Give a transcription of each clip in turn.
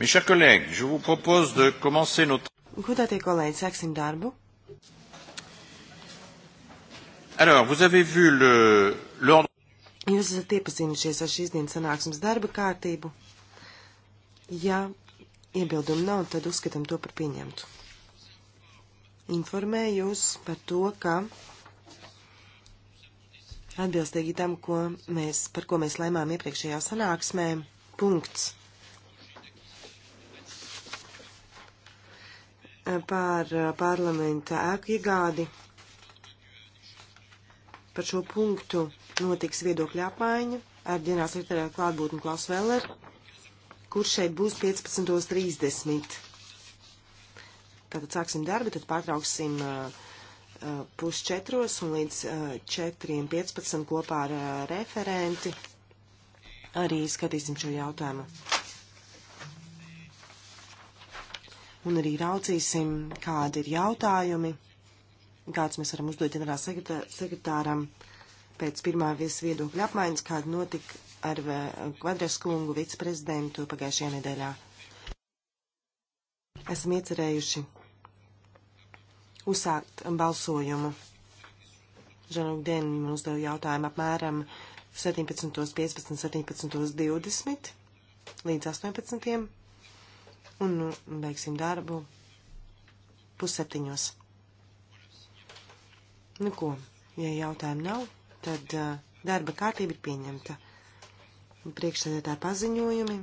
Mes chers collègues, je vous propose de commencer notre. Godātie kolēģi, sāksim darbu. Alors, vous avez vu le, l'ordre. Jūs esat iepazinušies ar šīs dienas sanāksmes darba kārtību. Ja iebildumu nav, tad uzskatām to par pieņemtu. Informēju jūs par to, ka atbilstīgi tam, ko mēs, par ko mēs lēmām iepriekšējā sanāksmē, punkts par eh, parlamenta ēku iegādi. Par šo punktu notiks viedokļa apmaiņa ar ģenerāls sekretārā klātbūtni Klaus Veller, kurš šeit būs 15.30. Tātad sāksim darbu, tad pārtrauksim uh, pusčetros un līdz 4.15 kopā ar referenti. Arī skatīsim šo jautājumu. un arī raucīsim, kādi ir jautājumi, kāds mēs varam uzdot ģenerāla sekretā, sekretāram pēc pirmā viedokļa apmaiņas, kāda notika ar eh, Kvadras kungu viceprezidentu pagājušajā nedēļā. Esam iecerējuši uzsākt balsojumu. Žanuk Dien man uzdeva jautājumu apmēram 17.15, 17.20 līdz 18 un nu, beigsim darbu pusseptiņos. Nu ko, ja jautājumu nav, tad uh, darba kārtība ir pieņemta. Priekšsēdētāji paziņojumi.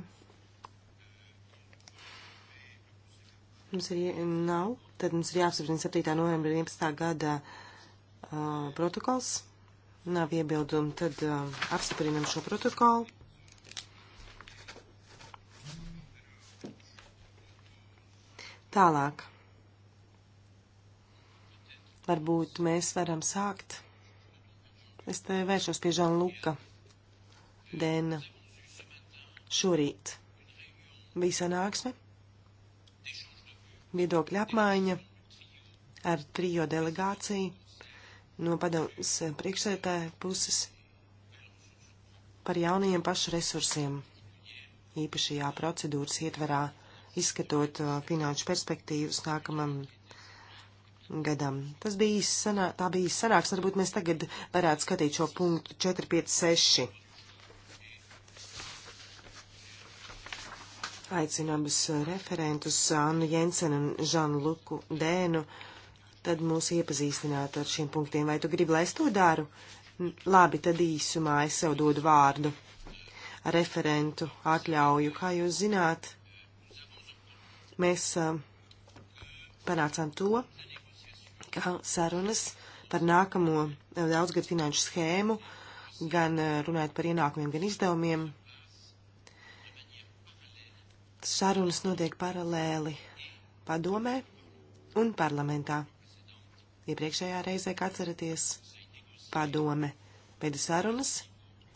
Mums ir nav, tad mums ir jāapspriež 7. novembra 11. gada uh, protokols. Nav iebildumu, tad uh, apstiprinam šo protokolu. Tālāk. Varbūt mēs varam sākt. Es te vēršos pie Žanluka Dēna šorīt. Bija sanāksme, viedokļa apmaiņa ar trijo delegāciju no padomus priekšsētāja puses par jaunajiem pašu resursiem īpašajā procedūras ietverā izskatot uh, finanšu perspektīvas nākamam gadam. Tas bija īsts sanā, tā bija īsts sanāks, varbūt mēs tagad varētu skatīt šo punktu 456. Aicinu abus uh, referentus, Annu Jensenu un Žanu Luku Dēnu, tad mūs iepazīstināt ar šiem punktiem. Vai tu gribi, lai es to daru? Labi, tad īsumā es sev dodu vārdu. Referentu atļauju, kā jūs zināt Mēs panācām to, ka sarunas par nākamo daudzgad finanšu schēmu, gan runājot par ienākumiem, gan izdevumiem, sarunas notiek paralēli padomē un parlamentā. Iepriekšējā reizē, kā atceraties, padome pēc sarunas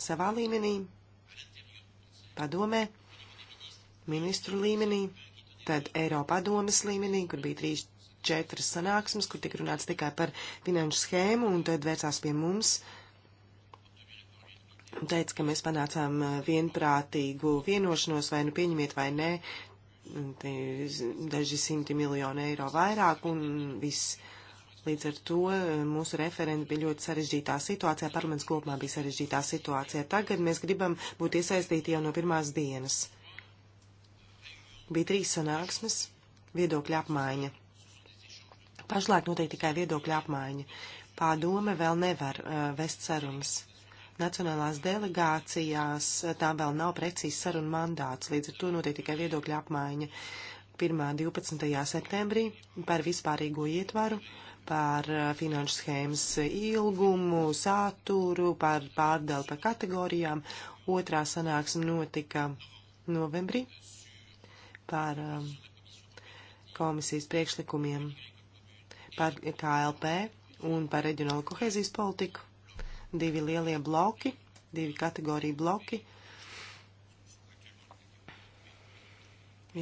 savā līmenī, padomē, ministru līmenī, tad Eiropā domas līmenī, kur bija trīs, četras sanāksmes, kur tika runāts tikai par finanšu schēmu, un tad vērsās pie mums un teica, ka mēs panācām uh, vienprātīgu vienošanos, vai nu pieņemiet vai nē, daži simti miljoni eiro vairāk un viss. Līdz ar to uh, mūsu referenti bija ļoti sarežģītā situācijā, parlaments kopumā bija sarežģītā situācijā. Tagad mēs gribam būt iesaistīti jau no pirmās dienas. Bija trīs sanāksmes, viedokļa apmaiņa. Pašlaik notiek tikai viedokļa apmaiņa. Pārdome vēl nevar uh, vest sarunas. Nacionālās delegācijās uh, tā vēl nav precīzi saruna mandāts, līdz ar to notiek tikai viedokļa apmaiņa. 1. 12. septembrī par vispārīgo ietvaru par uh, finanšu schēmas ilgumu, saturu, par pārdali pa kategorijām. Otrā sanāksme notika novembrī par um, komisijas priekšlikumiem par KLP un par reģionālu kohēzijas politiku. Divi lielie bloki, divi kategoriju bloki.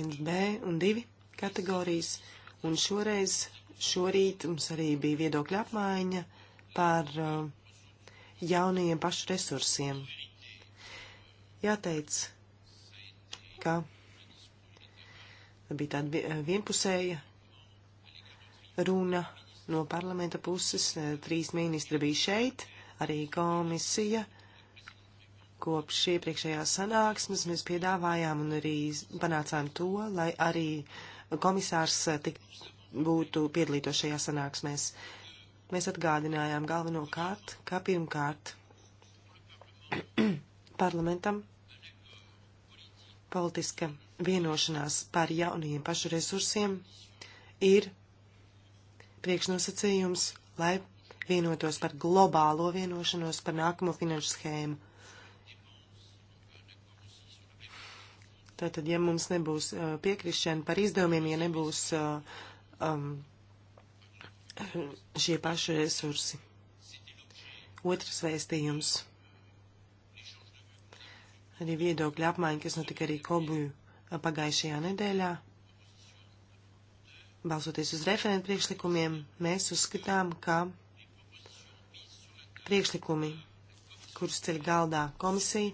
1B un 2 kategorijas. Un šoreiz, šorīt mums arī bija viedokļa apmaiņa par um, jaunajiem pašu resursiem. Jāteic, ka bija tāda eh, vienpusēja runa no parlamenta puses. Eh, trīs ministri bija šeit, arī komisija. Kopš iepriekšējās sanāksmes mēs piedāvājām un arī panācām to, lai arī komisārs eh, tik būtu piedalītos šajā sanāksmēs. Mēs atgādinājām galvenokārt, ka pirmkārt parlamentam Politiska vienošanās par jaunajiem pašu resursiem ir priekšnosacījums, lai vienotos par globālo vienošanos par nākamo finanšu schēmu. Tātad, ja mums nebūs uh, piekrišana par izdevumiem, ja nebūs uh, um, šie paši resursi. Otrs vēstījums arī viedokļa apmaiņa, kas notika arī Kobuju pagājušajā nedēļā. Balsoties uz referentu priekšlikumiem, mēs uzskatām, ka priekšlikumi, kurus ceļ galdā komisija,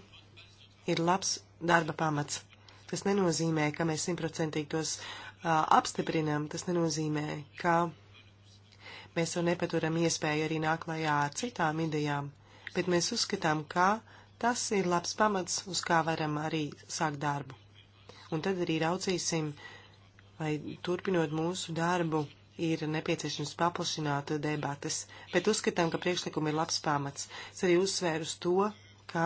ir labs darba pamats. Tas nenozīmē, ka mēs simtprocentīgi tos uh, apstiprinām, tas nenozīmē, ka mēs jau nepaturam iespēju arī nākt klajā ar citām idejām, bet mēs uzskatām, ka uh, Tas ir labs pamats, uz kā varam arī sākt darbu. Un tad arī raucīsim, vai turpinot mūsu darbu, ir nepieciešams paplašināt debatas, bet uzskatām, ka priekšlikumi ir labs pamats. Es arī uzsvēru uz to, ka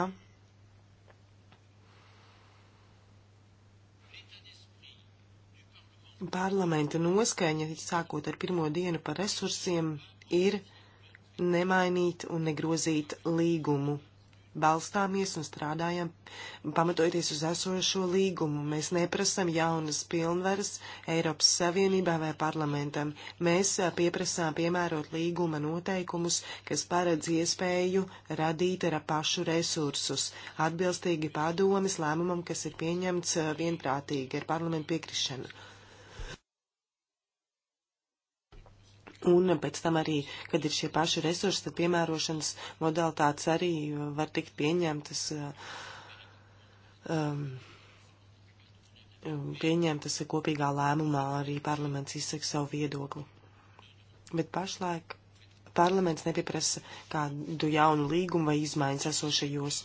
parlamenta noskaņa, sākot ar pirmo dienu par resursiem, ir nemainīt un negrozīt līgumu balstāmies un strādājam, pamatojoties uz esošo līgumu. Mēs neprasam jaunas pilnvaras Eiropas Savienībā vai parlamentam. Mēs pieprasām piemērot līguma noteikumus, kas paredz iespēju radīt ar pašu resursus, atbilstīgi padomis lēmumam, kas ir pieņemts vienprātīgi ar parlamentu piekrišanu. Un pēc tam arī, kad ir šie paši resursi, tad piemērošanas modalitātes arī var tikt pieņemtas. Eh, um, pieņemtas kopīgā lēmumā, arī parlaments izsaka savu viedokli. Bet pašlaik parlaments nepieprasa kādu jaunu līgumu vai izmaiņas esošajos,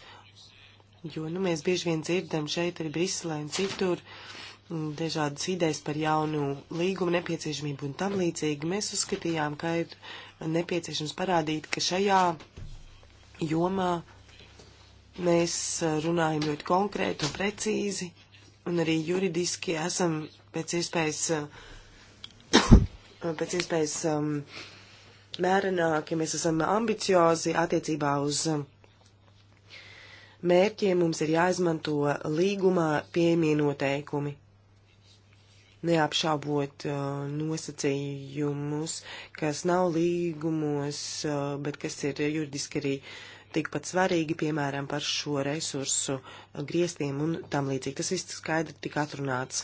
jo, nu, mēs bieži vien dzirdam šeit arī Briselē un citur. Uh, dažādas idejas par jaunu līgumu nepieciešamību un tam līdzīgi, mēs uzskatījām, ka ir nepieciešams parādīt, ka šajā jomā mēs runājam ļoti konkrēti un precīzi, un arī juridiski esam pēc iespējas, pēc iespējas um, mērenāki, mēs esam ambiciozi attiecībā uz um, mērķiem mums ir jāizmanto līgumā pieejamie noteikumi neapšābot uh, nosacījumus, kas nav līgumos, uh, bet kas ir juridiski arī tikpat svarīgi, piemēram, par šo resursu griestiem un tam līdzīgi. Tas viss skaidri tika atrunāts.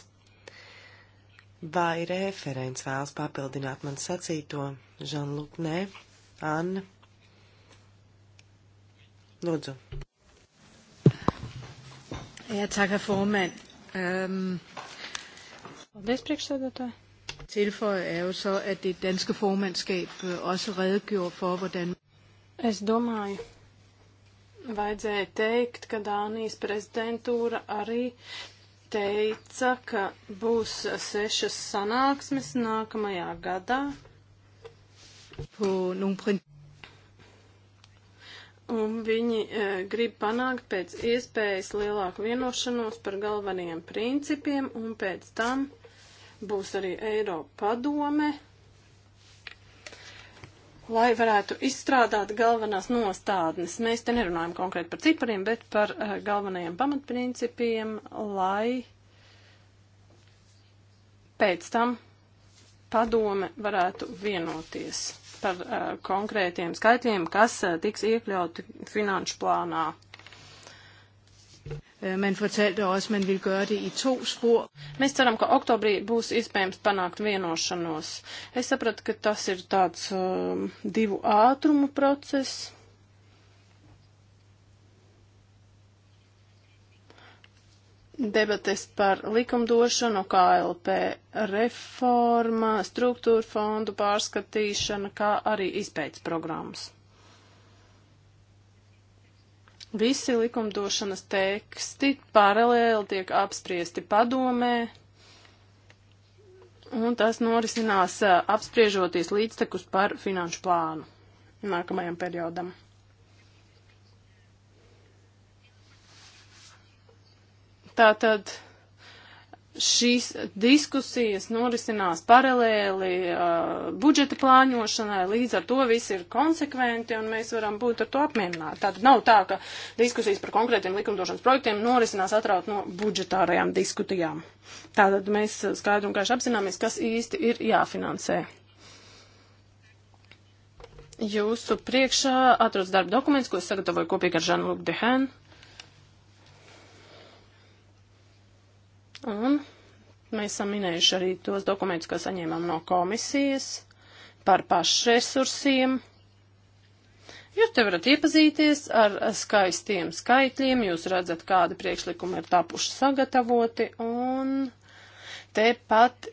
Vai referents vēlas papildināt man sacīto? Žanluk, nē. Anna. Lūdzu. Ja, tak, formand. Øhm, um... Paldies, priekšsēdētāji. Tilføje er jo så, at det danske formandskab øh, også redegjorde for, hvordan. Es domāju, vajadzēja teikt, ka Dānijas prezidentūra arī teica, ka būs sešas sanāksmes nākamajā gadā. På nogle prin un viņi e, grib panākt pēc iespējas lielāku vienošanos par galvenajiem principiem, un pēc tam būs arī Eiropa padome, lai varētu izstrādāt galvenās nostādnes. Mēs te nerunājam konkrēti par cipariem, bet par uh, galvenajiem pamatprincipiem, lai pēc tam padome varētu vienoties par uh, konkrētiem skaitļiem, kas uh, tiks iekļauti finanšu plānā. Øh, man fortalte også, at man ville gøre det i to spor. Mēs ceram, ka oktobrī būs iespējams panākt vienošanos. Es sapratu, ka tas ir tāds um, divu ātrumu process. Debates par likumdošanu, KLP reforma, struktūra fondu pārskatīšana, kā arī izpētes programmas. Visi likumdošanas teksti paralēli tiek apspriesti padomē, un tas norisinās apspriežoties līdztekus par finanšu plānu nākamajam periodam. Tātad šīs diskusijas norisinās paralēli uh, budžeta plāņošanai, līdz ar to viss ir konsekventi un mēs varam būt ar to apmierināti. Tātad nav tā, ka diskusijas par konkrētiem likumdošanas projektiem norisinās atraut no budžetārajām diskutijām. Tātad mēs skaidri un gaiši apzināmies, kas īsti ir jāfinansē. Jūsu priekšā atrodas darba dokuments, ko es sagatavoju kopīgi ar Žanu Luku Dehēnu. Un mēs esam minējuši arī tos dokumentus, ko saņēmām no komisijas par pašresursiem. Jūs te varat iepazīties ar skaistiem skaitļiem, jūs redzat, kādi priekšlikumi ir tapuši sagatavoti, un tepat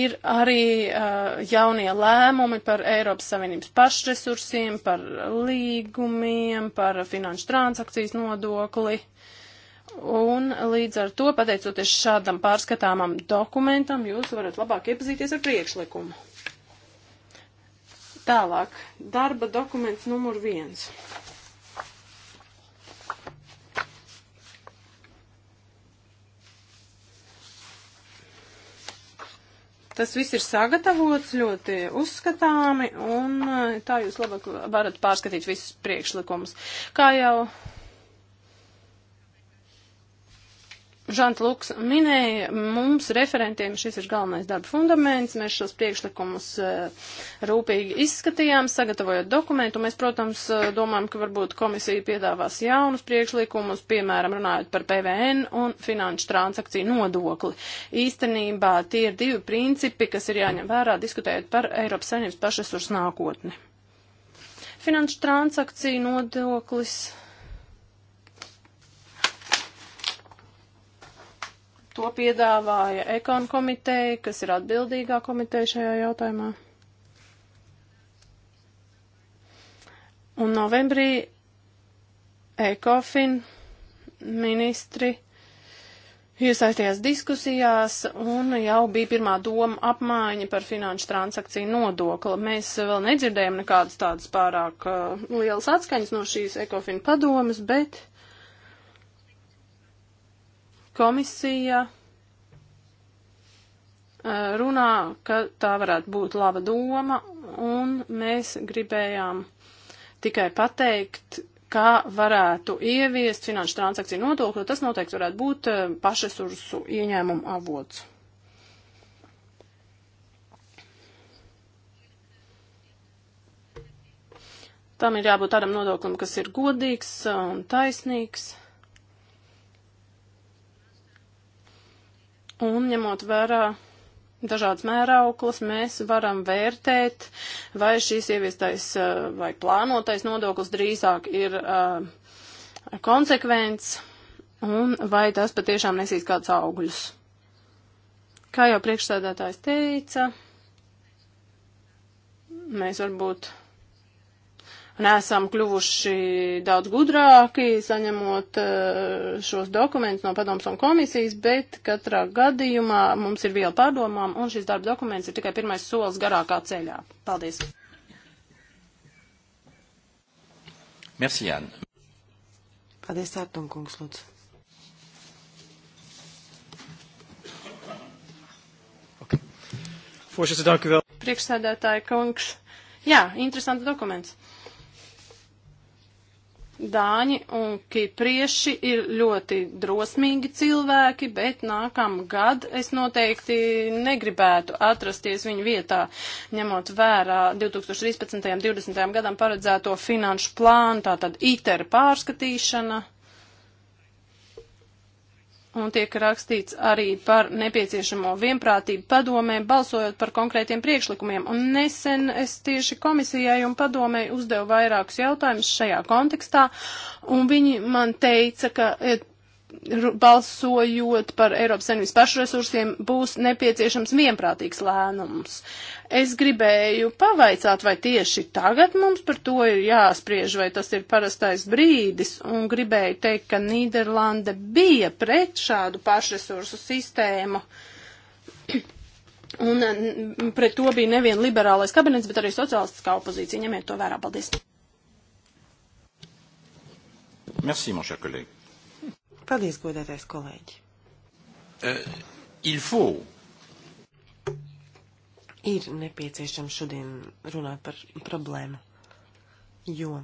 ir arī uh, jaunie lēmumi par Eiropas Savienības pašresursiem, par līgumiem, par finanšu transakcijas nodokli. Uh, Un līdz ar to, pateicoties šādam pārskatāmam dokumentam, jūs varat labāk iepazīties ar priekšlikumu. Tālāk, darba dokuments numur viens. Tas viss ir sagatavots ļoti uzskatāmi, un eh, tā jūs labāk varat pārskatīt visus priekšlikumus. Kā jau Žants Luks minēja, mums referentiem šis ir galvenais darba fundaments, mēs šos priekšlikumus eh, rūpīgi izskatījām, sagatavojot dokumentu, mēs, protams, eh, domājam, ka varbūt komisija piedāvās jaunus priekšlikumus, piemēram, runājot par PVN un finanšu transakciju nodokli. Īstenībā tie ir divi principi, kas ir jāņem vērā, diskutējot par Eiropas saimnības pašresursu nākotni. Finanšu transakciju nodoklis To piedāvāja Ekon komiteja, kas ir atbildīgā komiteja šajā jautājumā. Un novembrī Ekofin ministri iesaistījās diskusijās un jau bija pirmā doma apmaiņa par finanšu transakciju nodokli. Mēs vēl nedzirdējām nekādas tādas pārāk uh, lielas atskaņas no šīs Ekofin padomas, bet Komisija eh, runā, ka tā varētu būt laba doma, un mēs gribējām tikai pateikt, kā varētu ieviest finanšu transakciju nodokli, tas noteikti varētu būt eh, pašresursu ieņēmumu avots. Tam ir jābūt tādam nodoklim, kas ir godīgs eh, un taisnīgs. Un ņemot vērā dažādas mērauklas, mēs varam vērtēt, vai šīs ieviestais eh, vai plānotais nodoklis drīzāk ir uh, konsekvents un vai tas patiešām nesīs kāds augļus. Kā jau priekšsēdētājs teica, mēs varbūt nesam kļuvuši daudz gudrāki, saņemot eh, šos dokumentus no padoms un komisijas, bet katrā gadījumā mums ir viela pārdomām, un šis darba dokuments ir tikai pirmais solis garākā ceļā. Paldies! Merci, Jāni. Paldies, Tārtum, kungs, lūdzu. Okay. Voorzitter, dank u wel. Priekšsēdētāja kungs. Jā, interesants dokuments. Dāņi un Kiprieši ir ļoti drosmīgi cilvēki, bet nākam gad es noteikti negribētu atrasties viņu vietā, ņemot vērā 2013. un 2020. gadam paredzēto finanšu plānu, tātad ITER pārskatīšana un tiek rakstīts arī par nepieciešamo vienprātību padomē, balsojot par konkrētiem priekšlikumiem. Un nesen es tieši komisijai un padomē uzdevu vairākus jautājumus šajā kontekstā, un viņi man teica, ka e, balsojot par Eiropas Savienības pašresursiem, būs nepieciešams vienprātīgs lēmums. Es gribēju pavaicāt, vai tieši tagad mums par to ir jāspriež, vai tas ir parastais brīdis, un gribēju teikt, ka Nīderlanda bija pret šādu pašresursu sistēmu. Un pret to bija nevien liberālais kabinets, bet arī sociālistiskā opozīcija. Ņemiet to vērā. Paldies! Merci, mon cher collègue. Paldies, godētais kolēģi. Uh, il faut. Ir nepieciešams šodien runāt par problēmu, jo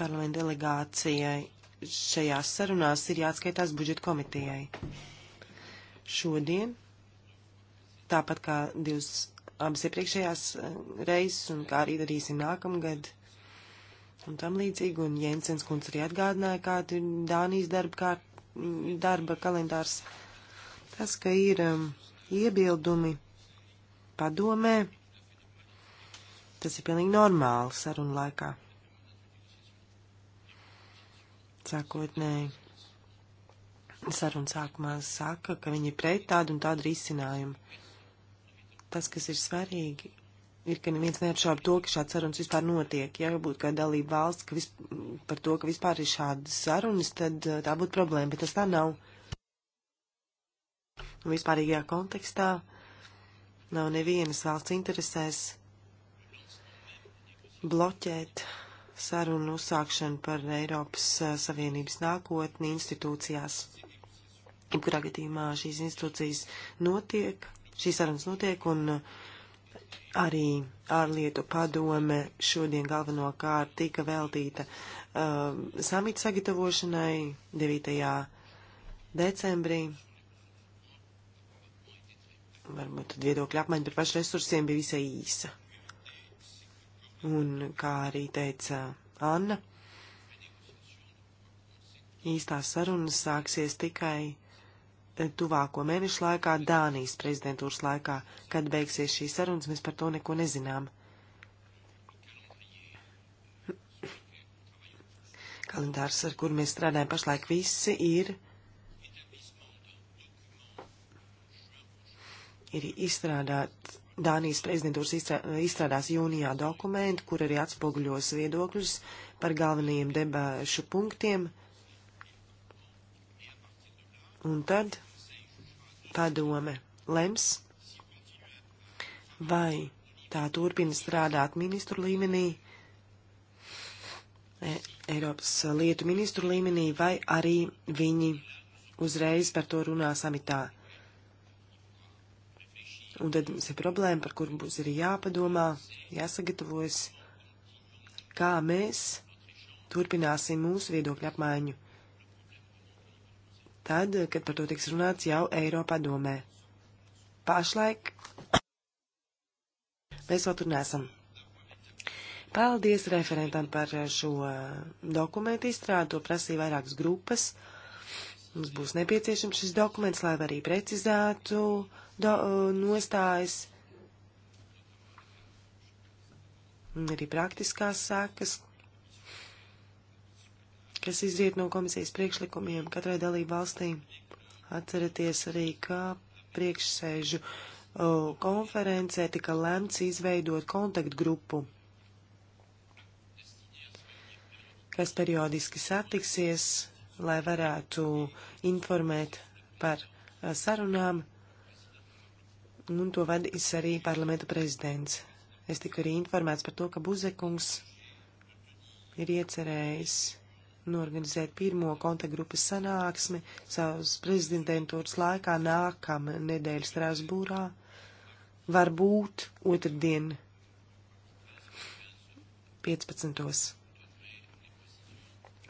parlamenta delegācijai šajās sarunās ir jāatskaitās budžeta komitejai. Šodien, tāpat kā divas abas iepriekšējās eh, reizes un kā arī darīsim nākamgad, uh, un tam līdzīgi, un Jensens kundze arī atgādināja, kāda ir Dānijas darba, kā, darba kalendārs. Tas, ka ir um, iebildumi padomē, tas ir pilnīgi normāli sarunu laikā. Sākotnēji sarunu sākumā saka, ka viņi ir pret tādu un tādu risinājumu. Tas, kas ir svarīgi, ir, ka neviens neapšauba to, ka šāds sarunas vispār notiek. Ja būtu kā dalība valsts vis, par to, ka vispār ir šādas sarunas, tad eh, tā būtu problēma, bet tas tā nav. Un nu, vispārīgajā kontekstā nav nevienas valsts interesēs bloķēt sarunu uzsākšanu par Eiropas eh, Savienības nākotni institūcijās. Jebkurā gadījumā šīs institūcijas notiek, šīs sarunas notiek un uh, Arī ārlietu padome šodien galvenokārt tika veltīta um, samita sagatavošanai 9. decembrī. Varbūt tad viedokļa apmaiņa par pašu resursiem bija visai īsa. Un kā arī teica Anna, īstās sarunas sāksies tikai tuvāko mēnešu laikā, Dānijas prezidentūras laikā, kad beigsies šīs sarunas, mēs par to neko nezinām. Kalendārs, ar kur mēs strādājam pašlaik, visi ir, ir izstrādāt, Dānijas prezidentūras izstrādās jūnijā dokumentu, kur arī atspoguļos viedokļus par galvenajiem debašu punktiem. Un tad padome lems, vai tā turpina strādāt ministru līmenī, e, Eiropas lietu ministru līmenī, vai arī viņi uzreiz par to runā samitā. Un tad mums ir problēma, par kuru būs arī jāpadomā, jāsagatavojas, kā mēs turpināsim mūsu viedokļu apmaiņu tad, kad par to tiks runāts jau Eiropā domē. Pašlaik mēs vēl tur nesam. Paldies referentam par šo dokumentu izstrādi, to prasīja vairākas grupas. Mums būs nepieciešams šis dokuments, lai arī precizētu do, nostājas. Un arī praktiskās sākas, kas izriet no komisijas priekšlikumiem katrai dalību valstī. Atcerieties arī, kā priekšsēžu o, konferencē tika lemts izveidot kontaktgrupu, kas periodiski satiksies, lai varētu informēt par sarunām, un nu, to vadīs arī parlamenta prezidents. Es tiku arī informēts par to, ka Buzekungs ir iecerējis norganizēt pirmo kontaktgrupas sanāksmi savas prezidentūras laikā nākamā nedēļa Strasbūrā, varbūt otrdien 15.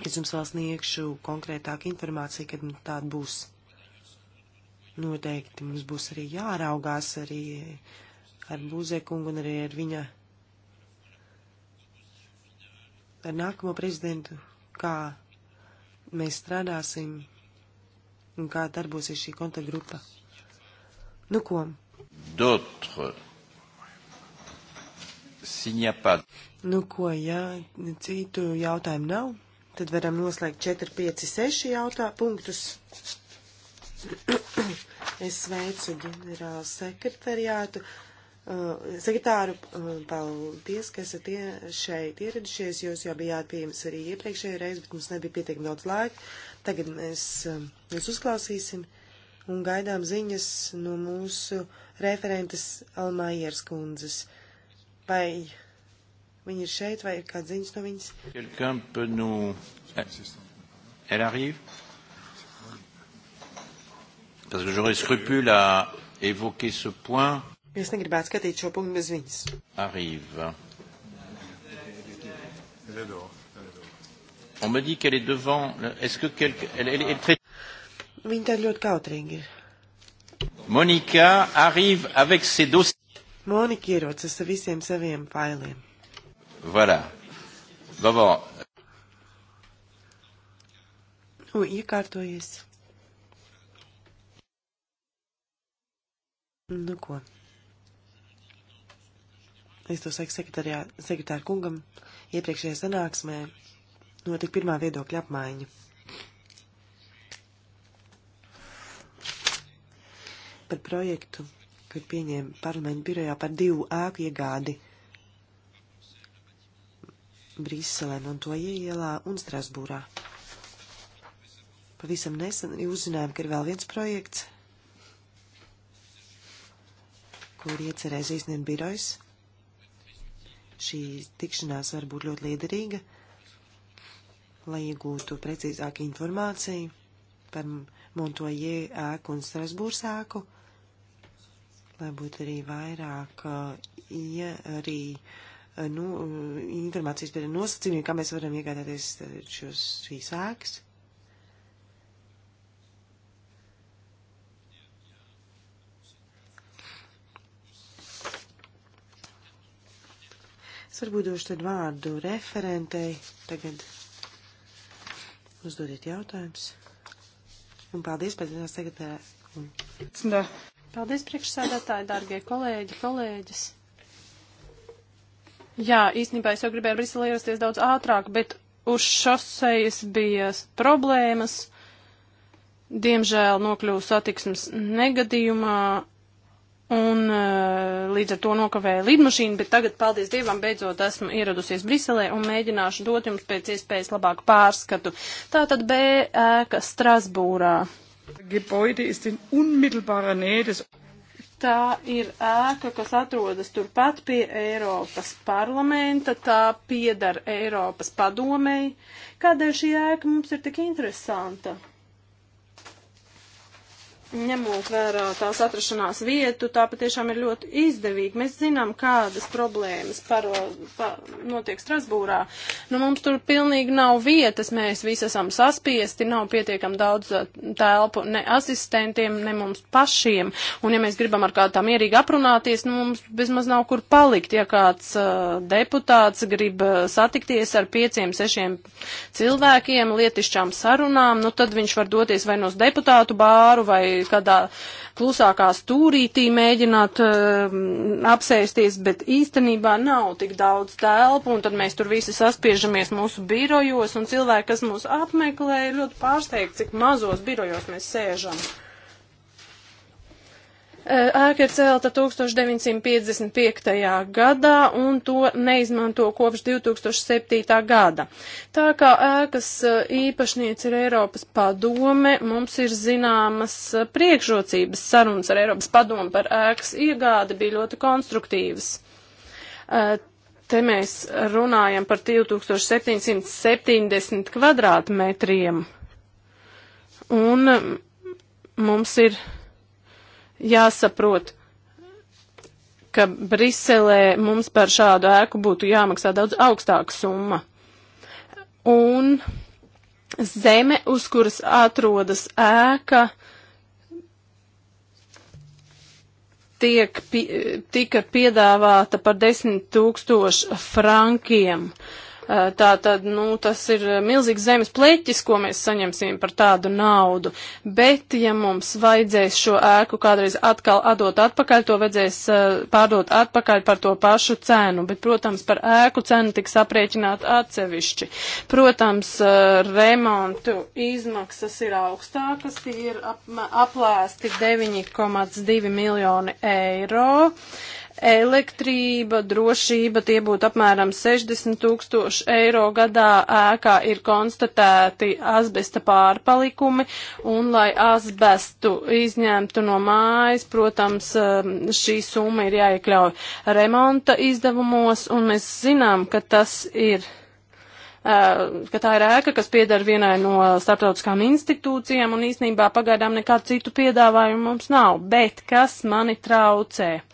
Es jums vēl sniegšu konkrētāku informāciju, kad tāda būs. Noteikti mums būs arī jāraugās arī ar Būzēkungu un arī ar viņa, ar nākamo prezidentu kā mēs strādāsim un kā darbosies šī kontaktgrupa. Nu ko? D'autres. Nu ko, ja citu jautājumu nav, tad varam noslēgt 4, 5, 6 jautā punktus. es sveicu ģenerālu sekretariātu. Eh, sekretāru, eh, paldies, ka esat ie, šeit ieradušies. Jūs jau bijāt pieejams arī iepriekšējā reizē, bet mums nebija pietiekami daudz laika. Tagad mēs eh, jūs uzklausīsim un gaidām ziņas no mūsu referentes Almājeras kundzes. Vai viņa ir šeit, vai ir kāds ziņas no viņas? Elle arrive Parce que j'aurais scrupule à évoquer ce point. Es negribētu skatīt šo punktu bez viņas. Arrive. On me dit qu'elle est devant. Est-ce que quelqu'un. Elle, elle, elle traite. Viņa ir ļoti kautrīga. Monika arrive avec ses dossiers. Monika ierodas ar visiem saviem failiem. Voilà. D'abord. Nu, iekārtojies. Nu ko. Es to saku sekretāru kungam. Iepriekšējā sanāksmē notika pirmā viedokļa apmaiņa. Par projektu, kad pieņēma parlamentu birojā par divu ēku iegādi Briselē, Montoja ielā un Strasbūrā. Pavisam nesen uzzinājām, ka ir vēl viens projekts, kur iecerēs īstenībā birojs Šī tikšanās var būt ļoti liederīga, lai iegūtu precīzāku informāciju par Montoje ēku un Strasbūrs ēku, lai būtu arī vairāk uh, ja, arī, uh, nu, uh, informācijas par nosacījumiem, kā mēs varam iegādāties šos šīs ēkas. Es varbūt došu tad vārdu referentei. Tagad uzdodiet jautājumus. Un paldies, paldies, sekretārē. Paldies, priekšsēdētāji, dārgie kolēģi, kolēģis. Jā, īstenībā es jau gribēju Briselē ierasties daudz ātrāk, bet uz šosejas bija problēmas. Diemžēl nokļuvu satiksmes negadījumā Un eh, līdz ar to nokavēja lidmašīnu, bet tagad, paldies Dievam, beidzot esmu ieradusies Briselē un mēģināšu dot jums pēc iespējas labāku pārskatu. Tātad B ēka Strasbūrā. Gebäude ist in unmittelbarer Nähe des Tā ir ēka, kas atrodas turpat pie Eiropas parlamenta, tā piedara Eiropas padomei. Kādēļ šī ēka mums ir tik interesanta? ņemot vērā tās atrašanās vietu, tā patiešām ir ļoti izdevīgi. Mēs zinām, kādas problēmas paro, pa, notiek Strasbūrā. Nu, mums tur pilnīgi nav vietas, mēs visi esam saspiesti, nav pietiekam daudz eh, telpu ne asistentiem, ne mums pašiem. Un ja mēs gribam ar kādu tā mierīgi aprunāties, nu, mums bezmaz nav kur palikt. Ja kāds uh, deputāts grib eh, satikties ar pieciem, sešiem cilvēkiem, lietišķām sarunām, nu, tad viņš var doties vai no nu deputātu bāru vai kādā klusākā stūrītī mēģināt uh, apsēsties, bet īstenībā nav tik daudz telpu, un tad mēs tur visi saspiežamies mūsu birojos, un cilvēki, kas mūs apmeklē, ir ļoti pārsteigti, cik mazos birojos mēs sēžam. Eh, ēka ir celta 1955. gadā un to neizmanto kopš 2007. gada. Tā kā ēkas eh, īpašniece ir Eiropas padome, mums ir zināmas eh, priekšrocības sarunas ar Eiropas padomu par ēkas iegādi bija ļoti konstruktīvas. Te mēs runājam par 2770 kvadrātmetriem. Un mm, mums ir Jāsaprot, ka Briselē mums par šādu ēku būtu jāmaksā daudz augstāka summa. Un zeme, uz kuras atrodas ēka, tiek, pi, tika piedāvāta par 10 tūkstošu frankiem. Uh, Eh, tā tad, nu, tas ir milzīgs zemes pleķis, ko mēs saņemsim par tādu naudu. Bet, ja mums vajadzēs šo ēku kādreiz atkal atdot atpakaļ, to vajadzēs eh, pārdot atpakaļ par to pašu cenu. Bet, protams, par ēku cenu tiks aprēķināt atsevišķi. Protams, eh, remontu izmaksas ir augstākas, tie ir ap, aplēsti 9,2 miljoni eiro elektrība, drošība, tie būtu apmēram 60 tūkstoši eiro gadā ēkā ir konstatēti asbesta pārpalikumi, un lai asbestu izņemtu no mājas, protams, um, šī summa ir jāiekļauj remonta izdevumos, un mēs zinām, ka tas ir uh, ka tā ir ēka, kas piedara vienai no starptautiskām institūcijām, un īsnībā pagaidām nekādu citu piedāvājumu mums nav, bet kas mani traucē? Uh,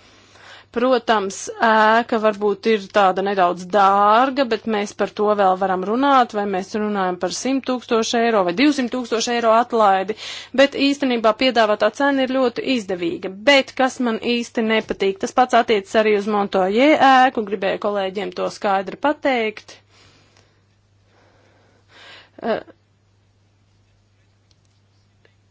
Protams, ēka varbūt ir tāda nedaudz dārga, bet mēs par to vēl varam runāt, vai mēs runājam par 100 tūkstošu eiro vai 200 tūkstošu eiro atlaidi, bet īstenībā piedāvātā cena ir ļoti izdevīga. Bet kas man īsti nepatīk, tas pats attiecas arī uz Montoje ēku, gribēju kolēģiem to skaidri pateikt. Uh,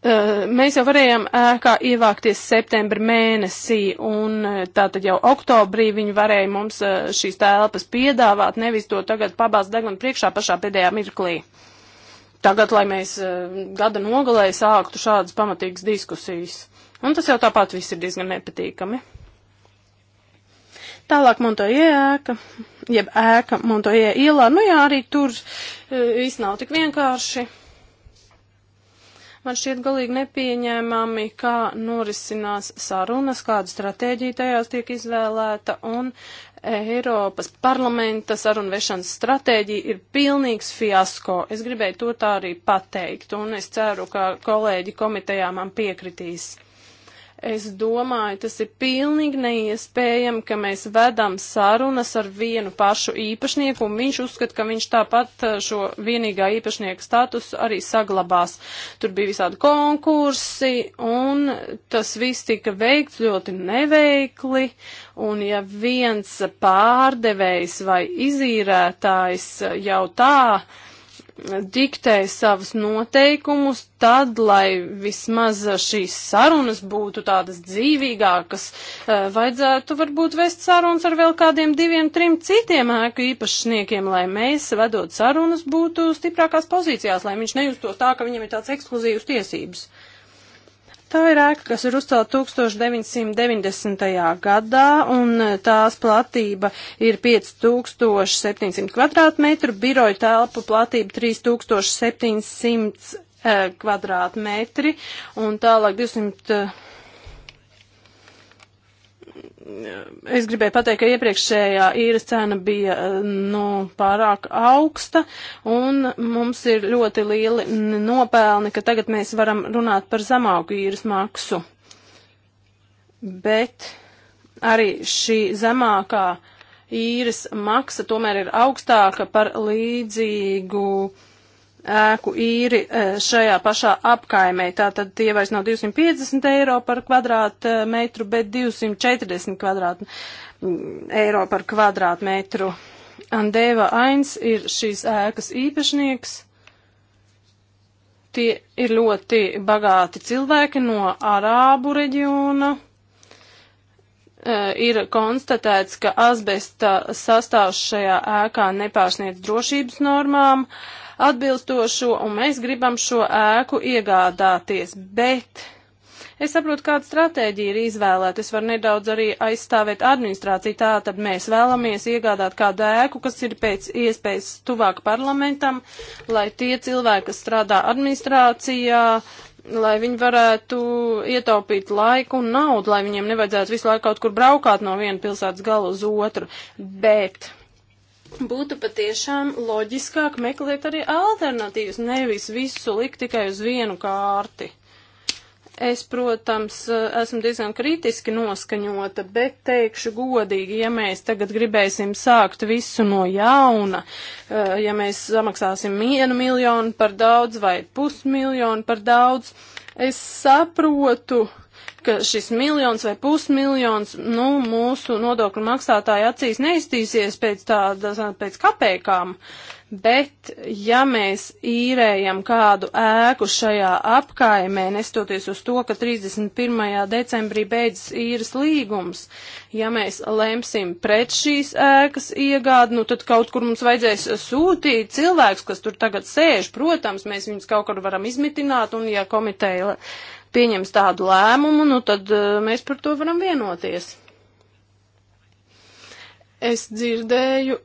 Eh, mēs jau varējām ēkā eh, ievākties septembra mēnesī, un eh, tātad jau oktobrī viņi varēja mums šīs telpas piedāvāt, nevis to tagad pabāzt degunu priekšā pašā pēdējā mirklī. Tagad, lai mēs gada nogalē sāktu šādas pamatīgas diskusijas. Un tas jau tāpat viss ir diezgan nepatīkami. Tālāk Montoje ēka, jeb ēka Montoje ielā, nu jā, arī tur viss nav tik vienkārši Man šķiet galīgi nepieņēmami, kā norisinās sarunas, kāda stratēģija tajās tiek izvēlēta, un Eiropas parlamenta sarunvešanas stratēģija ir pilnīgs fiasko. Es gribēju to tā arī pateikt, un es ceru, ka kolēģi komitejā man piekritīs. Es domāju, tas ir pilnīgi neiespējami, ka mēs vedam sarunas ar vienu pašu īpašnieku, un viņš uzskata, ka viņš tāpat eh, šo vienīgā īpašnieka statusu arī saglabās. Tur bija visādi konkursi, un tas viss tika veikts ļoti neveikli, un ja viens pārdevējs vai izīrētājs jau tā, uh, diktē savus noteikumus, tad, lai vismaz šīs sarunas būtu tādas dzīvīgākas, eh, vajadzētu varbūt vest sarunas ar vēl kādiem diviem, trim citiem ēku īpašniekiem, lai mēs, vedot sarunas, būtu stiprākās pozīcijās, lai viņš nejustos tā, ka viņam ir tāds ekskluzīvs tiesības. Tā ir ēka, kas ir uzcelta 1990. gadā, un tās platība ir 5700 kvadrātmetru, biroja telpu platība 3700 eh, kvadrātmetri, un tālāk 200 es gribēju pateikt, ka iepriekšējā īres cena bija nu, pārāk augsta, un mums ir ļoti lieli nopelni, ka tagad mēs varam runāt par zemāku īres maksu. Bet arī šī zemākā īres maksa tomēr ir augstāka par līdzīgu uh, ēku īri šajā pašā apkaimē. Tātad tie vairs nav 250 eiro par kvadrātmetru, bet 240 kvadrāt, eiro par kvadrātmetru. Andēva Ains ir šīs ēkas īpašnieks. Tie ir ļoti bagāti cilvēki no Arābu reģiona ir konstatēts, ka asbesta sastāvs šajā ēkā nepārsniedz drošības normām. Uh, atbilstošo, un mēs gribam šo ēku iegādāties, bet Es saprotu, kāda stratēģija ir izvēlēta. Es varu nedaudz arī aizstāvēt administrāciju. Tā tad mēs vēlamies iegādāt kādu ēku, kas ir pēc iespējas tuvāk parlamentam, lai tie cilvēki, kas strādā administrācijā, lai viņi varētu ietaupīt laiku un naudu, lai viņiem nevajadzētu visu laiku kaut kur braukāt no viena pilsētas gala uz otru. Bet būtu patiešām loģiskāk meklēt arī alternatīvas, nevis visu likt tikai uz vienu kārti. Es, protams, esmu diezgan kritiski noskaņota, bet teikšu godīgi, ja mēs tagad gribēsim sākt visu no jauna, eh, ja mēs samaksāsim vienu miljonu par daudz vai pusmiljonu par daudz, es saprotu, uh, ka šis miljons vai pusmiljons, nu, mūsu nodokļu maksātāju acīs neiztīsies pēc tādas, pēc kapēkām, bet ja mēs īrējam kādu ēku šajā apkaimē, nestoties uz to, ka 31. decembrī beidzas īres līgums, ja mēs lemsim pret šīs ēkas iegādi, nu, tad kaut kur mums vajadzēs sūtīt cilvēks, kas tur tagad sēž, protams, mēs viņus kaut kur varam izmitināt, un ja komiteja pieņems tādu lēmumu, nu tad eh, mēs par to varam vienoties. Es dzirdēju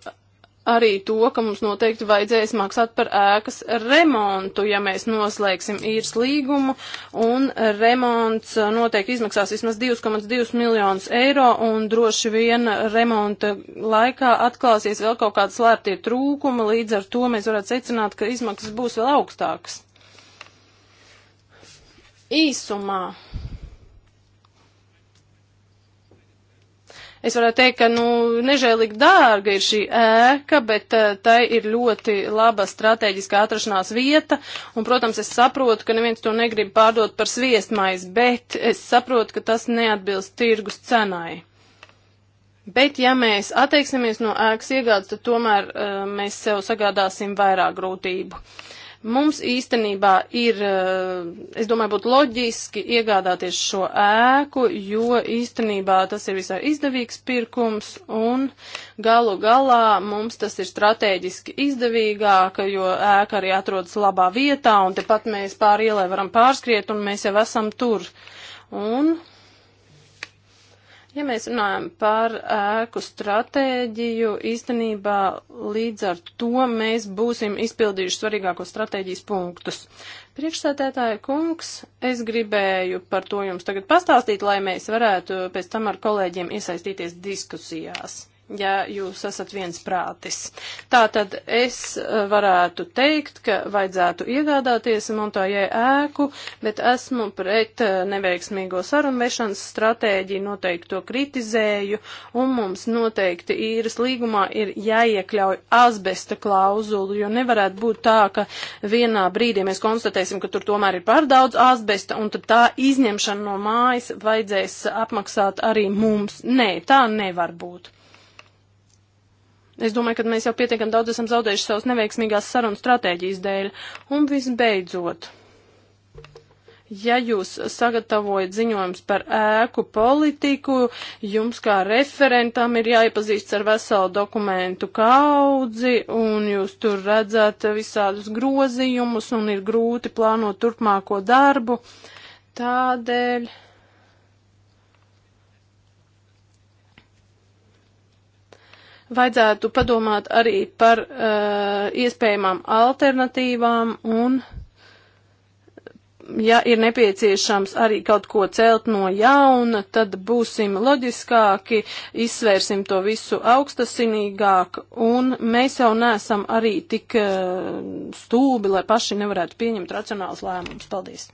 arī to, ka mums noteikti vajadzēs maksāt par ēkas remontu, ja mēs noslēgsim īres līgumu, un remonts eh, noteikti izmaksās vismaz 2,2 miljonus eiro, un droši vien remonta laikā atklāsies vēl kaut kāda slēptie trūkuma, līdz ar to mēs varētu secināt, ka izmaksas būs vēl augstākas īsumā. Es varētu teikt, ka nu, nežēlīgi dārga ir šī ēka, bet uh, tai ir ļoti laba strateģiska atrašanās vieta. Un, protams, es saprotu, ka neviens to negrib pārdot par sviestmais, bet es saprotu, ka tas neatbilst tirgus cenai. Bet, ja mēs atteiksimies no ēkas iegādes, tad tomēr uh, mēs sev sagādāsim vairāk grūtību. Uh, Mums īstenībā ir, eh, es domāju, būtu loģiski iegādāties šo ēku, jo īstenībā tas ir visai izdevīgs pirkums un galu galā mums tas ir strateģiski izdevīgāk, jo ēka arī atrodas labā vietā un tepat mēs pāri ielai varam pārskriet un mēs jau esam tur. Un Ja mēs runājam par ēku stratēģiju, īstenībā līdz ar to mēs būsim izpildījuši svarīgākos stratēģijas punktus. Priekšsētētāja kungs, es gribēju par to jums tagad pastāstīt, lai mēs varētu pēc tam ar kolēģiem iesaistīties diskusijās ja jūs esat viens prātis. Tātad es eh, varētu teikt, ka vajadzētu iegādāties Montoje ēku, bet esmu pret eh, neveiksmīgo sarunvešanas stratēģiju, noteikti to kritizēju, un mums noteikti īras līgumā ir jāiekļauj azbesta klauzulu, jo nevarētu būt tā, ka vienā brīdī mēs konstatēsim, ka tur tomēr ir par daudz azbesta, un tad tā izņemšana no mājas vajadzēs apmaksāt arī mums. Nē, tā nevar būt. Es domāju, ka mēs jau pietiekam daudz esam zaudējuši savas neveiksmīgās sarunu stratēģijas dēļ. Un visbeidzot, ja jūs sagatavojat ziņojums par ēku politiku, jums kā referentam ir jāiepazīstas ar veselu dokumentu kaudzi, un jūs tur redzat visādus grozījumus, un ir grūti plānot turpmāko darbu. Tādēļ Vajadzētu padomāt arī par uh, iespējamām alternatīvām un ja ir nepieciešams arī kaut ko celt no jauna, tad būsim loģiskāki, izsvērsim to visu augstasinīgāk, un mēs jau neesam arī tik eh, stūbi, lai paši nevarētu pieņemt racionālus lēmumus. Paldies!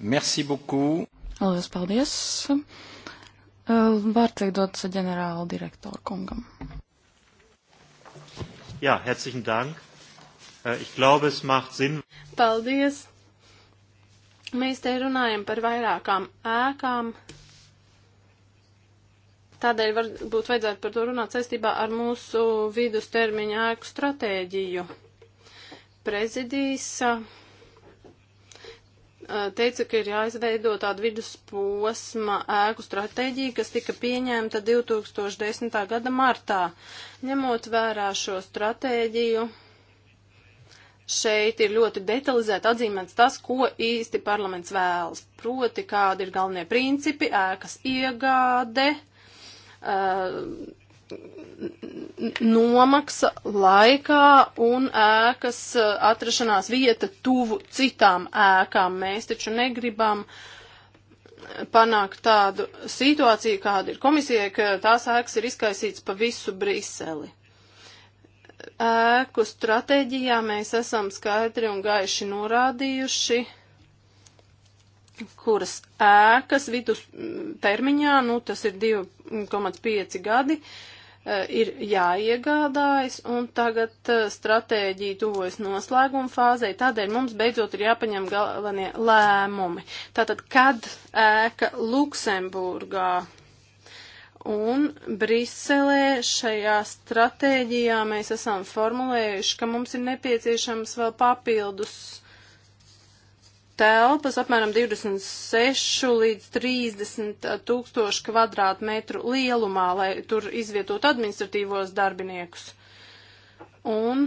Merci beaucoup. Lielas paldies! Uh, Vārds tiek dots ģenerāla direktora kungam. Jā, herzlichen Dank. Äh, ich glaube, es macht Sinn. Paldies! Mēs te runājam par vairākām ēkām. Tādēļ varbūt vajadzētu par to runāt saistībā ar mūsu vidustermiņa ēku stratēģiju. Prezidijas Uh, teica, ka ir jāizveido tāda vidusposma ēku stratēģija, kas tika pieņemta 2010. gada martā. Ņemot vērā šo stratēģiju, šeit ir ļoti detalizēti atzīmēts tas, ko īsti parlaments vēlas. Proti, kādi ir galvenie principi, ēkas iegāde, uh, nomaksa laikā un ēkas eh, atrašanās vieta tuvu citām ēkām. Mēs taču negribam eh, panākt tādu situāciju, kāda ir komisijai, ka tās ēkas ir izkaisīts pa visu Briseli. Ēku stratēģijā mēs esam skaidri un gaiši norādījuši, kuras ēkas vidus termiņā, nu tas ir 2,5 gadi, uh, Eh, ir jāiegādājas, un tagad eh, stratēģija tuvojas noslēguma fāzei, tādēļ mums beidzot ir jāpaņem galvenie lēmumi. Tātad, kad ēka Luksemburgā un Briselē šajā stratēģijā mēs esam formulējuši, ka mums ir nepieciešams vēl papildus telpas apmēram 26 līdz 30 eh, tūkstoši kvadrātmetru lielumā, lai tur izvietot administratīvos darbiniekus. Un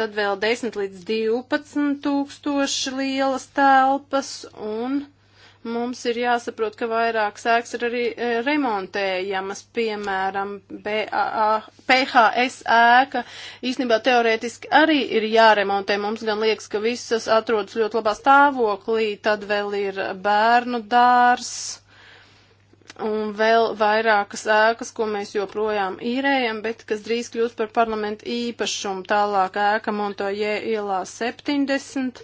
tad vēl 10 līdz 12 tūkstoši lielas telpas un Mums ir jāsaprot, ka vairāk sēks ir arī e, remontējamas, piemēram, BAA, PHS ēka. Īsnībā teorētiski arī ir jāremontē. Mums gan liekas, ka visas atrodas ļoti labā stāvoklī, tad vēl ir bērnu dārs un vēl vairākas ēkas, ko mēs joprojām īrējam, bet kas drīz kļūs par parlamentu īpašumu. Tālāk ēka Montoje ielā 70,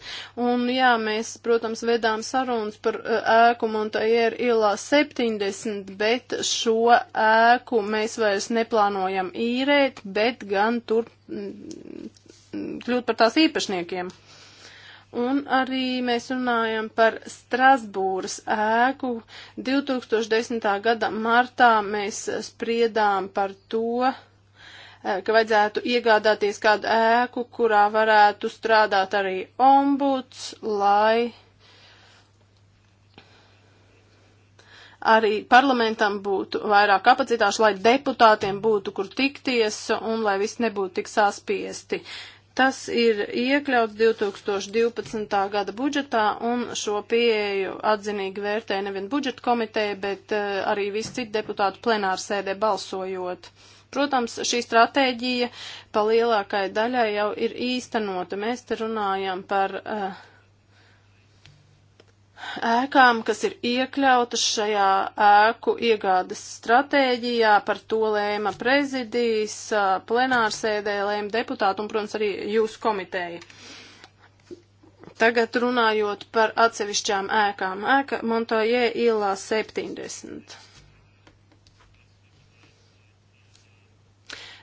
un jā, mēs, protams, vedām sarunas par eh, ēku Montoje ielā 70, bet šo ēku mēs vairs neplānojam īrēt, bet gan tur mm, kļūt par tās īpašniekiem. Uh, Un arī mēs runājam par Strasbūras ēku. 2010. gada martā mēs spriedām par to, eh, ka vajadzētu iegādāties kādu ēku, kurā varētu strādāt arī ombuds, lai arī parlamentam būtu vairāk kapacitāšu, lai deputātiem būtu kur tikties un lai viss nebūtu tik saspiesti. Uh, Tas ir iekļauts 2012. gada budžetā, un šo pieeju atzinīgi vērtē nevien budžeta komiteja, bet uh, arī visi citi deputāti plenārsēdē balsojot. Protams, šī stratēģija pa lielākai daļai jau ir īstenota. Mēs te runājam par uh, ēkām, kas ir iekļautas šajā ēku iegādes stratēģijā, par to lēma prezidijas, plenārsēdē lēma deputāti un, protams, arī jūsu komiteja. Tagad runājot par atsevišķām ēkām. Ēka Montoje ielā 70.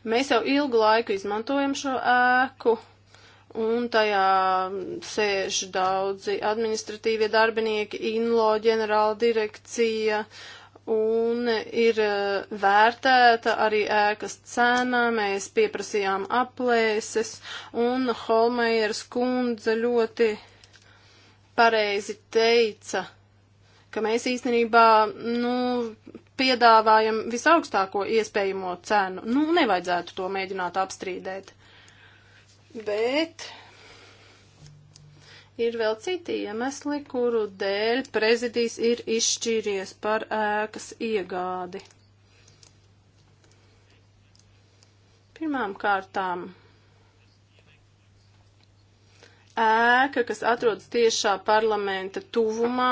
Mēs jau ilgu laiku izmantojam šo ēku un tajā sēž daudzi administratīvie darbinieki, INLO ģenerāla direkcija, un ir eh, vērtēta arī ēkas cena, mēs pieprasījām aplēses, un Holmeieras kundze ļoti pareizi teica, ka mēs īstenībā, nu, piedāvājam visaugstāko iespējamo cenu. Nu, nevajadzētu to mēģināt apstrīdēt bet ir vēl citi iemesli, kuru dēļ prezidijs ir izšķīries par ēkas iegādi. Pirmām kārtām ēka, kas atrodas tiešā parlamenta tuvumā,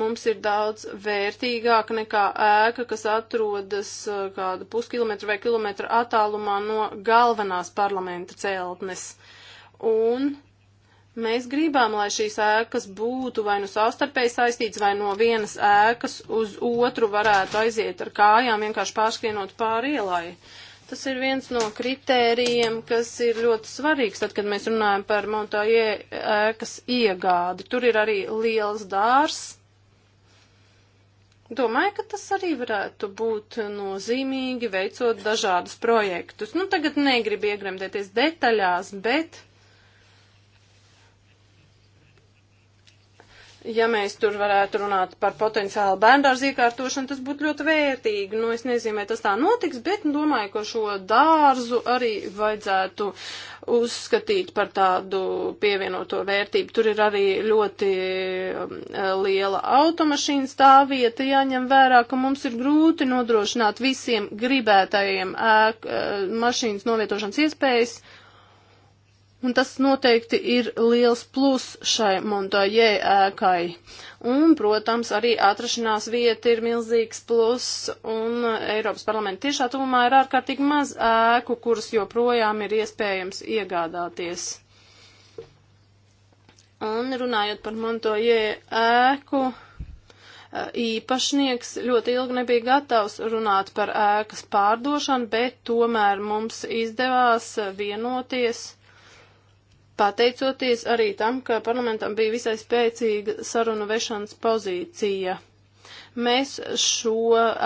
mums ir daudz vērtīgāka nekā ēka, kas atrodas uh, kādu puskilometru vai kilometru attālumā no galvenās parlamenta celtnes. Un mēs gribam, lai šīs ēkas būtu vai nu savstarpēji saistītas, vai no vienas ēkas uz otru varētu aiziet ar kājām, vienkārši pārskrienot pāri ielai. Uh, Tas ir viens no kritērijiem, kas ir ļoti svarīgs, tad, kad mēs runājam par Montāje ēkas iegādi. Tur ir arī liels dārs. Domāju, ka tas arī varētu būt nozīmīgi veicot dažādus projektus. Nu, tagad negribu iegremdēties detaļās, bet ja mēs tur varētu runāt par potenciālu bērndārzu iekārtošanu, tas būtu ļoti vērtīgi. Nu, es nezinu, vai tas tā notiks, bet domāju, ka šo dārzu arī vajadzētu uzskatīt par tādu pievienoto vērtību. Tur ir arī ļoti um, liela automašīna stāvvieta, jāņem vērā, ka mums ir grūti nodrošināt visiem gribētajiem ēk, uh, mašīnas novietošanas iespējas. Uh, Un tas noteikti ir liels plus šai Montoje ēkai. Un, protams, arī atrašanās vieta ir milzīgs plus, un Eiropas parlamenta tiešā tuvumā ir ārkārtīgi maz ēku, kuras joprojām ir iespējams iegādāties. Un runājot par Montoje ēku, īpašnieks ļoti ilgi nebija gatavs runāt par ēkas pārdošanu, bet tomēr mums izdevās vienoties pateicoties arī tam, ka parlamentam bija visai spēcīga sarunu vešanas pozīcija. Mēs šo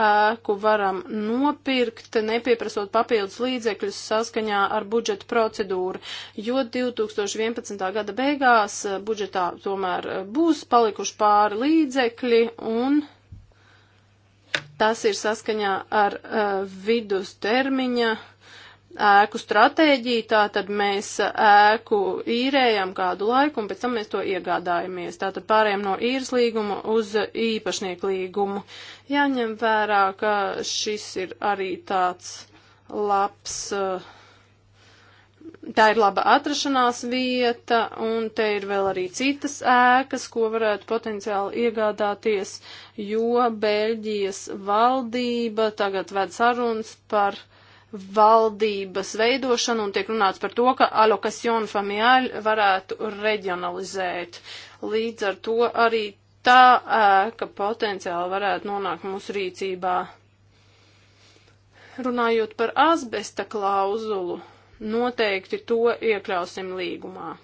ēku varam nopirkt, nepieprasot papildus līdzekļus saskaņā ar budžeta procedūru, jo 2011. gada beigās budžetā tomēr būs palikuši pāri līdzekļi un tas ir saskaņā ar uh, vidus termiņa uh, ēku stratēģiju, tā tad mēs ēku īrējam kādu laiku un pēc tam mēs to iegādājamies. Tātad pārējām no īres līguma uz īpašnieku līgumu. Jāņem vērā, ka šis ir arī tāds labs. Tā ir laba atrašanās vieta, un te ir vēl arī citas ēkas, ko varētu potenciāli iegādāties, jo Beļģijas valdība tagad ved sarunas par uh, valdības veidošanu un tiek runāts par to, ka alokasionu familiāļu varētu reģionalizēt. Līdz ar to arī tā ēka potenciāli varētu nonākt mūsu rīcībā. Runājot par asbesta klauzulu, noteikti to iekļausim līgumā.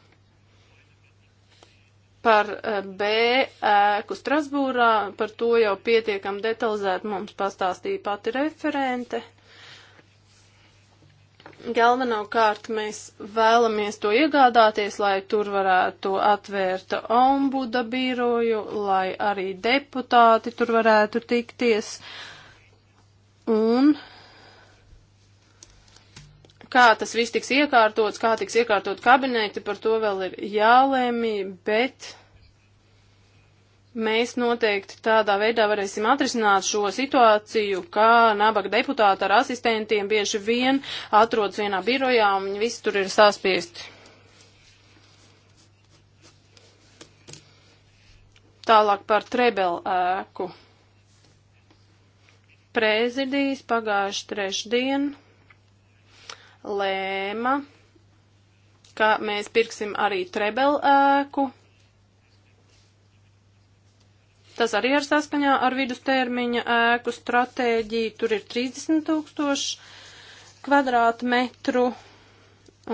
Par e, B ēku Strasbūrā, par to jau pietiekam detalizēt mums pastāstīja pati referente. Galvenokārt mēs vēlamies to iegādāties, lai tur varētu atvērt ombuda biroju, lai arī deputāti tur varētu tikties. Un kā tas viss tiks iekārtots, kā tiks iekārtot kabineti, par to vēl ir jālēmī, bet Mēs noteikti tādā veidā varēsim atrisināt šo situāciju, ka nabaga deputāti ar asistentiem bieži vien atrodas vienā birojā un viņi visi tur ir saspiesti. Tālāk par Trebel ēku. Prezidijas pagājuši trešdien lēma, ka mēs pirksim arī Trebel ēku. Tas arī ir saskaņā ar vidustermiņa ēku stratēģiju. Tur ir 30 tūkstoši kvadrātmetru.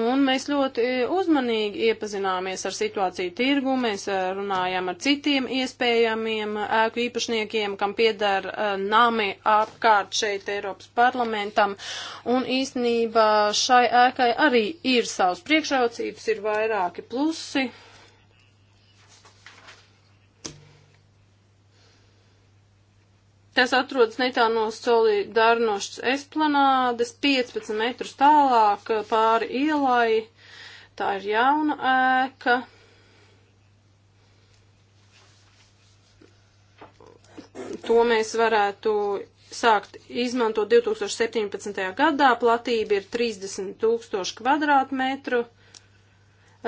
Un mēs ļoti uzmanīgi iepazināmies ar situāciju tirgu, mēs eh, runājām ar citiem iespējamiem eh, ēku īpašniekiem, kam piedara uh, eh, nami apkārt šeit Eiropas parlamentam. Un īstenībā šai ēkai arī ir savas priekšrocības, ir vairāki plusi Tas atrodas netālu no Solidarnošas esplanādes, 15 metrus tālāk eh, pāri ielai. Tā ir jauna ēka. To mēs varētu sākt izmantot 2017. gadā. Platība ir 30 tūkstoši kvadrātmetru.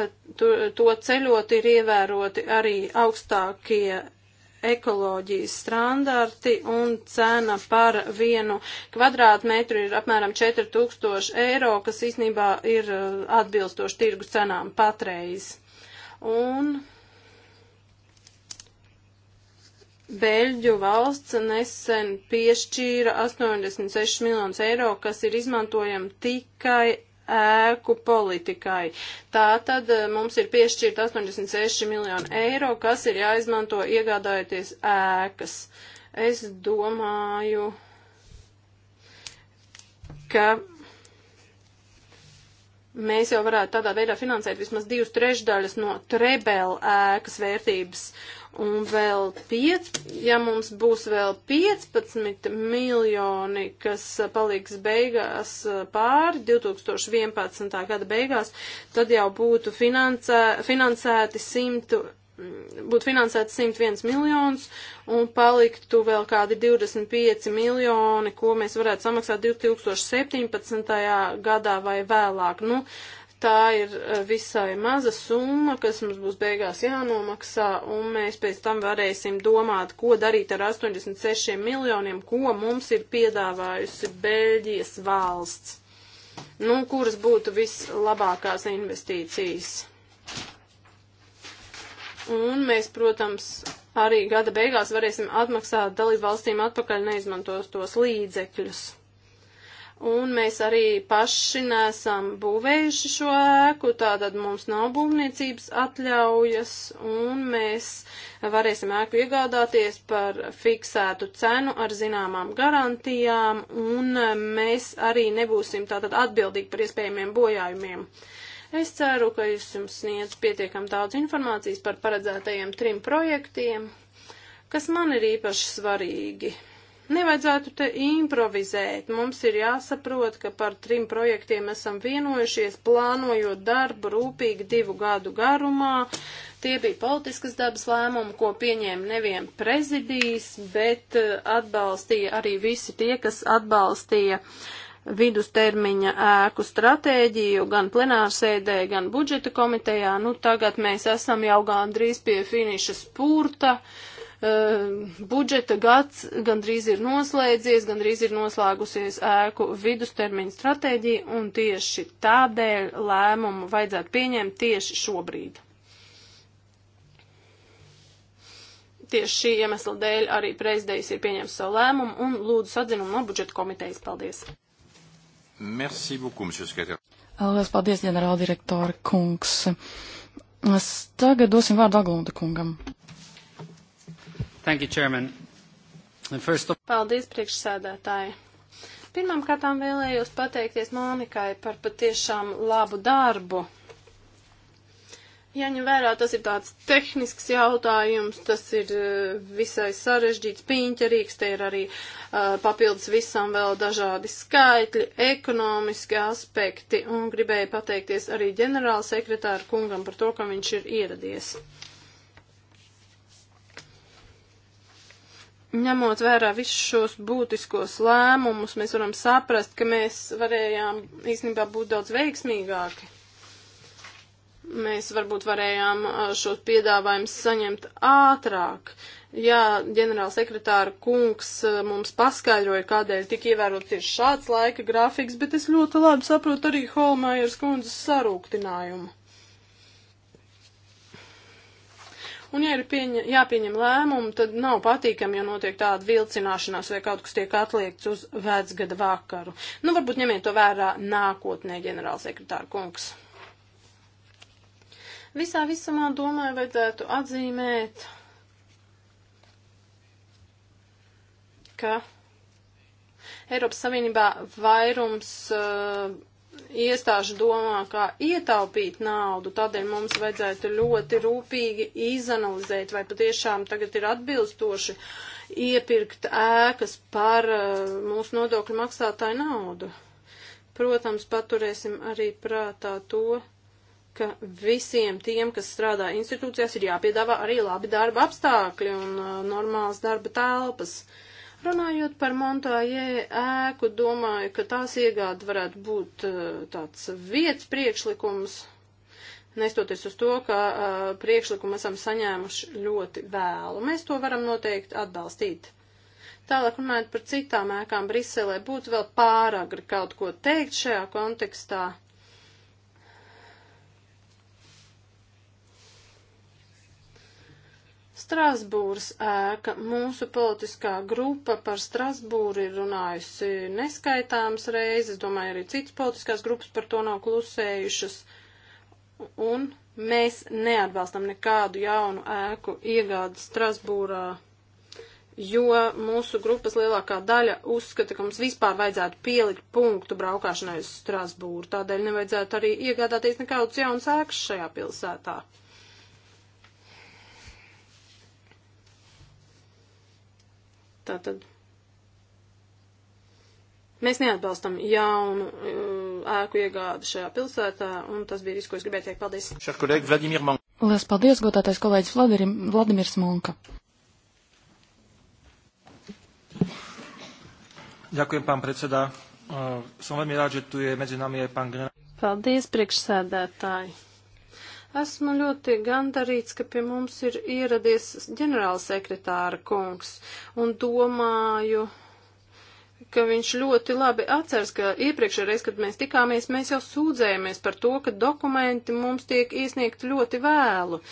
Eh, to ceļot ir ievēroti arī augstākie ekoloģijas standarti un cena par vienu kvadrātmetru ir apmēram 4000 eiro, kas īsnībā ir uh, atbilstoši tirgu cenām patreiz. Un Beļģu valsts nesen piešķīra 86 miljonus eiro, kas ir izmantojami tikai ēku politikai. Tā tad eh, mums ir piešķirt 86 miljonu eiro, kas ir jāizmanto iegādājoties ēkas. Es domāju, ka mēs jau varētu tādā veidā finansēt vismaz divas trešdaļas no trebel ēkas vērtības. Un vēl 5, ja mums būs vēl 15 miljoni, kas paliks beigās eh, pāri 2011. gada beigās, tad jau būtu finansē, finansēti 100, mm, būtu finansēti 101 miljonus un paliktu vēl kādi 25 miljoni, ko mēs varētu samaksāt 2017. gadā vai vēlāk. Nu, uh, Tā ir eh, visai maza summa, kas mums būs beigās jānomaksā, un mēs pēc tam varēsim domāt, ko darīt ar 86 miljoniem, ko mums ir piedāvājusi Beļģijas valsts. Nu, kuras būtu vislabākās investīcijas. Un mēs, protams, arī gada beigās varēsim atmaksāt dalību valstīm atpakaļ neizmantos tos līdzekļus un mēs arī paši nesam būvējuši šo ēku, tātad mums nav būvniecības atļaujas, un mēs varēsim ēku iegādāties par fiksētu cenu ar zināmām garantijām, un mēs arī nebūsim tātad atbildīgi par iespējamiem bojājumiem. Es ceru, ka es jums sniedzu pietiekam daudz informācijas par paredzētajiem trim projektiem, kas man ir īpaši svarīgi. Nevajadzētu te improvizēt. Mums ir jāsaprot, ka par trim projektiem esam vienojušies, plānojot darbu rūpīgi divu gadu garumā. Tie bija politiskas dabas lēmumi, ko pieņēma nevien prezidijs, bet eh, atbalstīja arī visi tie, kas atbalstīja vidustermiņa ēku stratēģiju gan plenārsēdē, gan budžeta komitejā. Nu, tagad mēs esam jau gandrīz pie finiša spurta. Uh, Eh, budžeta gads gandrīz ir noslēdzies, gandrīz ir noslēgusies ēku vidustermiņa stratēģija, un tieši tādēļ lēmumu vajadzētu pieņemt tieši šobrīd. Tieši šī iemesla dēļ arī prezidējs ir pieņēmis savu lēmumu un lūdzu sadzinumu no budžeta komitejas. Paldies! Merci beaucoup, monsieur Skater. Lielas paldies, ģenerāldirektora kungs. Es tagad dosim vārdu Aglunda kungam. Thank you, Chairman. And first of... Paldies, priekšsēdētāji. Pirmām kārtām vēlējos pateikties Monikai par patiešām labu darbu. Jaņem vērā, tas ir tāds tehnisks jautājums, tas ir eh, visai sarežģīts, piņķerīgs, te ir arī uh, papildus visam vēl dažādi skaitļi, ekonomiski aspekti, un gribēju pateikties arī ģenerāla sekretāra kungam par to, ka viņš ir ieradies. Uh, ņemot vērā visus šos būtiskos lēmumus, mēs varam saprast, ka mēs varējām īstenībā būt daudz veiksmīgāki. Mēs varbūt varējām šos piedāvājumus saņemt ātrāk. Jā, ģenerālsekretāra kungs mums paskaidroja, kādēļ tik ievērot tieši šāds laika grafiks, bet es ļoti labi saprotu arī Holmajers kundzes sarūktinājumu. Un, ja ir pieņa, jāpieņem lēmumu, tad nav patīkami, ja notiek tāda vilcināšanās vai kaut kas tiek atliekts uz vecgada vakaru. Nu, varbūt ņemiet to vērā nākotnē, ģenerālsekretāra kungs. Visā visumā, domāju, vajadzētu atzīmēt, ka Eiropas Savienībā vairums uh, iestāžu domā, kā ietaupīt naudu, tādēļ mums vajadzētu ļoti rūpīgi izanalizēt, vai patiešām tagad ir atbilstoši iepirkt ēkas par eh, mūsu nodokļu maksātāju naudu. Protams, paturēsim arī prātā to, ka visiem tiem, kas strādā institūcijās, ir jāpiedāvā arī labi darba apstākļi un eh, normāls darba telpas. Uh, Runājot par Montāje ēku, domāju, ka tās iegāda varētu būt uh, tāds vietas priekšlikums, nestoties uz to, ka uh, priekšlikumu esam saņēmuši ļoti vēlu. Mēs to varam noteikti atbalstīt. Tālāk runājot par citām ēkām Briselē, būtu vēl pāragri kaut ko teikt šajā kontekstā. Strasbūras ēka. Mūsu politiskā grupa par Strasbūru ir runājusi neskaitāmas reizes, domāju, arī citas politiskās grupas par to nav klusējušas. Un mēs neatbalstam nekādu jaunu ēku iegādi Strasbūrā, jo mūsu grupas lielākā daļa uzskata, ka mums vispār vajadzētu pielikt punktu braukāšanai uz Strasbūru. Tādēļ nevajadzētu arī iegādāties nekādus jaunus ēkas šajā pilsētā. Tātad mēs neatbalstam jaunu uh, ēku iegādi šajā pilsētā, un tas bija viss, ko es gribēju teikt. Paldies! Lielas paldies, godātais kolēģis Vladirim, Vladimirs Munka. Ďakujem, pán predseda. Uh, som veľmi rád, že tu je medzi nami aj pán generál. Paldies, priekšsēdētāji. Esmu ļoti gandarīts, ka pie mums ir ieradies ģenerālsekretāra kungs un domāju, ka viņš ļoti labi atceras, ka iepriekšējā reiz, kad mēs tikāmies, mēs jau sūdzējamies par to, ka dokumenti mums tiek iesniegti ļoti vēlu.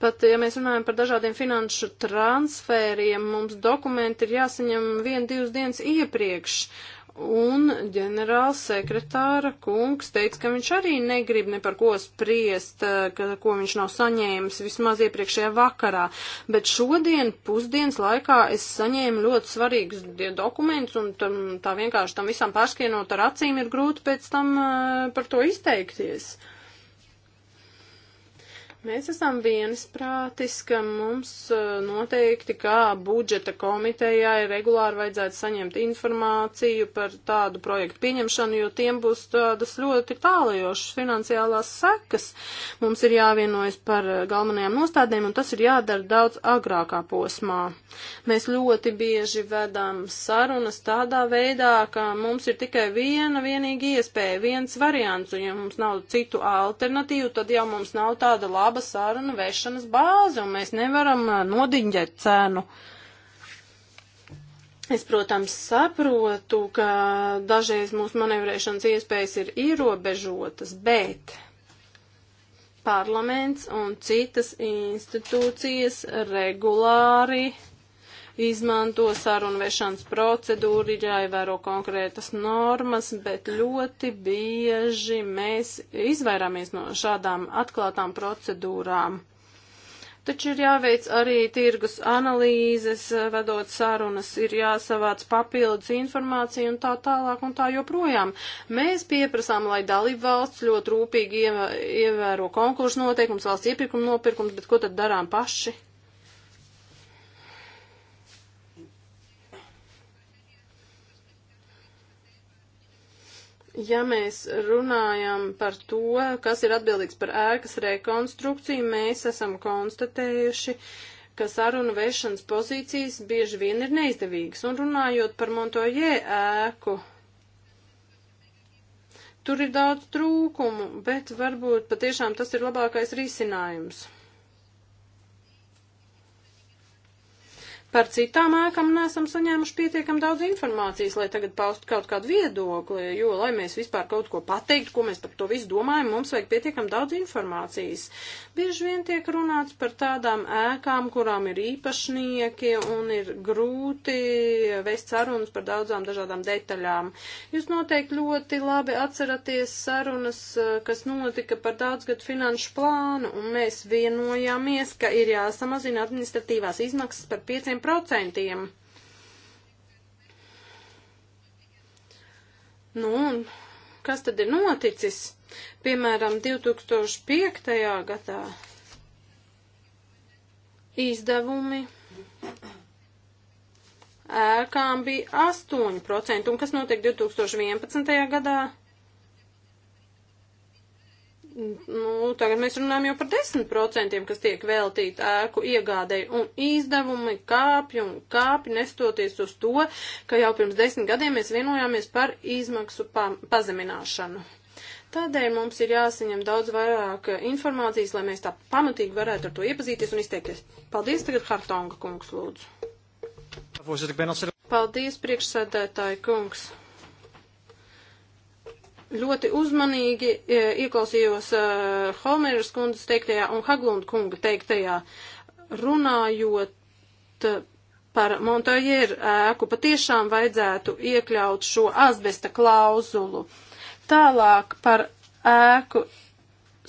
Pat, ja mēs runājam par dažādiem finanšu transfēriem, mums dokumenti ir jāsaņem vien, divas dienas iepriekš. Uh, un ģenerāls sekretāra kungs teica, ka viņš arī negrib ne par ko spriest, eh, ka, ko viņš nav saņēmis vismaz iepriekšējā vakarā, bet šodien pusdienas laikā es saņēmu ļoti svarīgus dokumentus, un tam, tā vienkārši tam visam pārskienot ar acīm ir grūti pēc tam eh, par to izteikties. Uh, Mēs esam viensprātis, ka mums eh, noteikti kā budžeta komitejai regulāri vajadzētu saņemt informāciju par tādu projektu pieņemšanu, jo tiem būs tādas ļoti tālajošas finansiālās sekas. Mums ir jāvienojas par eh, galvenajām nostādēm, un tas ir jādara daudz agrākā posmā. Mēs ļoti bieži vedam sarunas tādā veidā, ka mums ir tikai viena vienīga iespēja, viens variants, un ja mums nav citu alternatīvu, tad jau mums nav tāda laba laba saruna vešanas bāze, un mēs nevaram uh, nodiņģēt cenu. Es, protams, saprotu, ka dažreiz mūsu manevrēšanas iespējas ir ierobežotas, bet parlaments un citas institūcijas regulāri izmanto sarunu vešanas procedūru, ir jāievēro konkrētas normas, bet ļoti bieži mēs izvairāmies no šādām atklātām procedūrām. Taču ir jāveic arī tirgus analīzes, vedot sarunas, ir jāsavāc papildus informācija un tā tālāk un tā joprojām. Mēs pieprasām, lai dalību valsts ļoti rūpīgi ievēro konkursu noteikums, valsts iepirkuma nopirkums, bet ko tad darām paši? Ja mēs runājam par to, kas ir atbildīgs par ēkas rekonstrukciju, mēs esam konstatējuši, ka sarunu vešanas pozīcijas bieži vien ir neizdevīgas. Un runājot par Montoje ēku, tur ir daudz trūkumu, bet varbūt patiešām tas ir labākais risinājums. Par citām ēkām nesam saņēmuši pietiekam daudz informācijas, lai tagad paustu kaut kādu viedokli, jo, lai mēs vispār kaut ko pateiktu, ko mēs par to visu domājam, mums vajag pietiekam daudz informācijas. Bieži vien tiek runāts par tādām ēkām, kurām ir īpašnieki un ir grūti vest sarunas par daudzām dažādām detaļām. Jūs noteikti ļoti labi atceraties sarunas, eh, kas notika par daudzgadu finanšu plānu, un mēs vienojāmies, ka ir jāsamazina administratīvās izmaksas par 5% 5%. Nu, un kas tad ir noticis? Piemēram, 2005. gadā izdevumi ēkām bija 8%, un kas notiek 2011. gadā? nu, tagad mēs runājam jau par 10%, kas tiek veltīti ēku iegādēji, un izdevumi kāpj un kāpj, nestoties uz to, ka jau pirms desmit gadiem mēs vienojāmies par izmaksu pa pazemināšanu. Tādēļ mums ir jāsaņem daudz vairāk informācijas, lai mēs tā pamatīgi varētu ar to iepazīties un izteikties. Paldies tagad Hartonga kungs, lūdzu. Paldies, priekšsēdētāji kungs ļoti uzmanīgi e, ieklausījos uh, e, Homeras kundzes teiktajā un Haglund kunga teiktajā, runājot e, par Montojeru ēku, patiešām vajadzētu iekļaut šo asbesta klauzulu. Tālāk par ēku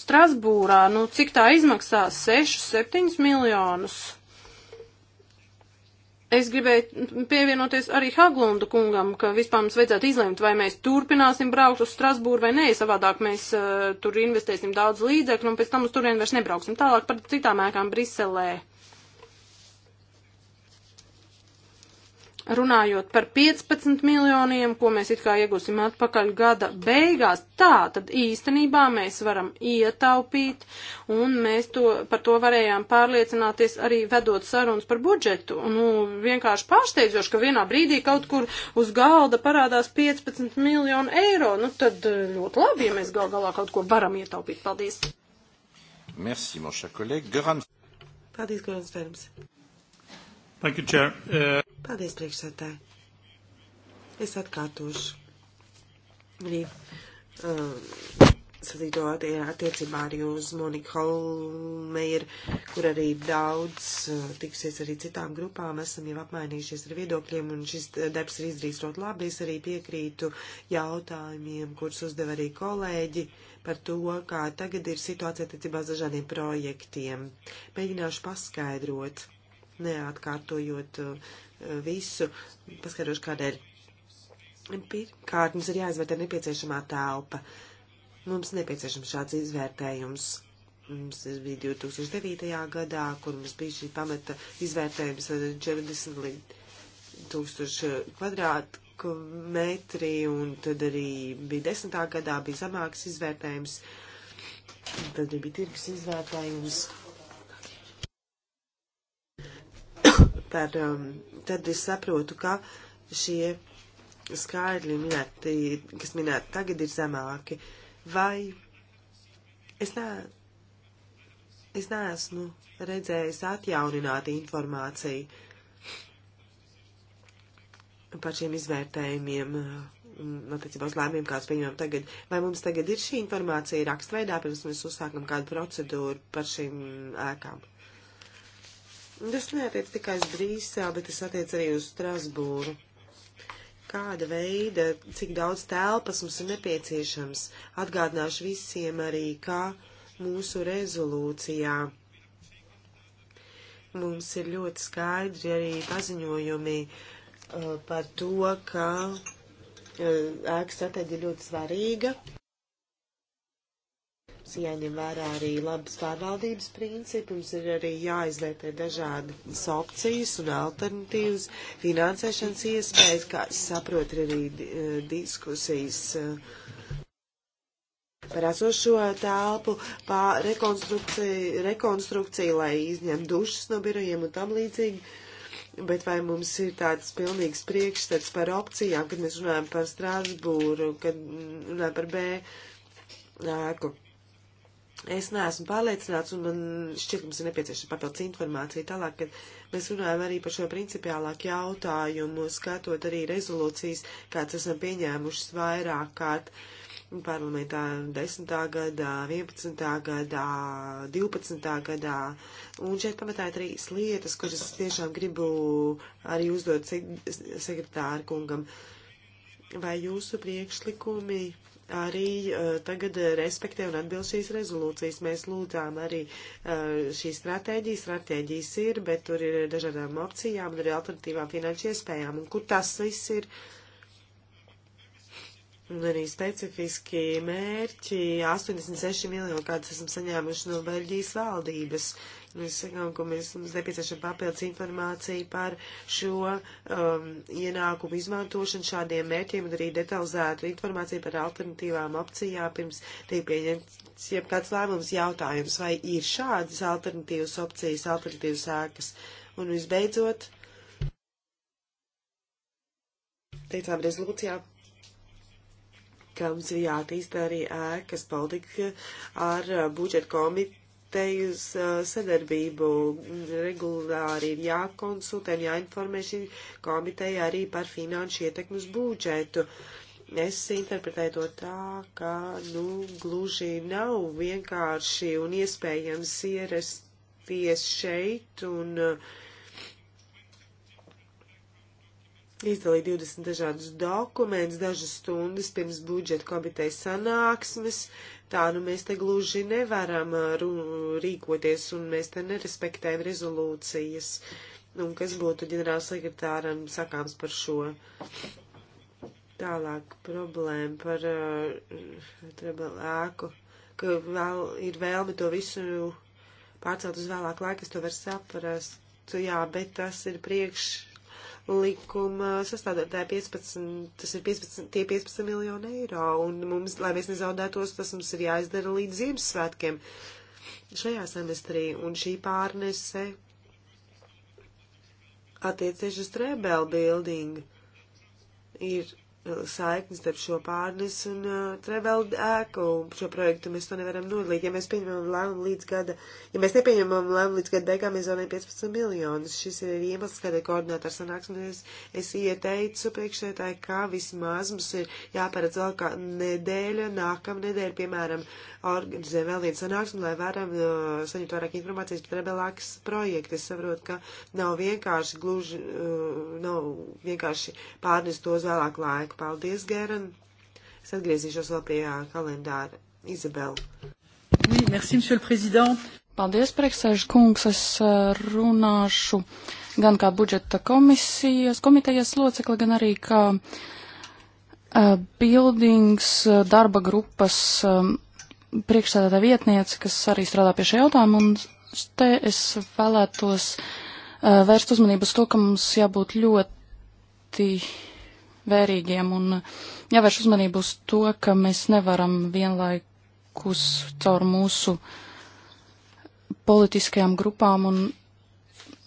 Strasbūrā, nu cik tā izmaksās 6-7 miljonus Es gribēju pievienoties arī Haglundu kungam, ka vispār mums vajadzētu izlemt, vai mēs turpināsim braukt uz Strasbūru vai nē, savādāk mēs uh, tur investēsim daudz līdzekļu un pēc tam uz turien vairs nebrauksim. Tālāk par citām ēkām Briselē. runājot par 15 miljoniem, ko mēs it kā iegūsim atpakaļ gada beigās, tā tad īstenībā mēs varam ietaupīt, un mēs to, par to varējām pārliecināties arī vedot sarunas par budžetu. Nu, vienkārši pārsteidzoši, ka vienā brīdī kaut kur uz galda parādās 15 miljonu eiro, nu tad eh, ļoti labi, ja mēs gal galā kaut ko varam ietaupīt. Paldies! Merci, mon cher collègue. Göran. Paldies, Göran Sterms. Thank you, Chair. Uh... Paldies, priekšsētāji. Es atkārtošu arī uh, sadīto attiecībā arī uz Moniku Holmeiru, kur arī daudz uh, tiksies arī citām grupām. Esam jau apmainījušies ar viedokļiem, un šis uh, darbs ir izdarīts ļoti labi. Es arī piekrītu jautājumiem, kurus uzdev arī kolēģi par to, kā tagad ir situācija attiecībā uz dažādiem projektiem. Mēģināšu paskaidrot. Uh, neatkārtojot eh, visu, paskatot, kādēļ. Pirmkārt, mums ir jāizvērtē nepieciešamā telpa. Mums nepieciešams šāds izvērtējums. Mums bija 2009. gadā, kur mums bija šī pamata izvērtējums 40 līdz 1000 kvadrātu metri, un tad arī bija desmitā gadā bija zemāks izvērtējums, tad arī bija tirgus izvērtējums. par, um, tad es saprotu, ka šie skaidri minēti, kas minēti tagad ir zemāki, vai es nē, es neesmu redzējis atjauninātu informāciju par šiem izvērtējumiem um, attiecībā uz lēmumiem, kāds pieņemam tagad. Vai mums tagad ir šī informācija rakstveidā, pirms mēs uzsākam kādu procedūru par šīm ēkām? Uh, Tas neatiec tikai uz Brīseli, bet tas attiec arī uz Strasbūru. Kāda veida, cik daudz telpas mums ir nepieciešams? Atgādināšu visiem arī, kā mūsu rezolūcijā mums ir ļoti skaidri arī paziņojumi uh, par to, ka uh, ēka strateģija ļoti svarīga. Mums jāņem vērā arī labas pārvaldības principi, mums ir arī jāizvērtē dažādas opcijas un alternatīvas finansēšanas iespējas, kā es saprotu, ir arī e, diskusijas e, par esošo telpu, pār rekonstrukciju, rekonstrukciju, lai izņem dušas no birojiem un tam līdzīgi. Bet vai mums ir tāds pilnīgs priekšstats par opcijām, kad mēs runājam par Strasbūru, kad runājam par B ēku? Es neesmu pārliecināts, un man šķiet, mums ir nepieciešama papildus informācija tālāk, kad mēs runājam arī par šo principiālāku jautājumu, skatot arī rezolūcijas, kāds esam pieņēmušas vairāk kārt parlamentā 10. gadā, 11. gadā, 12. gadā, un šeit pamatā ir trīs lietas, kuras es tiešām gribu arī uzdot sek sekretāru kungam. Vai jūsu priekšlikumi arī uh, tagad eh, respektē un atbilst šīs rezolūcijas. Mēs lūdzām arī uh, šīs stratēģijas, stratēģijas ir, bet tur ir dažādām opcijām un arī alternatīvām finanšu iespējām. Un kur tas viss ir? Un arī specifiski mērķi 86 miljoni, kādas esam saņēmuši no Beļģijas valdības. Uh, Mēs sakām, ka mēs, mums nepieciešama papildus informācija par šo um, ienākumu izmantošanu šādiem mērķiem un arī detalizētu informāciju par alternatīvām opcijām pirms tiek pieņemts jebkāds lēmums jautājums, vai ir šādas alternatīvas opcijas, alternatīvas sēkas. Un visbeidzot, teicām rezolūcijā ka mums ir jātīst arī ēkas politika ar uh, budžeta komiteju te uz sadarbību regulāri ir jākonsultē un jāinformē šī komiteja arī par finanšu ietekmi uz budžetu. Es interpretēju to tā, ka, nu, gluži nav vienkārši un iespējams ierasties šeit un uh, izdalīja 20 dažādus dokumentus dažas stundas pirms budžeta komitejas sanāksmes. Tā nu mēs te gluži nevaram uh, rīkoties un mēs te nerespektējam rezolūcijas. Un kas būtu ģenerālsekretāram sakāms par šo? Tālāk problēma par uh, ēku, ka vēl ir vēlme to visu pārcelt uz vēlāku laiku, es to varu saprast. Jā, bet tas ir priekš likuma sastādātāja 15, tas ir 15, tie 15 miljoni eiro, un mums, lai mēs nezaudētos, tas mums ir jāizdara līdz Ziemassvētkiem šajā semestrī, un šī pārnese attiecieši uz Trebel building ir saiknes starp šo pārnes un uh, Trevelde ēku šo projektu. Mēs to nevaram nodalīt. Ja mēs pieņemam lēmumu līdz gada, ja mēs nepieņemam lēmumu līdz gada beigām, mēs zaudējam 15 miljonus. Šis ir iemesls, kādēļ koordinātors sanāksmēs es, es ieteicu priekšētāji, ka vismaz mums ir jāparedz vēl kā nedēļa, nākamnedēļ, piemēram, uh, organizējam vēl vienu sanāksmi, lai varam uh, saņemt vairāk informācijas par rebelāks projektu. Es saprotu, ka nav vienkārši gluži, uh, nav vienkārši pārnest to uz vēlāku laiku. Paldies, Gēran. Es atgriezīšos vēl pie uh, kalendāra. Izabela. Oui, merci, monsieur le président. Paldies, priekšsēžu kungs. Es uh, runāšu gan kā budžeta komisijas, komitejas locekli, gan arī kā uh, buildings uh, darba grupas um, priekšsēdētā vietniece, kas arī strādā pie šī jautājuma, un te es vēlētos uh, vērst uzmanību uz to, ka mums jābūt ļoti vērīgiem un jāvērš uzmanību uz to, ka mēs nevaram vienlaikus caur mūsu politiskajām grupām un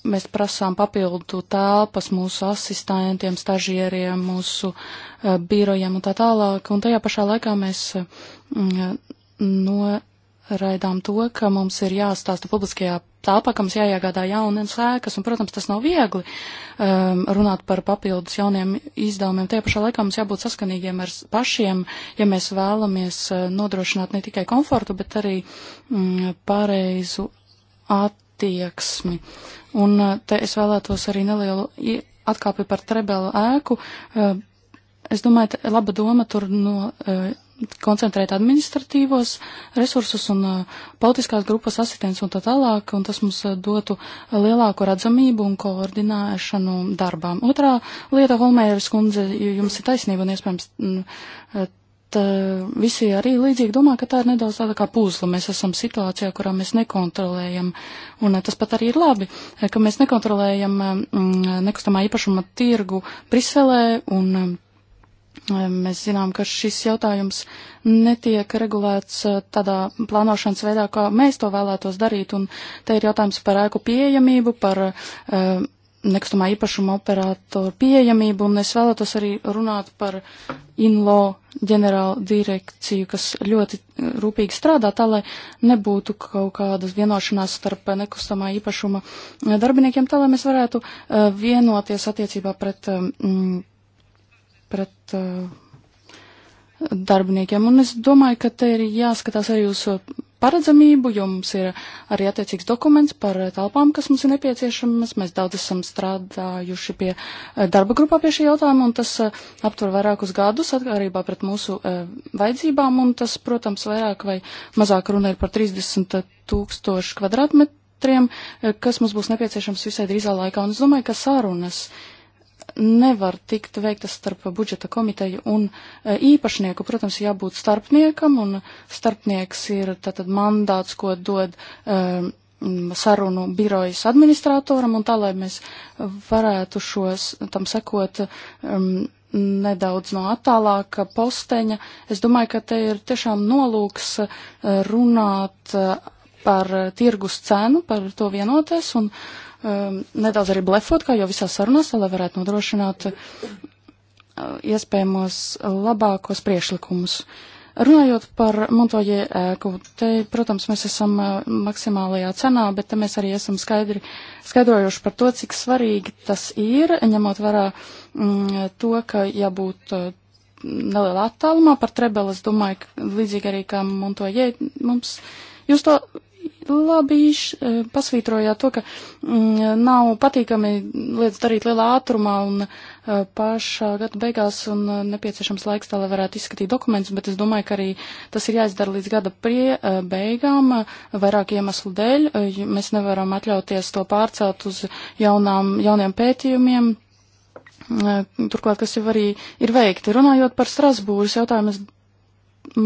mēs prasām papildu telpas mūsu asistentiem, stažieriem, mūsu uh, birojiem un tā tālāk. Un tajā pašā laikā mēs uh, noraidām to, ka mums ir jāstāsta publiskajā telpā, ka mums jāiegādā jaunas ēkas, un, protams, tas nav viegli um, runāt par papildus jauniem izdevumiem. Tie pašā laikā mums jābūt saskanīgiem ar pašiem, ja mēs vēlamies uh, nodrošināt ne tikai komfortu, bet arī mm, pareizu attieksmi. Un uh, te es vēlētos arī nelielu atkāpi par Trebela ēku. Uh, es domāju, laba doma tur no koncentrēt administratīvos resursus un uh, politiskās grupas asistents un tā tālāk, un tas mums uh, dotu lielāku redzamību un koordinēšanu darbām. Otrā lieta, Holmēras kundze, jums ir taisnība un iespējams. Mm, uh, tā, visi arī līdzīgi domā, ka tā ir nedaudz tāda kā puzle. Mēs esam situācijā, kurā mēs nekontrolējam, un tas pat arī ir labi, ka mēs nekontrolējam mm, nekustamā īpašuma tirgu Briselē un um, Mēs zinām, ka šis jautājums netiek regulēts eh, tādā plānošanas veidā, kā mēs to vēlētos darīt, un te ir jautājums par ēku pieejamību, par uh, nekustamā īpašuma operātoru pieejamību, un es vēlētos arī runāt par INLO ģenerālu direkciju, kas ļoti eh, rūpīgi strādā tā, lai nebūtu kaut kādas vienošanās starp nekustamā īpašuma darbiniekiem, tā, lai mēs varētu uh, vienoties attiecībā pret. Um, pret uh, darbiniekiem. Un es domāju, ka te ir jāskatās arī uz uh, paredzamību, jo mums ir arī attiecīgs dokuments par uh, telpām, kas mums ir nepieciešamas. Mēs daudz esam strādājuši pie darba grupā pie šī jautājuma, un tas aptver vairākus gadus atkarībā pret mūsu vajadzībām, un tas, protams, vairāk vai mazāk runa ir par 30 tūkstošu kvadrātmetriem, kas mums būs nepieciešams visai drīzā laikā. Un es domāju, ka sarunas nevar tikt veiktas starp budžeta komiteju un e, īpašnieku. Protams, jābūt starpniekam, un starpnieks ir tātad mandāts, ko dod um, sarunu birojas administratoram, un tā, lai mēs varētu šos tam sekot um, nedaudz no attālāka posteņa. Es domāju, ka te ir tiešām nolūks runāt par tirgus cenu, par to vienoties, un uh, um, nedaudz arī blefot, kā jau visā sarunās, lai varētu nodrošināt uh, iespējamos labākos priešlikumus. Runājot par Montoje ēku, te, protams, mēs esam uh, maksimālajā cenā, bet te mēs arī esam skaidri, skaidrojuši par to, cik svarīgi tas ir, ņemot vērā mm, to, ka jābūt uh, nelielā attālumā par Trebeli, es domāju, ka līdzīgi arī kā Montoje, mums, jūs to labi e, pasvītrojāt to, ka mm, nav patīkami lietas darīt lielā ātrumā un e, pašā gada beigās un e, nepieciešams laiks tā, lai varētu izskatīt dokumentus, bet es domāju, ka arī tas ir jāizdara līdz gada prie beigām vairāk iemeslu dēļ. Mēs nevaram atļauties to pārcelt uz jaunām, jauniem pētījumiem. Turklāt, kas jau arī ir veikti. Runājot par Strasbūras jautājumu,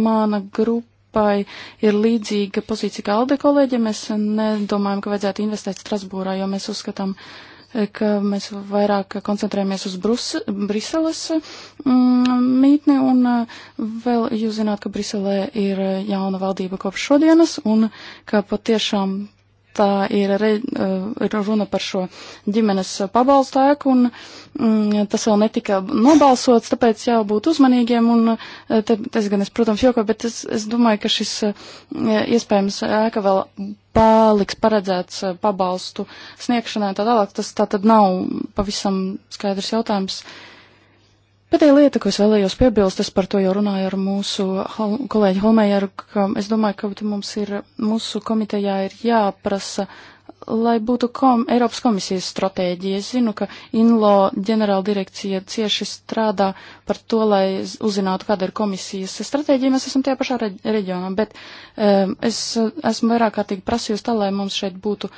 mana grupa grupai ir līdzīga pozīcija kā Alde kolēģi. Mēs nedomājam, ka vajadzētu investēt Strasbūrā, jo mēs uzskatām, eh, ka mēs vairāk koncentrējamies uz Brus Briseles mm, mītni, un eh, vēl jūs zināt, ka Briselē ir eh, jauna valdība kopš šodienas, un ka patiešām tā ir, re, uh, ir runa par šo ģimenes pabalstu ēku, un mm, tas vēl netika nobalsots, tāpēc jābūt uzmanīgiem, un uh, te, tas gan es, protams, joko, bet es, es domāju, ka šis uh, iespējams ēka vēl paliks paredzēts pabalstu sniegšanai tā tālāk, tas tā tad nav pavisam skaidrs jautājums. Uh, Pēdējā lieta, ko es vēlējos piebilst, es par to jau runāju ar mūsu hol kolēģi Holmējeru, ka es domāju, ka mums ir, mūsu komitejā ir jāprasa, lai būtu kom Eiropas komisijas stratēģija. Es zinu, ka INLO ģenerāla direkcija cieši strādā par to, lai uzzinātu, kāda ir komisijas stratēģija. Mēs esam tajā pašā reģionā, bet um, es esmu vairāk kārtīgi prasījusi tā, lai mums šeit būtu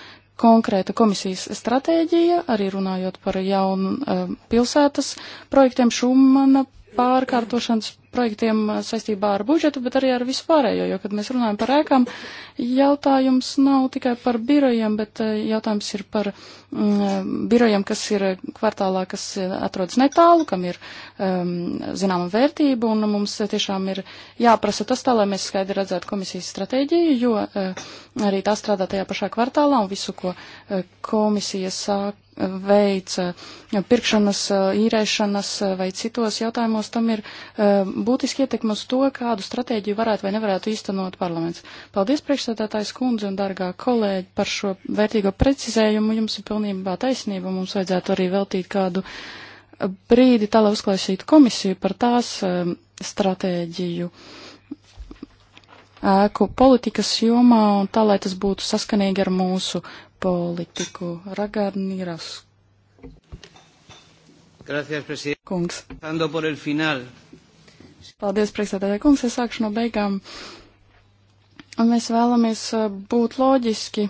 konkrēta komisijas stratēģija, arī runājot par jaunu eh, pilsētas projektiem Šumana pārkārtošanas projektiem eh, saistībā ar budžetu, bet arī ar vispārējo, jo, kad mēs runājam par ēkām, jautājums nav tikai par birojiem, bet eh, jautājums ir par mm, eh, birojiem, kas ir kvartālā, kas atrodas netālu, kam ir um, zināma vērtība, un mums tiešām ir jāprasa tas tā, lai mēs skaidri redzētu komisijas stratēģiju, jo uh, arī tā strādā tajā pašā kvartālā, un visu, ko uh, komisija sāk veic eh, pirkšanas, eh, īrēšanas eh, vai citos jautājumos, tam ir būtiski ietekmi uz to, kādu stratēģiju varētu vai nevarētu īstenot parlaments. Paldies, priekšsēdētājs kundze un dargā kolēģi, par šo vērtīgo precizējumu. Jums ir pilnībā taisnība, mums vajadzētu arī veltīt kādu brīdi tā, lai uzklausītu komisiju par tās stratēģiju ēku politikas jomā un tā, lai tas būtu saskanīgi ar mūsu politiku. Ragarnīras Gracias, presidente. Kungs. Por el final. Paldies, priekšsēdētāji kungs. Es sākšu no beigām. Un mēs vēlamies eh, būt loģiski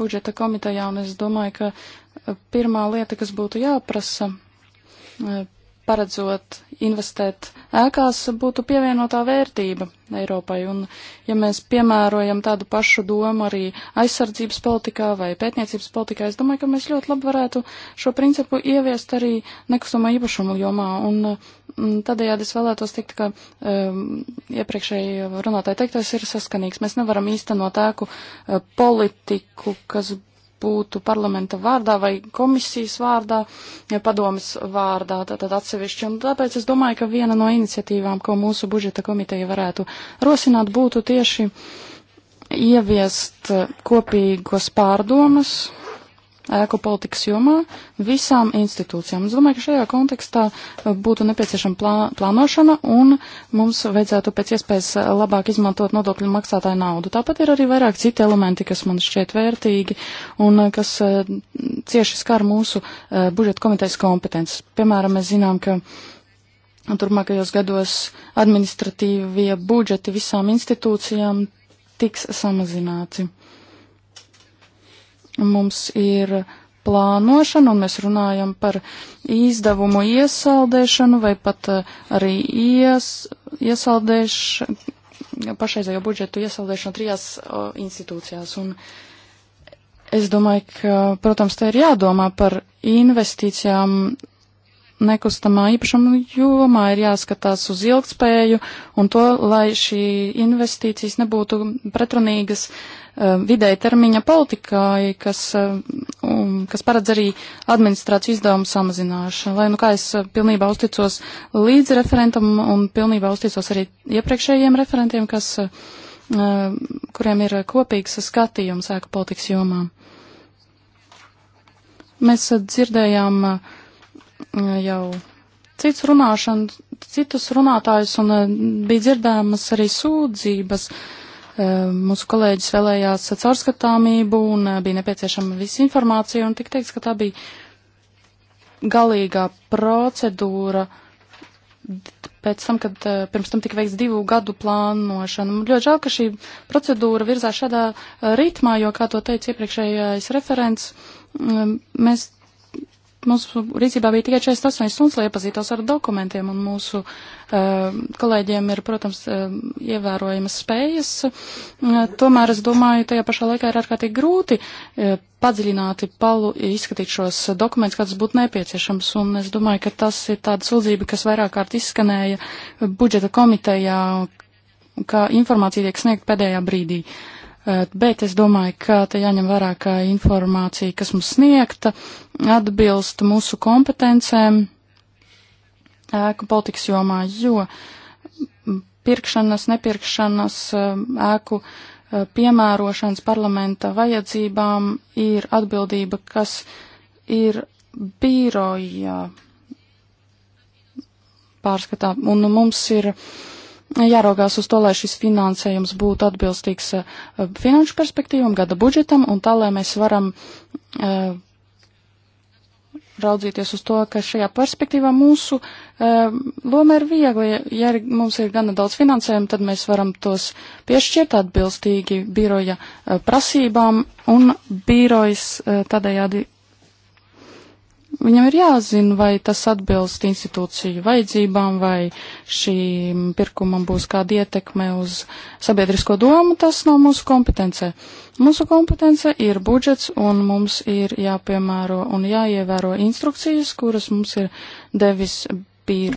budžeta komitejā, un es domāju, ka eh, pirmā lieta, kas būtu jāprasa eh, paredzot investēt ēkās, būtu pievienotā vērtība Eiropai. Un, ja mēs piemērojam tādu pašu domu arī aizsardzības politikā vai pētniecības politikā, es domāju, ka mēs ļoti labi varētu šo principu ieviest arī nekustamā īpašuma jomā. Un mm, tādējādi es vēlētos teikt, ka um, iepriekšēji runātāji teiktais ir saskanīgs. Mēs nevaram īstenot ēku uh, politiku, kas būtu parlamenta vārdā vai komisijas vārdā, ja padomas vārdā, tātad atsevišķi. Un tāpēc es domāju, ka viena no iniciatīvām, ko mūsu budžeta komiteja varētu rosināt, būtu tieši ieviest kopīgos pārdomas ēku politikas jomā visām institūcijām. Es domāju, ka šajā kontekstā uh, būtu nepieciešama plā, plānošana un mums vajadzētu pēc iespējas uh, labāk izmantot nodokļu maksātāju naudu. Tāpat ir arī vairāk citi elementi, kas man šķiet vērtīgi un uh, kas cieši skar mūsu budžeta komitejas kompetences. Piemēram, mēs zinām, ka. Turmākajos gados administratīvie budžeti visām institūcijām tiks samazināti. Mums ir plānošana, un mēs runājam par izdevumu iesaldēšanu vai pat eh, arī ies, iesaldēšanu, pašreizējo budžetu iesaldēšanu trijās o, institūcijās. Un es domāju, ka, protams, te ir jādomā par investīcijām nekustamā īpašuma jomā ir jāskatās uz ilgspēju un to, lai šī investīcijas nebūtu pretrunīgas uh, vidēja termiņa politikai, kas, uh, um, kas paredz arī administrāciju izdevumu samazināšanu. Lai nu kā es eh, pilnībā uzticos līdz referentam un pilnībā uzticos arī iepriekšējiem referentiem, kas, uh, kuriem ir kopīgs skatījums ēku politikas jomā. Mēs dzirdējām uh, jau cits runāšanu, citus runātājus un eh, bija dzirdēmas arī sūdzības. Eh, mūsu kolēģis vēlējās caurskatāmību un eh, bija nepieciešama visa informācija un tik teiks, ka tā bija galīgā procedūra pēc tam, kad pirms tam tika veikts divu gadu plānošana. Man ļoti žēl, ka šī procedūra virzās šādā ritmā, jo, kā to teica iepriekšējais referents, mm, mēs mūsu rīcībā bija tikai 48 stundas, lai iepazītos ar dokumentiem, un mūsu uh, kolēģiem ir, protams, uh, ievērojamas spējas. Uh, tomēr es domāju, tajā pašā laikā ir ārkārtīgi grūti uh, padziļināti palu, izskatīt šos dokumentus, kāds būtu nepieciešams, un es domāju, ka tas ir tāda sūdzība, kas vairāk kārt izskanēja budžeta komitejā, ka informācija tiek sniegta pēdējā brīdī. Uh, bet es domāju, ka te jāņem vērā, ka informācija, kas mums sniegta, atbilst mūsu kompetencēm ēku politikas jomā, jo pirkšanas, nepirkšanas ēku piemērošanas parlamenta vajadzībām ir atbildība, kas ir bīroja pārskatā, un mums ir uh, jāraugās uz to, lai šis finansējums būtu atbilstīgs eh, finanšu perspektīvam, gada budžetam, un tā, lai mēs varam eh, raudzīties uz to, ka šajā perspektīvā mūsu eh, loma ir viegli. Ja mums ir gana daudz finansējumu, tad mēs varam tos piešķirt atbilstīgi biroja prasībām, un birojas tādējādi viņam ir jāzina, vai tas atbilst institūciju vajadzībām, vai šīm pirkumam būs kāda ietekme uz sabiedrisko domu, tas nav mūsu kompetence. Mūsu kompetence ir budžets, un mums ir jāpiemēro un jāievēro instrukcijas, kuras mums ir devis bīra.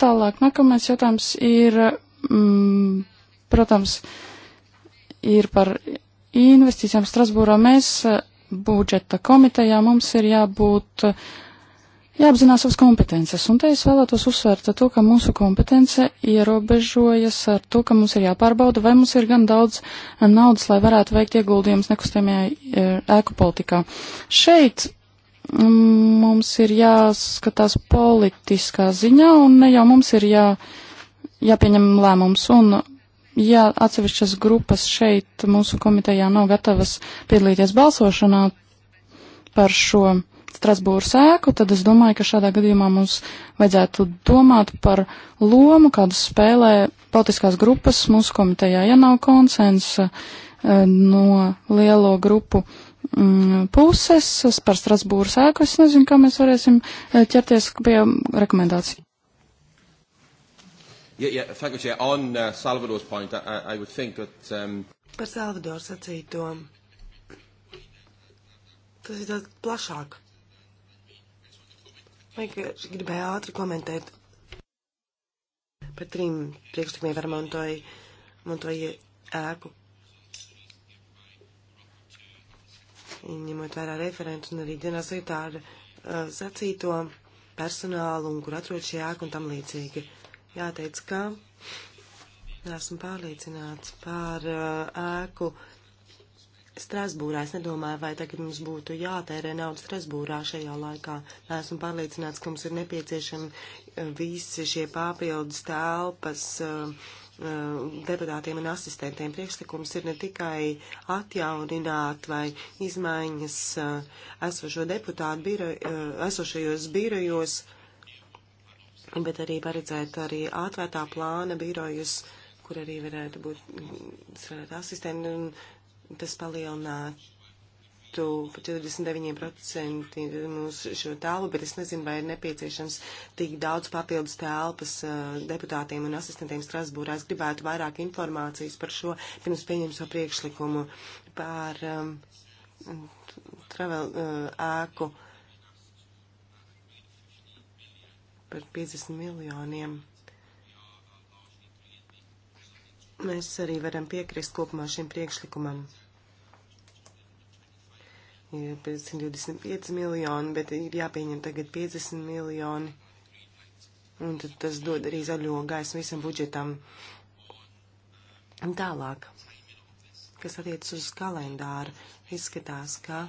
Tālāk, nākamais jautājums ir, mm, protams, ir par investīcijām Strasbūrā mēs eh, budžeta komitejā mums ir jābūt, eh, jāapzinās savas kompetences. Un te es vēlētos uzsvērt to, ka mūsu kompetence ierobežojas ar to, ka mums ir jāpārbauda, vai mums ir gan daudz eh, naudas, lai varētu veikt ieguldījumus nekustamajā ēku politikā. Šeit mm, mums ir jāskatās politiskā ziņā un ne jau mums ir jā, jāpieņem lēmums. Un Ja atsevišķas grupas šeit mūsu komitejā nav gatavas piedalīties balsošanā par šo Strasbūras ēku, tad es domāju, ka šādā gadījumā mums vajadzētu domāt par lomu, kādu spēlē politiskās grupas mūsu komitejā, ja nav konsensa eh, no lielo grupu mm, puses par Strasbūras ēku. Es nezinu, kā mēs varēsim eh, ķerties pie rekomendāciju. Yeah, yeah, thank you, Chair. On uh, Salvador's point, I, I would think that... Um... Par Salvadoru sacīto. Tas ir tāds plašāk. Vienkārši gribēju ātri komentēt par trim priekšlikumiem ar Montoju, Montoju ēku. Ņemot vērā referentu un arī dienas vietāru uh, sacīto personālu un kur atrod šī ēka un tam līdzīgi. Uh, jāteic, ka esmu pārliecināts par uh, ēku Strasbūrā. Es nedomāju, vai tagad mums būtu jātērē nauda Strasbūrā šajā laikā. Esmu pārliecināts, ka mums ir nepieciešami uh, visi šie papildus telpas uh, deputātiem un asistentiem. Priekšlikums ir ne tikai atjaunināt vai izmaiņas esošo deputātu biro, esošajos birojos, biro, bet arī paredzēt arī atvērtā plāna birojus, kur arī varētu būt strādāt asistenti, un tas palielinātu par 49% mūsu šo tēlu, bet es nezinu, vai ir nepieciešams tik daudz papildus tēlpas deputātiem un asistentiem Strasbūrā. Es gribētu vairāk informācijas par šo pirms pieņem šo priekšlikumu par um, travel uh, ēku. Uh, par 50 miljoniem. Mēs arī varam piekrist kopumā šim priekšlikumam. Ir 125 miljoni, bet ir jāpieņem tagad 50 miljoni. Un tad tas dod arī zaļo gaisu visam budžetam. Un tālāk, kas attiec uz kalendāru, izskatās, ka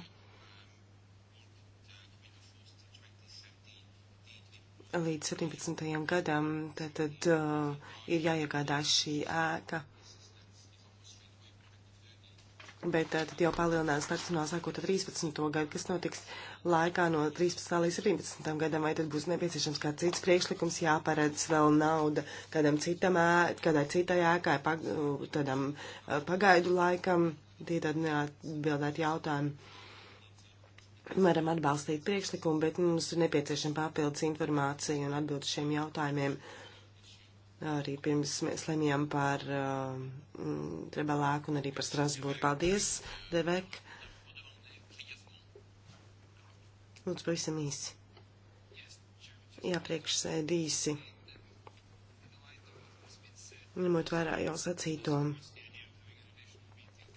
līdz 17. gadam, tad, tad uh, ir jāiegādās šī ēka. Bet uh, tad jau palielinās personāls sākot ar 13. gadu, kas notiks laikā no 13. līdz 17. gadam, vai tad būs nepieciešams kāds cits priekšlikums, jāparedz vēl nauda kādam citam, kādai citai ēkai, pag, uh, tādam uh, pagaidu laikam, tie tad neatbildēt jautājumu varam atbalstīt priekšlikumu, bet mums ir nepieciešama papildus informācija un atbildi šiem jautājumiem. Arī pirms mēs lemjām par uh, mm, Trebelēku un arī par Strasbūru. Paldies, Devek. Lūdzu, pavisam īsi. Jā, priekšsēdīsi. Ņemot vērā jau sacītomu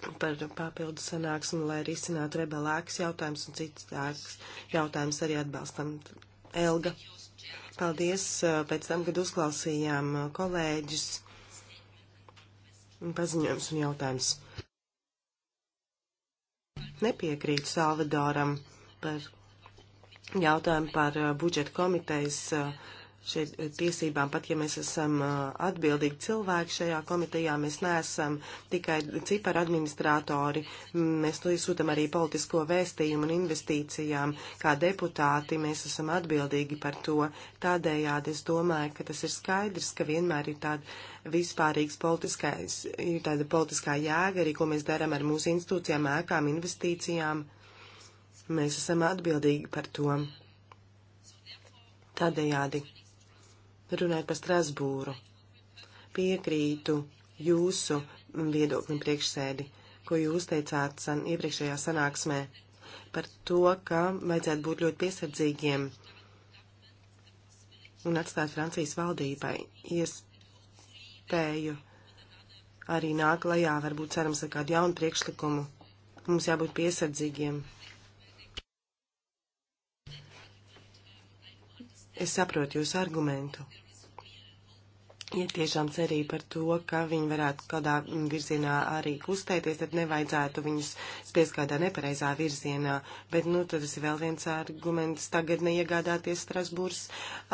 par papildu sanāksmi, lai risinātu rebelāks jautājums un cits tāks jautājums arī atbalstam. Elga, paldies pēc tam, kad uzklausījām kolēģis paziņojums un jautājums. Nepiekrītu Salvadoram par jautājumu par budžeta komitejas šeit eh, tiesībām, pat ja mēs esam eh, atbildīgi cilvēki šajā komitejā, mēs neesam tikai cipara administratori, mēs to izsūtam arī politisko vēstījumu un investīcijām. Kā deputāti mēs esam atbildīgi par to. Tādējādi es domāju, ka tas ir skaidrs, ka vienmēr ir tāda vispārīgs politiskais, ir tāda politiskā jēga arī, ko mēs darām ar mūsu institūcijām, ēkām, investīcijām. Mēs esam atbildīgi par to. Tādējādi runājot par Strasbūru. Piekrītu jūsu viedoklim priekšsēdi, ko jūs teicāt san, iepriekšējā sanāksmē par to, ka vajadzētu būt ļoti piesardzīgiem un atstāt Francijas valdībai iespēju arī nāk lajā, varbūt cerams, ar kādu jaunu priekšlikumu. Mums jābūt piesardzīgiem Es saprotu jūsu argumentu. Ja tiešām cerīja par to, ka viņi varētu kādā virzienā arī kustēties, tad nevajadzētu viņus spiest kādā nepareizā virzienā. Bet, nu, tad tas ir vēl viens arguments tagad neiegādāties Strasbūras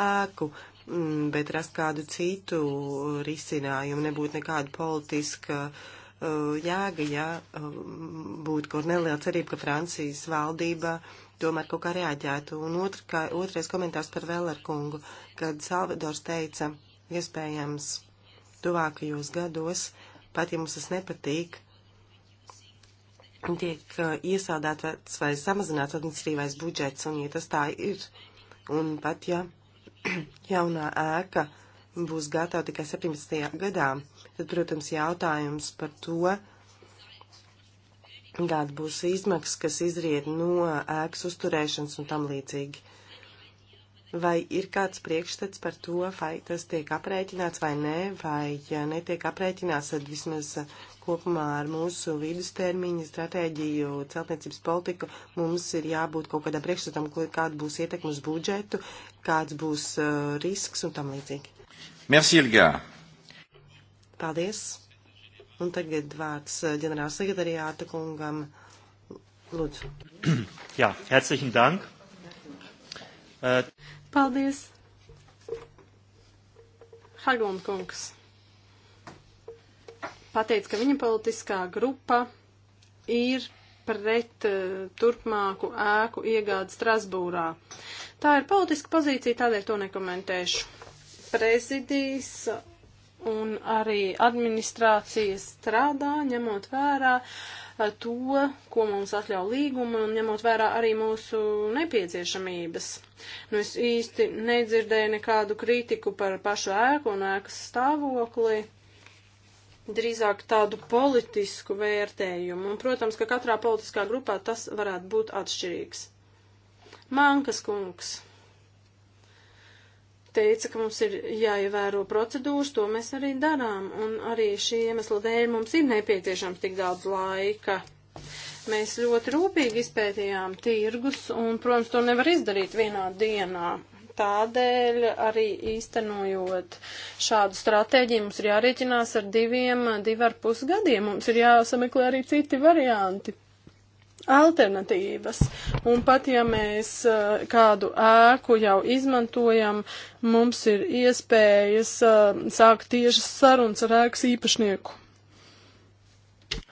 ēku, mm, bet rast kādu citu risinājumu, nebūtu nekāda politiska uh, jēga, ja uh, būtu kaut neliela cerība, ka Francijas valdība uh, tomēr kaut kā reaģētu. Un otr, kā, otrais komentārs par Vēlerkungu, kad Salvadors teica, iespējams, tuvākajos gados, pat ja mums tas nepatīk, tiek uh, iesaldēts vai samazināts administrīvais budžets, un ja tas tā ir, un pat ja jaunā ēka būs gatava tikai 17. gadā, tad, protams, jautājums par to, uh, kāda būs izmaksas, kas izriet no ēkas uzturēšanas un tam līdzīgi. Vai ir kāds priekšstats par to, vai tas tiek aprēķināts vai nē, vai ja netiek aprēķināts, tad vismaz uh, kopumā ar mūsu vidustermiņu stratēģiju, celtniecības politiku mums ir jābūt kaut kādam priekšstatam, kāda būs ietekme uz budžetu, kāds būs uh, risks un tam līdzīgi. Merci, Ilgā! Paldies! Un tagad vārds eh, ģenerāla sekretariāta kungam. Lūdzu. Jā, herzlichen dank. Uh... Paldies. Haglund kungs pateica, ka viņa politiskā grupa ir pret uh, turpmāku ēku iegādi Strasbūrā. Tā ir politiska pozīcija, tādēļ to nekomentēšu. Prezidijs un arī administrācija strādā, ņemot vērā eh, to, ko mums atļauj līguma un ņemot vērā arī mūsu nepieciešamības. Nu, es īsti nedzirdēju nekādu kritiku par pašu ēku un ēkas stāvokli. Drīzāk tādu politisku vērtējumu. Un, protams, ka katrā politiskā grupā tas varētu būt atšķirīgs. Mankas kungs teica, ka mums ir jāievēro procedūras, to mēs arī darām, un arī šī iemesla dēļ mums ir nepieciešams tik daudz laika. Mēs ļoti rūpīgi izpētījām tirgus, un, protams, to nevar izdarīt vienā dienā. Tādēļ arī īstenojot šādu stratēģiju, mums ir jārēķinās ar diviem, divi ar pus gadiem. Mums ir jāsameklē arī citi varianti alternatīvas. Un pat ja mēs eh, kādu ēku jau izmantojam, mums ir iespējas eh, sākt tiešas sarunas ar ēkas īpašnieku.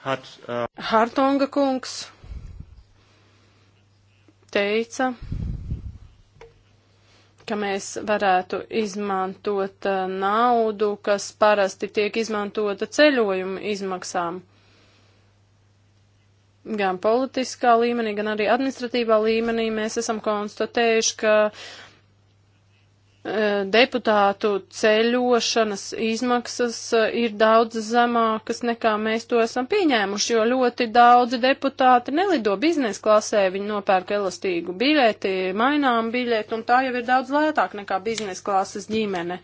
Hat, uh... Hartonga kungs teica, ka mēs varētu izmantot naudu, kas parasti tiek izmantota ceļojuma izmaksām gan politiskā līmenī, gan arī administratīvā līmenī mēs esam konstatējuši, ka e, deputātu ceļošanas izmaksas e, ir daudz zemākas nekā mēs to esam pieņēmuši, jo ļoti daudzi deputāti nelido biznesa klasē, viņi nopērk elastīgu biļeti, mainām biļeti, un tā jau ir daudz lētāk nekā biznesa klases ģimene.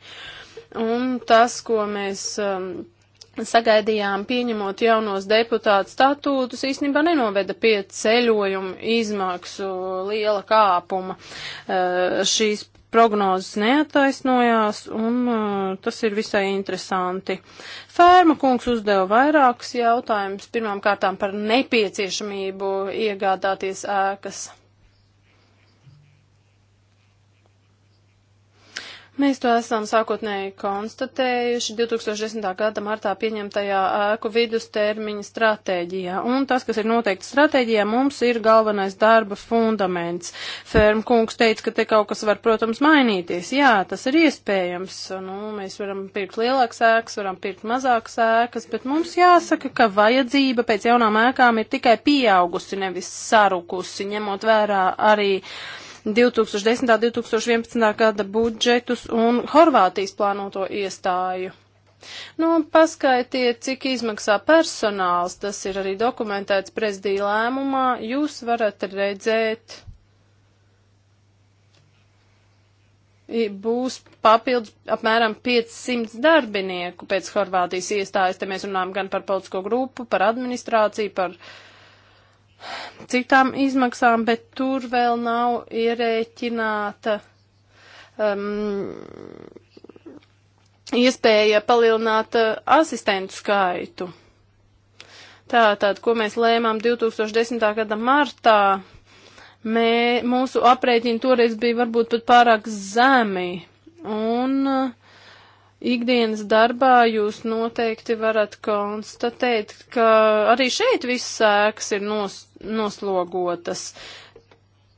Un tas, ko mēs um, sagaidījām pieņemot jaunos deputātu statūtus, īstenībā nenoveda pie ceļojumu izmaksu liela kāpuma. Eh, šīs prognozes neataisnojās, un eh, tas ir visai interesanti. Fērma kungs uzdeva vairākus jautājumus, pirmām kārtām par nepieciešamību iegādāties ēkas. Mēs to esam sākotnēji konstatējuši 2010. gada martā pieņemtajā ēku vidustermiņa stratēģijā. Un tas, kas ir noteikti stratēģijā, mums ir galvenais darba fundaments. Ferm kungs teica, ka te kaut kas var, protams, mainīties. Jā, tas ir iespējams. Nu, mēs varam pirkt lielākas ēkas, varam pirkt mazākas ēkas, bet mums jāsaka, ka vajadzība pēc jaunām ēkām ir tikai pieaugusi, nevis sarukusi, ņemot vērā arī. Uh, 2010. 2011. gada budžetus un Horvātijas plānoto iestāju. Nu, paskaitiet, cik izmaksā personāls, tas ir arī dokumentēts prezidija lēmumā, jūs varat redzēt, būs papildus apmēram 500 darbinieku pēc Horvātijas iestājas, te mēs runājam gan par politisko grupu, par administrāciju, par uh, citām izmaksām, bet tur vēl nav ierēķināta um, iespēja palielināt uh, asistentu skaitu. Tātad, ko mēs lēmām 2010. gada martā, mē, mūsu aprēķini toreiz bija varbūt pat pārāk zemi. Un uh, ikdienas darbā jūs noteikti varat konstatēt, ka arī šeit viss sēks ir nos, noslogotas.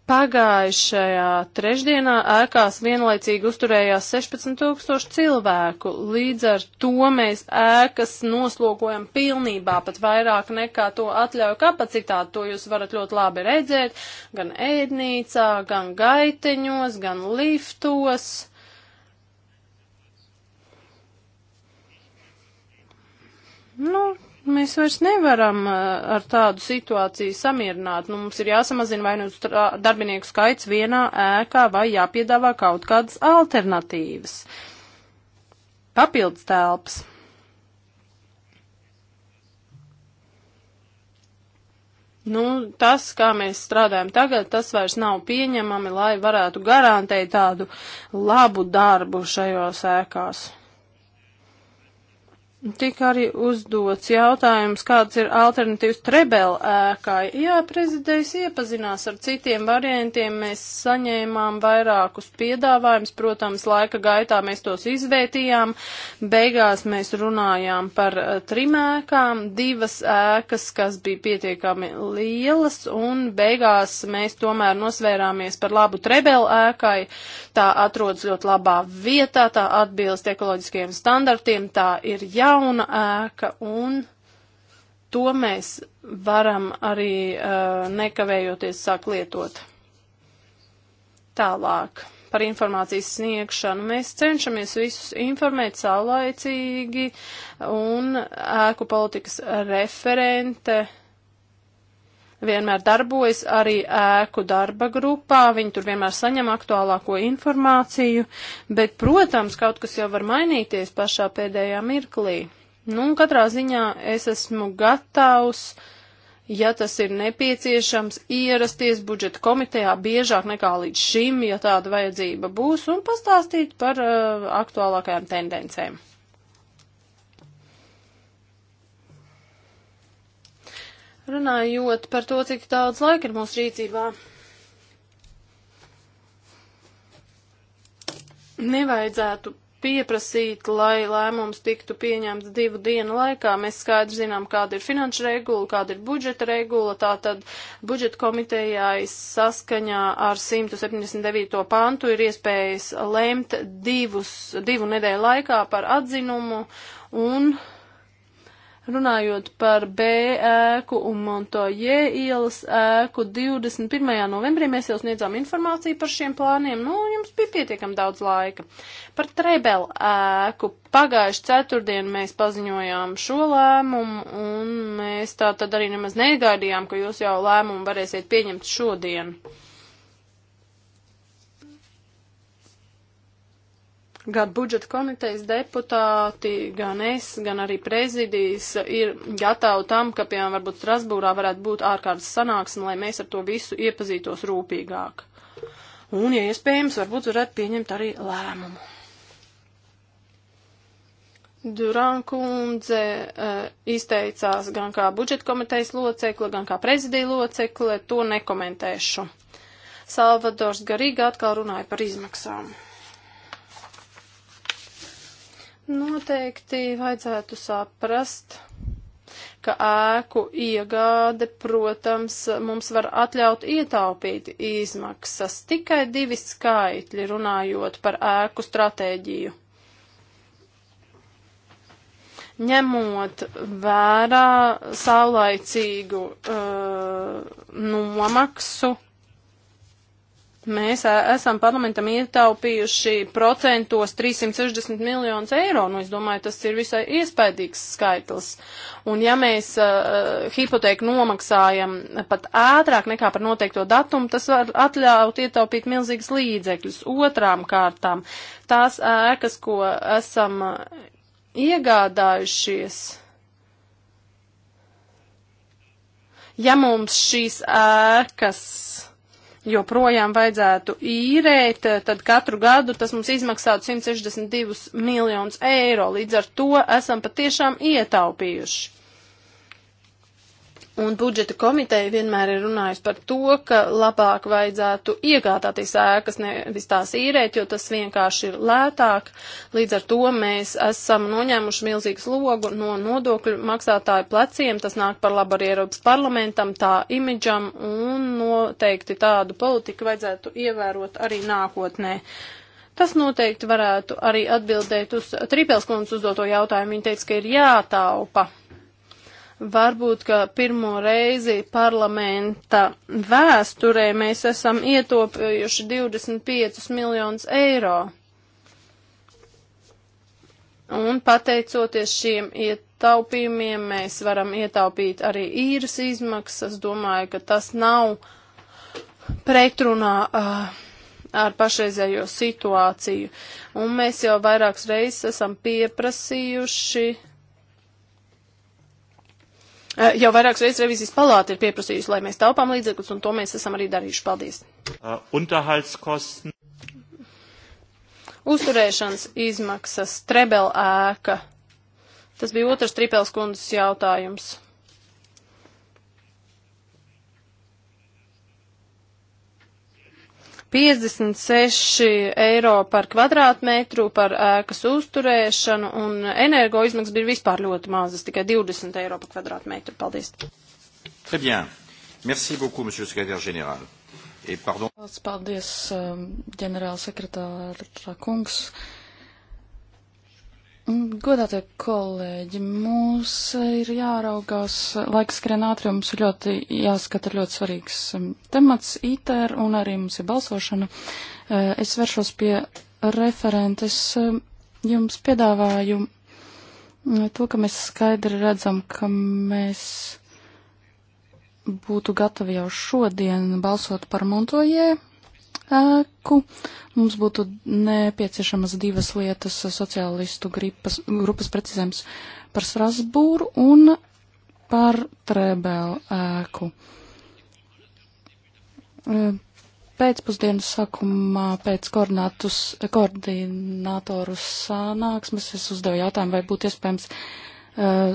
Pagājušajā trešdienā ēkās vienlaicīgi uzturējās 16 tūkstoši cilvēku, līdz ar to mēs ēkas noslogojam pilnībā, pat vairāk nekā to atļauju kapacitāti, to jūs varat ļoti labi redzēt, gan ēdnīcā, gan gaiteņos, gan liftos. Nu, mēs vairs nevaram uh, ar tādu situāciju samierināt. Nu, mums ir jāsamazina vai nu darbinieku skaits vienā ēkā vai jāpiedāvā kaut kādas alternatīvas. Papildus telpas. Nu, tas, kā mēs strādājam tagad, tas vairs nav pieņemami, lai varētu garantēt tādu labu darbu šajos ēkās. Tika arī uzdots jautājums, kāds ir alternatīvs Trebela ēkai. Jā, prezidents iepazinās ar citiem variantiem, mēs saņēmām vairākus piedāvājumus, protams, laika gaitā mēs tos izvērtījām, beigās mēs runājām par eh, trim ēkām, divas ēkas, kas bija pietiekami lielas, un beigās mēs tomēr nosvērāmies par labu Trebela ēkai, tā atrodas ļoti labā vietā, tā atbilst ekoloģiskajiem standartiem, tā ir jā jauna ēka un to mēs varam arī uh, nekavējoties sāk lietot. Tālāk par informācijas sniegšanu. Mēs cenšamies visus informēt saulaicīgi un ēku politikas referente uh, vienmēr darbojas arī ēku darba grupā, viņi tur vienmēr saņem aktuālāko informāciju, bet, protams, kaut kas jau var mainīties pašā pēdējā mirklī. Nu, katrā ziņā es esmu gatavs ja tas ir nepieciešams, ierasties budžeta komitejā biežāk nekā līdz šim, ja tāda vajadzība būs, un pastāstīt par uh, aktuālākajām tendencēm. Runājot par to, cik daudz laika ir mūsu rīcībā. Nevajadzētu pieprasīt, lai lēmums tiktu pieņemts divu dienu laikā. Mēs skaidri zinām, kāda ir finanšu regula, kāda ir budžeta regula. Tātad budžeta komitejā saskaņā ar 179. pantu ir iespējas lemt divus, divu nedēļu laikā par atzinumu un Runājot par B ēku un Montoje ielas ēku, 21. novembrī mēs jau sniedzām informāciju par šiem plāniem, nu, jums bija pietiekam daudz laika. Par Trebel ēku pagājuši ceturtdien mēs paziņojām šo lēmumu, un mēs tā tad arī nemaz negaidījām, ka jūs jau lēmumu varēsiet pieņemt šodien. Gan budžeta komitejas deputāti, gan es, gan arī prezidijas ir gatavi tam, ka, piemēram, varbūt Strasbūrā varētu būt ārkārtas sanāksme, lai mēs ar to visu iepazītos rūpīgāk. Un, ja iespējams, varbūt varētu pieņemt arī lēmumu. Durankundze uh, eh, izteicās gan kā budžeta komitejas locekle, gan kā prezidija locekle, to nekomentēšu. Salvadors Garīga atkal runāja par izmaksām. Noteikti vajadzētu saprast, ka ēku iegāde, protams, mums var atļaut ietaupīt izmaksas. Tikai divi skaitļi runājot par ēku stratēģiju. Ņemot vērā saulaicīgu uh, nomaksu Mēs esam parlamentam ietaupījuši procentos 360 miljonus eiro. Nu, es domāju, tas ir visai iespaidīgs skaitlis. Un ja mēs uh, hipoteku nomaksājam pat ātrāk nekā par noteikto datumu, tas var atļaut ietaupīt milzīgas līdzekļus. Otrām kārtām tās ēkas, ko esam iegādājušies. Ja mums šīs ēkas joprojām vajadzētu īrēt, eh, tad katru gadu tas mums izmaksātu 162 miljonus eiro. Līdz ar to esam patiešām ietaupījuši. Un budžeta komiteja vienmēr ir runājusi par to, ka labāk vajadzētu iegādāties ēkas, nevis tās īrēt, jo tas vienkārši ir lētāk. Līdz ar to mēs esam noņēmuši milzīgu slogu no nodokļu maksātāju pleciem. Tas nāk par labu arī Eiropas parlamentam, tā imidžam, un noteikti tādu politiku vajadzētu ievērot arī nākotnē. Tas noteikti varētu arī atbildēt uz Trīpēlskundas uzdoto jautājumu. Viņa teica, ka ir jātaupa. Varbūt, ka pirmo reizi parlamenta vēsturē mēs esam ietopījuši 25 miljonus eiro. Un pateicoties šiem ietaupījumiem, mēs varam ietaupīt arī īres izmaksas. Domāju, ka tas nav pretrunā uh, ar pašreizējo situāciju. Un mēs jau vairākas reizes esam pieprasījuši Eh, jau vairākas reizes revizijas palāta ir pieprasījusi, lai mēs taupām līdzekļus, un to mēs esam arī darījuši. Paldies! Uh, Uzturēšanas izmaksas, trebelēka. Tas bija otrs tripels kundzes jautājums. 56 eiro par kvadrātmetru par ēkas uzturēšanu un energo izmaksas bija vispār ļoti mazas, tikai 20 eiro par kvadrātmetru. Paldies! Très bien. Merci beaucoup, monsieur le secrétaire général. Et pardon. Paldies, um, ģenerālsekretāra kungs. Uh, Mm, godātie kolēģi, mums ir jāraugās, laiks skrien ātri, mums ir ļoti jāskata ļoti svarīgs um, temats ITER un arī mums ir balsošana. Uh, es vēršos pie referentes. Um, jums piedāvāju uh, to, ka mēs skaidri redzam, ka mēs būtu gatavi jau šodien balsot par Montojē spēku. Mums būtu nepieciešamas divas lietas - sociālistu gripas, grupas precizējums par Strasbūru un par Trebēlu ēku. Pēcpusdienas sākumā pēc koordinātoru sanāksmes es uzdevu jautājumu, vai būtu iespējams Eh,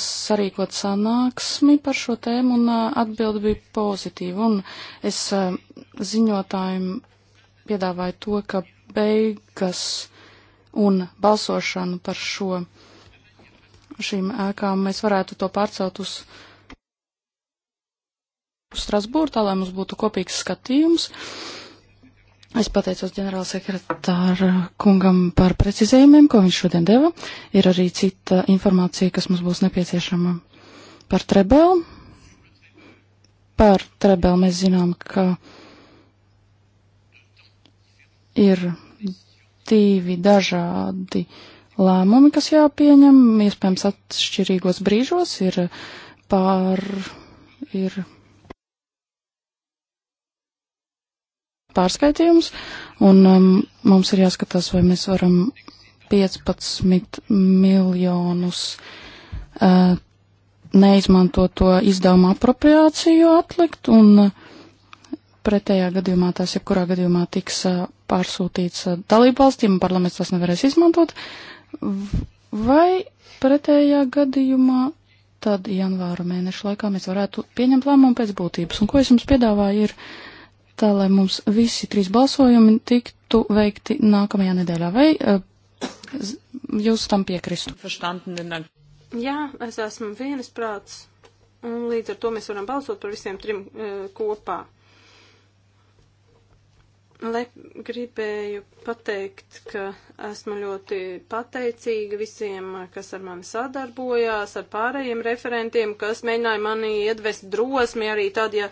sarīkot sanāksmi par šo tēmu, un eh, atbildi bija pozitīva. Un es eh, ziņotājiem piedāvāju to, ka beigas un balsošanu par šo šīm ēkām mēs varētu to pārcelt uz Strasbūru, tā lai mums būtu kopīgs skatījums. Uh, Es pateicos ģenerāla sekretāra kungam par precizējumiem, ko viņš šodien deva. Ir arī cita informācija, kas mums būs nepieciešama par Trebelu. Par Trebelu mēs zinām, ka ir divi dažādi lēmumi, kas jāpieņem, iespējams atšķirīgos brīžos, ir pār, ir pārskaitījums, un um, mums ir jāskatās, vai mēs varam 15 miljonus uh, neizmantoto izdevumu apropriāciju atlikt, un uh, pretējā gadījumā tās jebkurā gadījumā tiks uh, pārsūtīts uh, dalību valstīm, un parlaments tās nevarēs izmantot, vai pretējā gadījumā tad janvāra mēneša laikā mēs varētu pieņemt lēmumu pēc būtības. Un ko es jums piedāvāju ir. Uh, tā lai mums visi trīs balsojumi tiktu veikti nākamajā nedēļā. Vai uh, jūs tam piekristu? Jā, es esmu vienas prāts, un līdz ar to mēs varam balsot par visiem trim uh, kopā. Le, gribēju pateikt, ka esmu ļoti pateicīga visiem, kas ar mani sadarbojās, ar pārējiem referentiem, kas mēģināja mani iedvest drosmi arī tad, ja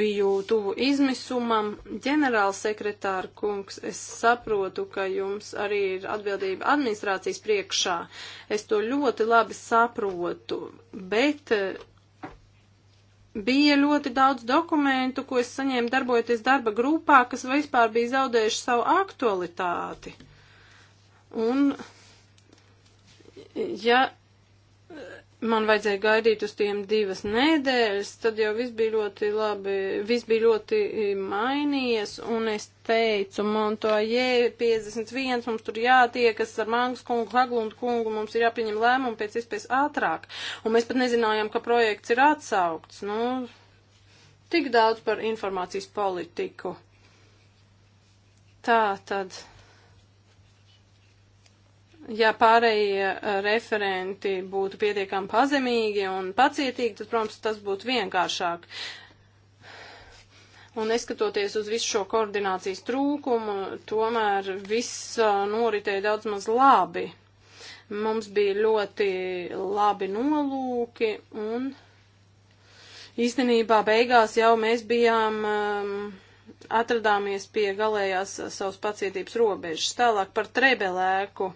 biju tuvu izmisumam. Ģenerāls sekretāra kungs, es saprotu, ka jums arī ir atbildība administrācijas priekšā. Es to ļoti labi saprotu, bet bija ļoti daudz dokumentu, ko es saņēmu darbojoties darba grupā, kas vispār bija zaudējuši savu aktualitāti. Un, ja man vajadzēja gaidīt uz tiem divas nedēļas, tad jau viss bija ļoti labi, viss bija ļoti e, mainījies, un es teicu, man to jē, 51, mums tur jātiekas ar Mangas kungu, Haglundu kungu, mums ir jāpieņem lēmumu pēc iespējas ātrāk, un mēs pat nezinājām, ka projekts ir atsaukts, nu, tik daudz par informācijas politiku. Tā tad ja pārējie eh, referenti būtu pietiekami pazemīgi un pacietīgi, tad, protams, tas būtu vienkāršāk. Un neskatoties uz visu šo koordinācijas trūkumu, tomēr viss eh, noritēja daudz maz labi. Mums bija ļoti labi nolūki un īstenībā beigās jau mēs bijām. Um, atradāmies pie galējās eh, savas pacietības robežas. Tālāk par trebelēku.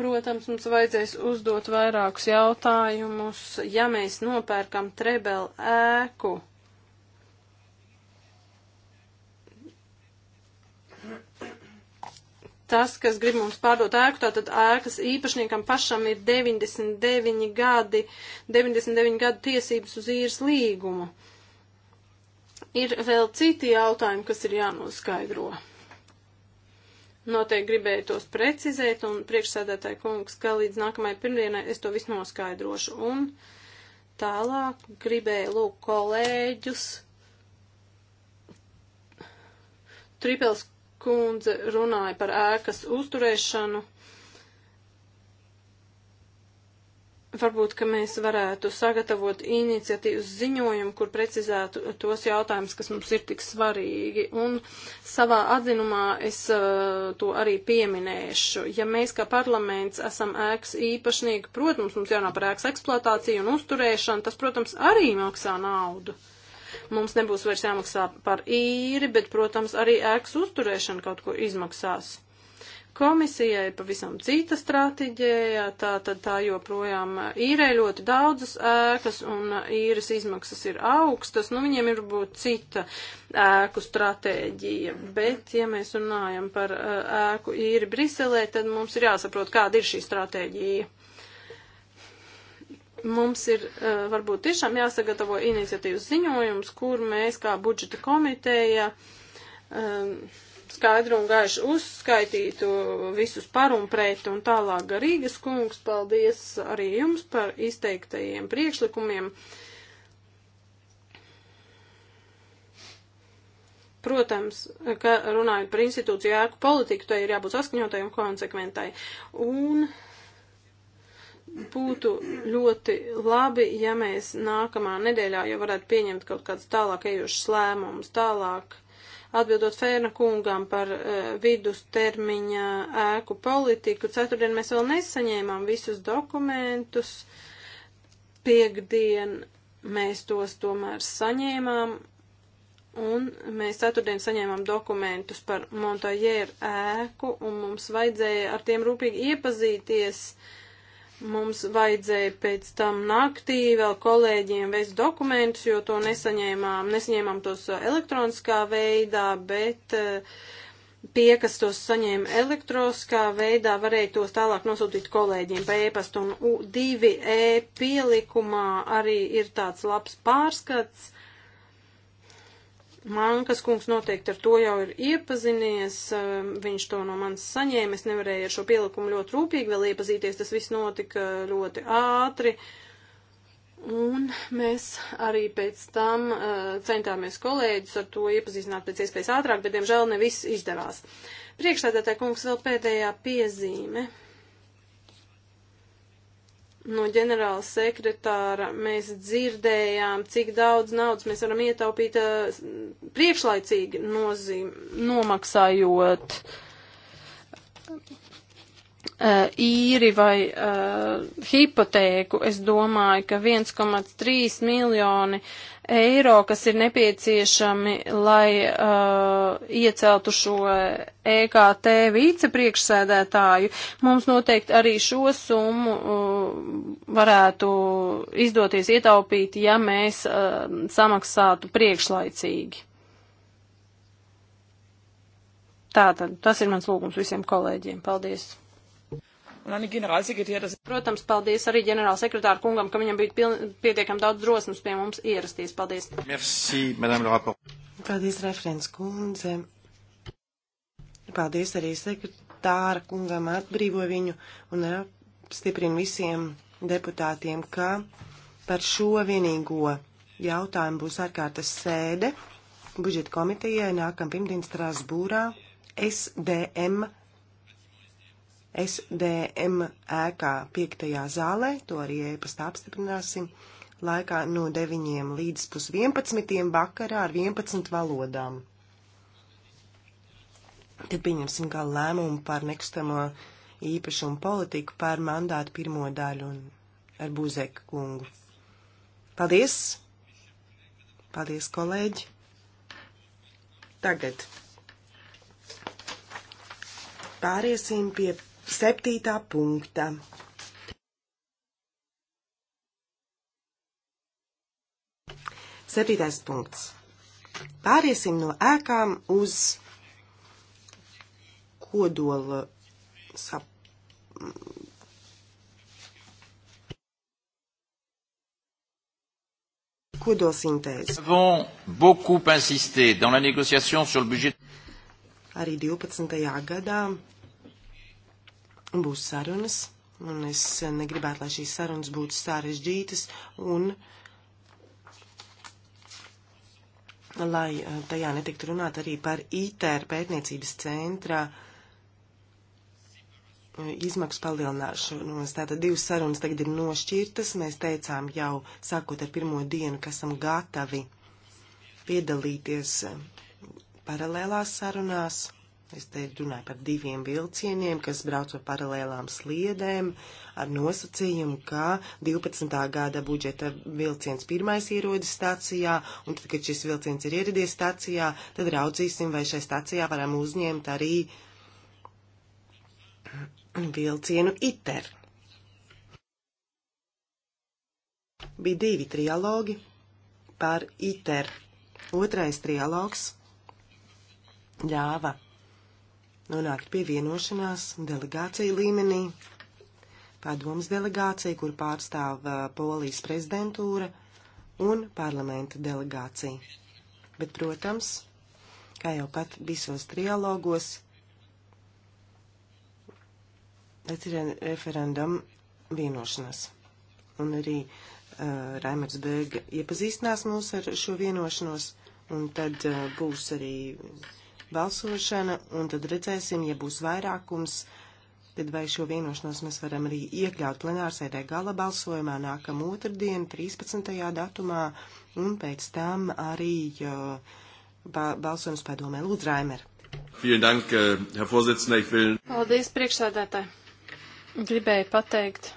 Protams, mums vajadzēs uzdot vairākus jautājumus, ja mēs nopērkam trebel ēku. Tas, kas grib mums pārdot ēku, tātad ēkas īpašniekam pašam ir 99 gadi, 99 gadu tiesības uz īres līgumu. Ir vēl citi jautājumi, kas ir jānoskaidro. Noteikti gribēju tos precizēt, un priekšsēdētāji kungs, ka līdz nākamajai pirmdienai es to visu noskaidrošu. Un tālāk gribēju lūk kolēģus. Tripels kundze runāja par ēkas uzturēšanu. Varbūt, ka mēs varētu sagatavot iniciatīvas ziņojumu, kur precizētu tos jautājumus, kas mums ir tik svarīgi. Un savā atzinumā es uh, to arī pieminēšu. Ja mēs kā parlaments esam ēkas īpašnieki, protams, mums jārunā par ēkas eksploatāciju un uzturēšanu, tas, protams, arī maksā naudu. Mums nebūs vairs jāmaksā par īri, bet, protams, arī ēkas uzturēšana kaut ko izmaksās. Komisijai pavisam cita stratēģija, tā tad tā joprojām īrē ļoti daudzas ēkas un īres izmaksas ir augstas, nu viņiem ir būt cita ēku stratēģija, bet ja mēs runājam par ēku īri Briselē, tad mums ir jāsaprot, kāda ir šī stratēģija mums ir varbūt tiešām jāsagatavo iniciatīvas ziņojums, kur mēs kā budžeta komiteja um, skaidru un gaišu uzskaitītu visus par un pret un tālāk garīgas kungs. Paldies arī jums par izteiktajiem priekšlikumiem. Protams, ka runājot par institūciju ēku politiku, tai ir jābūt saskaņotai un konsekventai. Un būtu ļoti labi, ja mēs nākamā nedēļā jau varētu pieņemt kaut kādas tālāk ejušas lēmumus, tālāk Atbildot Fērna kungam par uh, vidustermiņa ēku politiku, ceturtdien mēs vēl nesaņēmām visus dokumentus, piekdien mēs tos tomēr saņēmām, un mēs ceturtdien saņēmām dokumentus par Montajēru ēku, un mums vajadzēja ar tiem rūpīgi iepazīties, uh, Mums vajadzēja pēc tam naktī vēl kolēģiem vest dokumentus, jo to nesaņēmām, nesaņēmām tos uh, elektroniskā veidā, bet uh, tie, kas tos saņēma elektroniskā veidā, varēja tos tālāk nosūtīt kolēģiem pa e-pastu. Un 2E pielikumā arī ir tāds labs pārskats Mankas kungs noteikti ar to jau ir iepazinies, um, viņš to no manis saņēma, es nevarēju ar šo pielikumu ļoti rūpīgi vēl iepazīties, tas viss notika ļoti ātri. Un mēs arī pēc tam uh, centāmies kolēģus ar to iepazīstināt pēc iespējas ātrāk, bet, diemžēl, ne viss izdevās. Priekšstādātāja kungs vēl pēdējā piezīme. Uh, no ģenerāla sekretāra mēs dzirdējām, cik daudz naudas mēs varam ietaupīt uh, priekšlaicīgi nozīm, nomaksājot uh, īri vai uh, hipotēku. Es domāju, ka 1,3 miljoni uh, eiro, kas ir nepieciešami, lai uh, ieceltu šo EKT vicepriekšsēdētāju, mums noteikti arī šo summu uh, varētu izdoties ietaupīt, ja mēs uh, samaksātu priekšlaicīgi. Tātad tas ir mans lūgums visiem kolēģiem. Paldies! Un arī ģenerālsekretārs. Tas... Protams, paldies arī ģenerālsekretāra kungam, ka viņam bija piln, pietiekam daudz drosmes pie mums ierasties. Paldies. Merci, madame le rapport. Paldies, referents kundze. Paldies arī sekretāra kungam atbrīvo viņu un stiprina visiem deputātiem, ka par šo vienīgo jautājumu būs ārkārtas sēde budžeta komitejai nākam pirmdien Strasbūrā SDM SDM ēkā 5. zālē, to arī ēpastā apstiprināsim, laikā no 9 līdz pus 11 vakarā ar 11 valodām. Tad pieņemsim kā lēmumu par nekustamo īpašumu politiku par mandātu pirmo daļu un ar Buzeku kungu. Paldies! Paldies, kolēģi! Tagad pāriesim pie septītā punkta. Septītais punkts. Pāriesim no ēkām uz kodola sap... kodola sintēzi. Avons beaucoup insisté dans la négociation sur le budget. Arī 12. gadā Būs sarunas, un es negribētu, lai šīs sarunas būtu sarežģītas un lai eh, tajā netiktu runāt arī par ITR e pētniecības centrā eh, izmaksu palielināšanos. Nu, tātad divas sarunas tagad ir nošķirtas. Mēs teicām jau sākot ar pirmo dienu, ka esam gatavi piedalīties eh, paralēlās sarunās. Es te runāju par diviem vilcieniem, kas brauc ar paralēlām sliedēm, ar nosacījumu, ka 12. gada budžeta vilciens pirmais ierodas stācijā, un tad, kad šis vilciens ir ieradies stācijā, tad raudzīsim, vai šai stācijā varam uzņemt arī vilcienu ITER. Bija divi trialogi par ITER. Otrais trialogs ļāva nonākt pie vienošanās delegācija līmenī. Padomas delegācija, kur pārstāv uh, Polijas prezidentūra un parlamenta delegācija. Bet, protams, kā jau pat visos trialogos, referendum vienošanās. Un arī uh, Raimers Bēga iepazīstinās mūs ar šo vienošanos, un tad uh, būs arī balsošana, un tad redzēsim, ja būs vairākums, tad vai šo vienošanos mēs varam arī iekļaut plenārsēdē gala balsojumā nākamā otrdien, 13. datumā, un pēc tam arī ba balsojums padomē. Lūdzu, Raimer. Dank, äh, will... Paldies, priekšsēdētāji. Gribēju pateikt,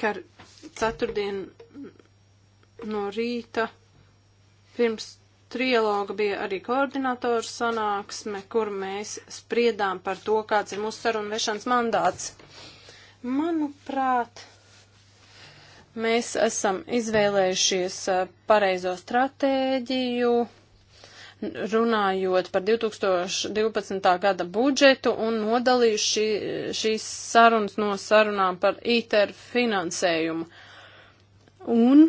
ka ceturtdien no rīta pirms trialoga bija arī koordinatoru sanāksme, kur mēs spriedām par to, kāds ir mūsu sarunu vešanas mandāts. Manuprāt, mēs esam izvēlējušies uh, pareizo stratēģiju, runājot par 2012. gada budžetu un nodalījuši šīs sarunas no sarunām par ITER finansējumu. Un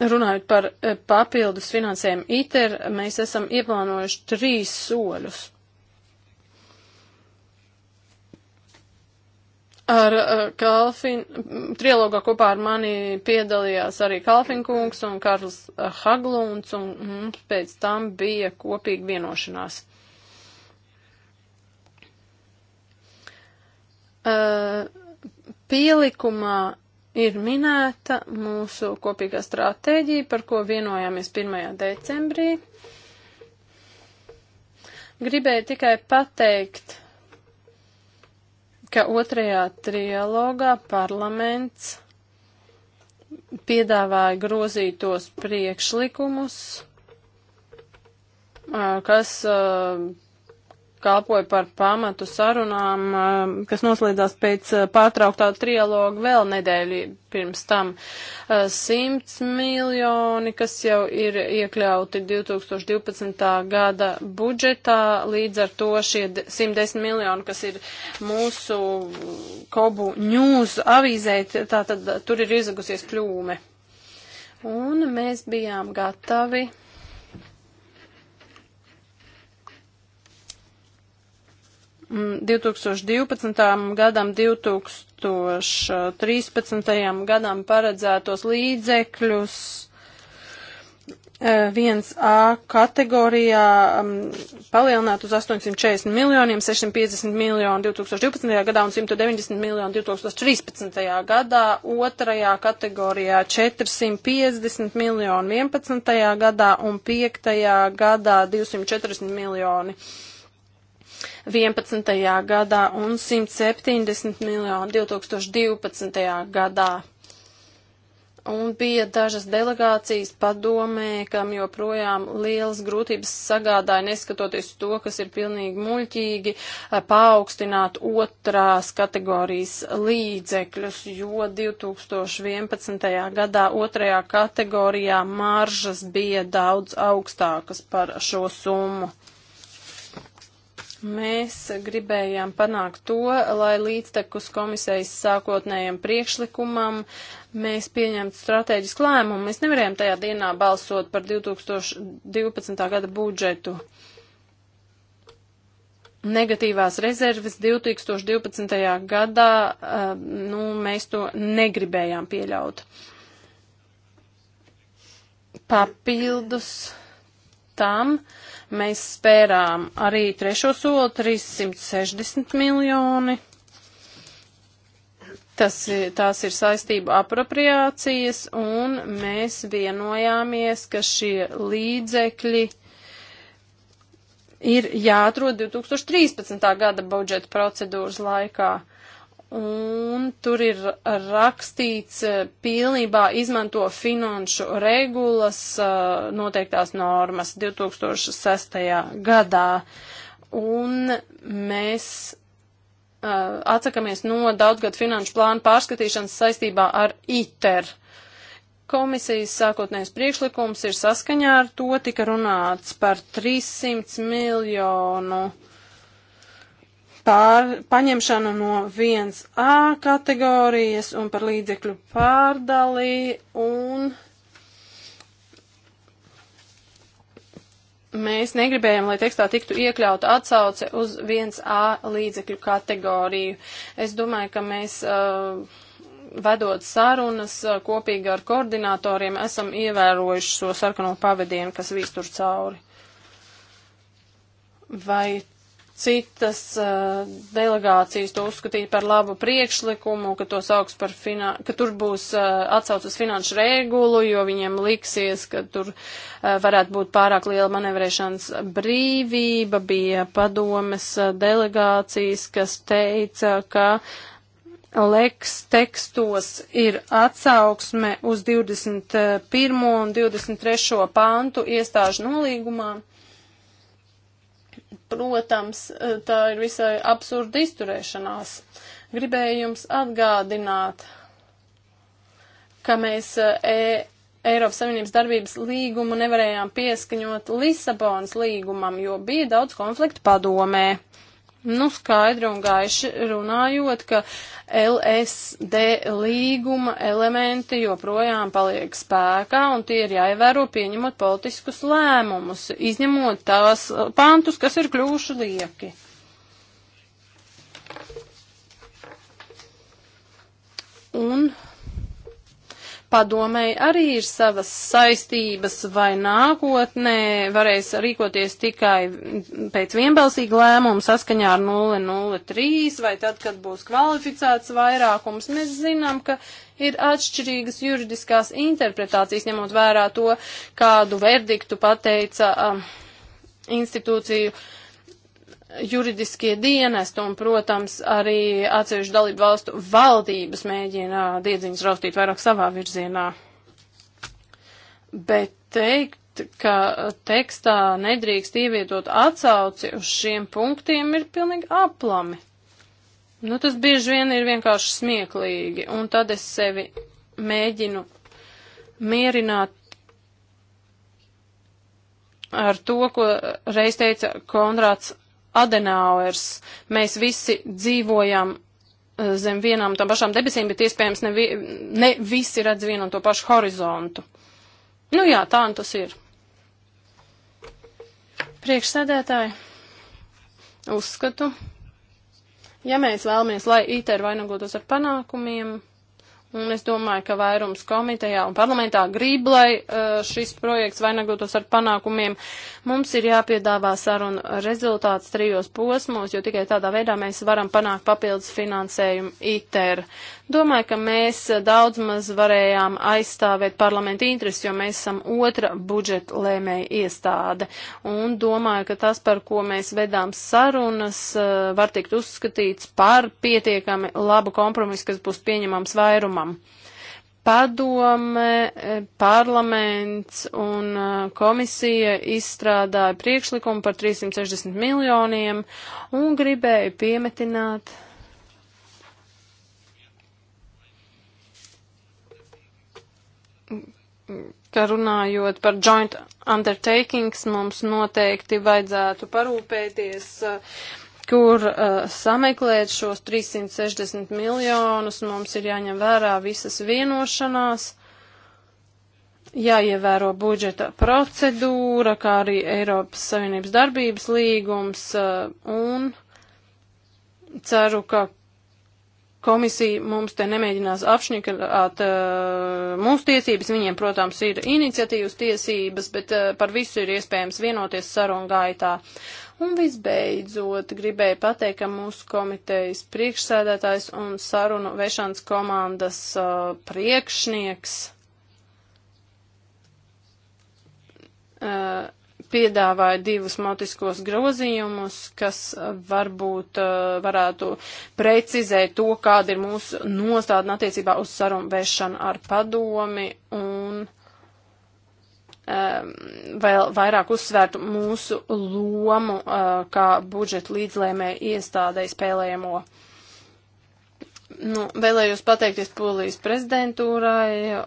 Runājot par eh, papildus finansējumu ITER, mēs esam ieplānojuši trīs soļus. Ar eh, Kalfin, trilogā kopā ar mani piedalījās arī Kalfinkungs un Karls eh, Haglunds, un mums pēc tam bija kopīga vienošanās. Uh, pielikumā ir minēta mūsu kopīgā stratēģija, par ko vienojāmies 1. decembrī. Gribēju tikai pateikt, ka otrajā trialogā parlaments piedāvāja grozītos priekšlikumus, kas uh, kalpoja par pamatu sarunām, eh, kas noslēdzās pēc eh, pārtrauktā trialoga vēl nedēļu pirms tam. 100 eh, miljoni, kas jau ir iekļauti 2012. gada budžetā, līdz ar to šie 110 miljoni, kas ir mūsu kobu ņūs avīzē, tātad tur ir izgusies kļūme. Un mēs bijām gatavi 2012. Mm, gadam, 2013. gadam paredzētos līdzekļus 1A eh, kategorijā mm, palielināt uz 840 miljoniem, 650 miljonu 2012. gadā un 190 miljonu 2013. gadā, otrajā kategorijā 450 miljonu 11. gadā un 5. gadā 240 miljoni. 2013 2011. gadā un 170 miljoni 2012. gadā. Un bija dažas delegācijas padomē, kam joprojām lielas grūtības sagādāja, neskatoties to, kas ir pilnīgi muļķīgi, paaugstināt otrās kategorijas līdzekļus, jo 2011. gadā otrajā kategorijā maržas bija daudz augstākas par šo summu. Mēs gribējām panākt to, lai līdztekus komisijas sākotnējiem priekšlikumam mēs pieņemtu strateģisku lēmumu. Mēs nevarējām tajā dienā balsot par 2012. gada budžetu. Negatīvās rezerves 2012. gadā, eh, nu, mēs to negribējām pieļaut. Papildus tam. Uh, Mēs spērām arī trešo soli 360 miljoni. Tas, tās ir saistība apropriācijas, un mēs vienojāmies, ka šie līdzekļi ir jāatrod 2013. gada budžeta procedūras laikā un tur ir rakstīts eh, pilnībā izmanto finanšu regulas eh, noteiktās normas 2006. gadā. Un mēs eh, atsakamies no daudzgad finanšu plānu pārskatīšanas saistībā ar ITER. Komisijas sākotnējais priekšlikums ir saskaņā ar to, tika runāts par 300 miljonu uh, pār, paņemšanu no 1A kategorijas un par līdzekļu pārdalī un mēs negribējam, lai tekstā tiktu iekļauta atsauce uz 1A līdzekļu kategoriju. Es domāju, ka mēs. Uh, vedot sarunas uh, kopīgi ar koordinatoriem, esam ievērojuši šo so sarkano pavadienu, kas vīstur cauri. Vai citas uh, delegācijas to uzskatīja par labu priekšlikumu, ka, par finan... ka tur būs uh, eh, atsauc uz finanšu regulu, jo viņiem liksies, ka tur uh, varētu būt pārāk liela manevrēšanas brīvība. Bija padomes uh, delegācijas, kas teica, ka leks tekstos ir atsauksme uz 21. un 23. pantu iestāžu nolīgumā. Protams, eh, tā ir visai absurda izturēšanās. Gribēju jums atgādināt, ka mēs eh, e Eiropas Savienības darbības līgumu nevarējām pieskaņot Lisabonas līgumam, jo bija daudz konfliktu padomē. Nu, skaidri un gaiši runājot, ka LSD līguma elementi joprojām paliek spēkā un tie ir jāievēro pieņemot politiskus lēmumus, izņemot tās pantus, kas ir kļuvuši lieki. Un padomēji arī ir savas saistības vai nākotnē varēs rīkoties tikai pēc vienbalsīga lēmuma saskaņā ar 003 vai tad, kad būs kvalificēts vairākums. Mēs zinām, ka ir atšķirīgas juridiskās interpretācijas, ņemot vērā to, kādu verdiktu pateica um, institūciju uh, juridiskie dienesti un, protams, arī atsevišķu dalību valstu valdības mēģina diedziņas raustīt vairāk savā virzienā. Bet teikt, ka tekstā nedrīkst ievietot atsauci uz šiem punktiem ir pilnīgi aplami. Nu, tas bieži vien ir vienkārši smieklīgi, un tad es sevi mēģinu mierināt ar to, ko reiz teica Konrāds Adenauers. Mēs visi dzīvojam eh, zem vienām tām pašām debesīm, bet iespējams ne, vi, ne visi redz vienu un to pašu horizontu. Nu jā, tā un tas ir. Priekšsēdētāji, uzskatu, ja mēs vēlamies, lai ITER vainagotos ar panākumiem, Un es domāju, ka vairums komitejā un parlamentā grib, lai uh, šis projekts vainagotos ar panākumiem. Mums ir jāpiedāvā saruna rezultāts trijos posmos, jo tikai tādā veidā mēs varam panākt papildus finansējumu ITER. Domāju, ka mēs daudz maz varējām aizstāvēt parlamentu interesi, jo mēs esam otra budžeta lēmēja iestāde. Un domāju, ka tas, par ko mēs vedām sarunas, uh, var tikt uzskatīts par pietiekami labu kompromisu, kas būs pieņemams vairumā lēmumam. Padome, eh, parlaments un eh, komisija izstrādāja priekšlikumu par 360 miljoniem un gribēja piemetināt ka runājot par joint undertakings, mums noteikti vajadzētu parūpēties eh, kur uh, sameklēt šos 360 miljonus. Mums ir jāņem vērā visas vienošanās, jāievēro budžeta procedūra, kā arī Eiropas Savienības darbības līgums uh, un ceru, ka komisija mums te nemēģinās apšņikāt uh, mūsu tiesības, viņiem, protams, ir iniciatīvas tiesības, bet uh, par visu ir iespējams vienoties sarunu gaitā. Un visbeidzot, gribēju pateikt, ka mūsu komitejas priekšsēdētājs un sarunu vešanas komandas uh, priekšnieks uh, piedāvāja divus motiskos grozījumus, kas varbūt uh, varētu precizēt to, kāda ir mūsu nostādna attiecībā uz sarunu vešanu ar padomi un uh, Um, vēl vairāk uzsvērtu mūsu lomu uh, kā budžeta līdzlēmē iestādē spēlējamo. Nu, vēlējos pateikties Polijas prezidentūrai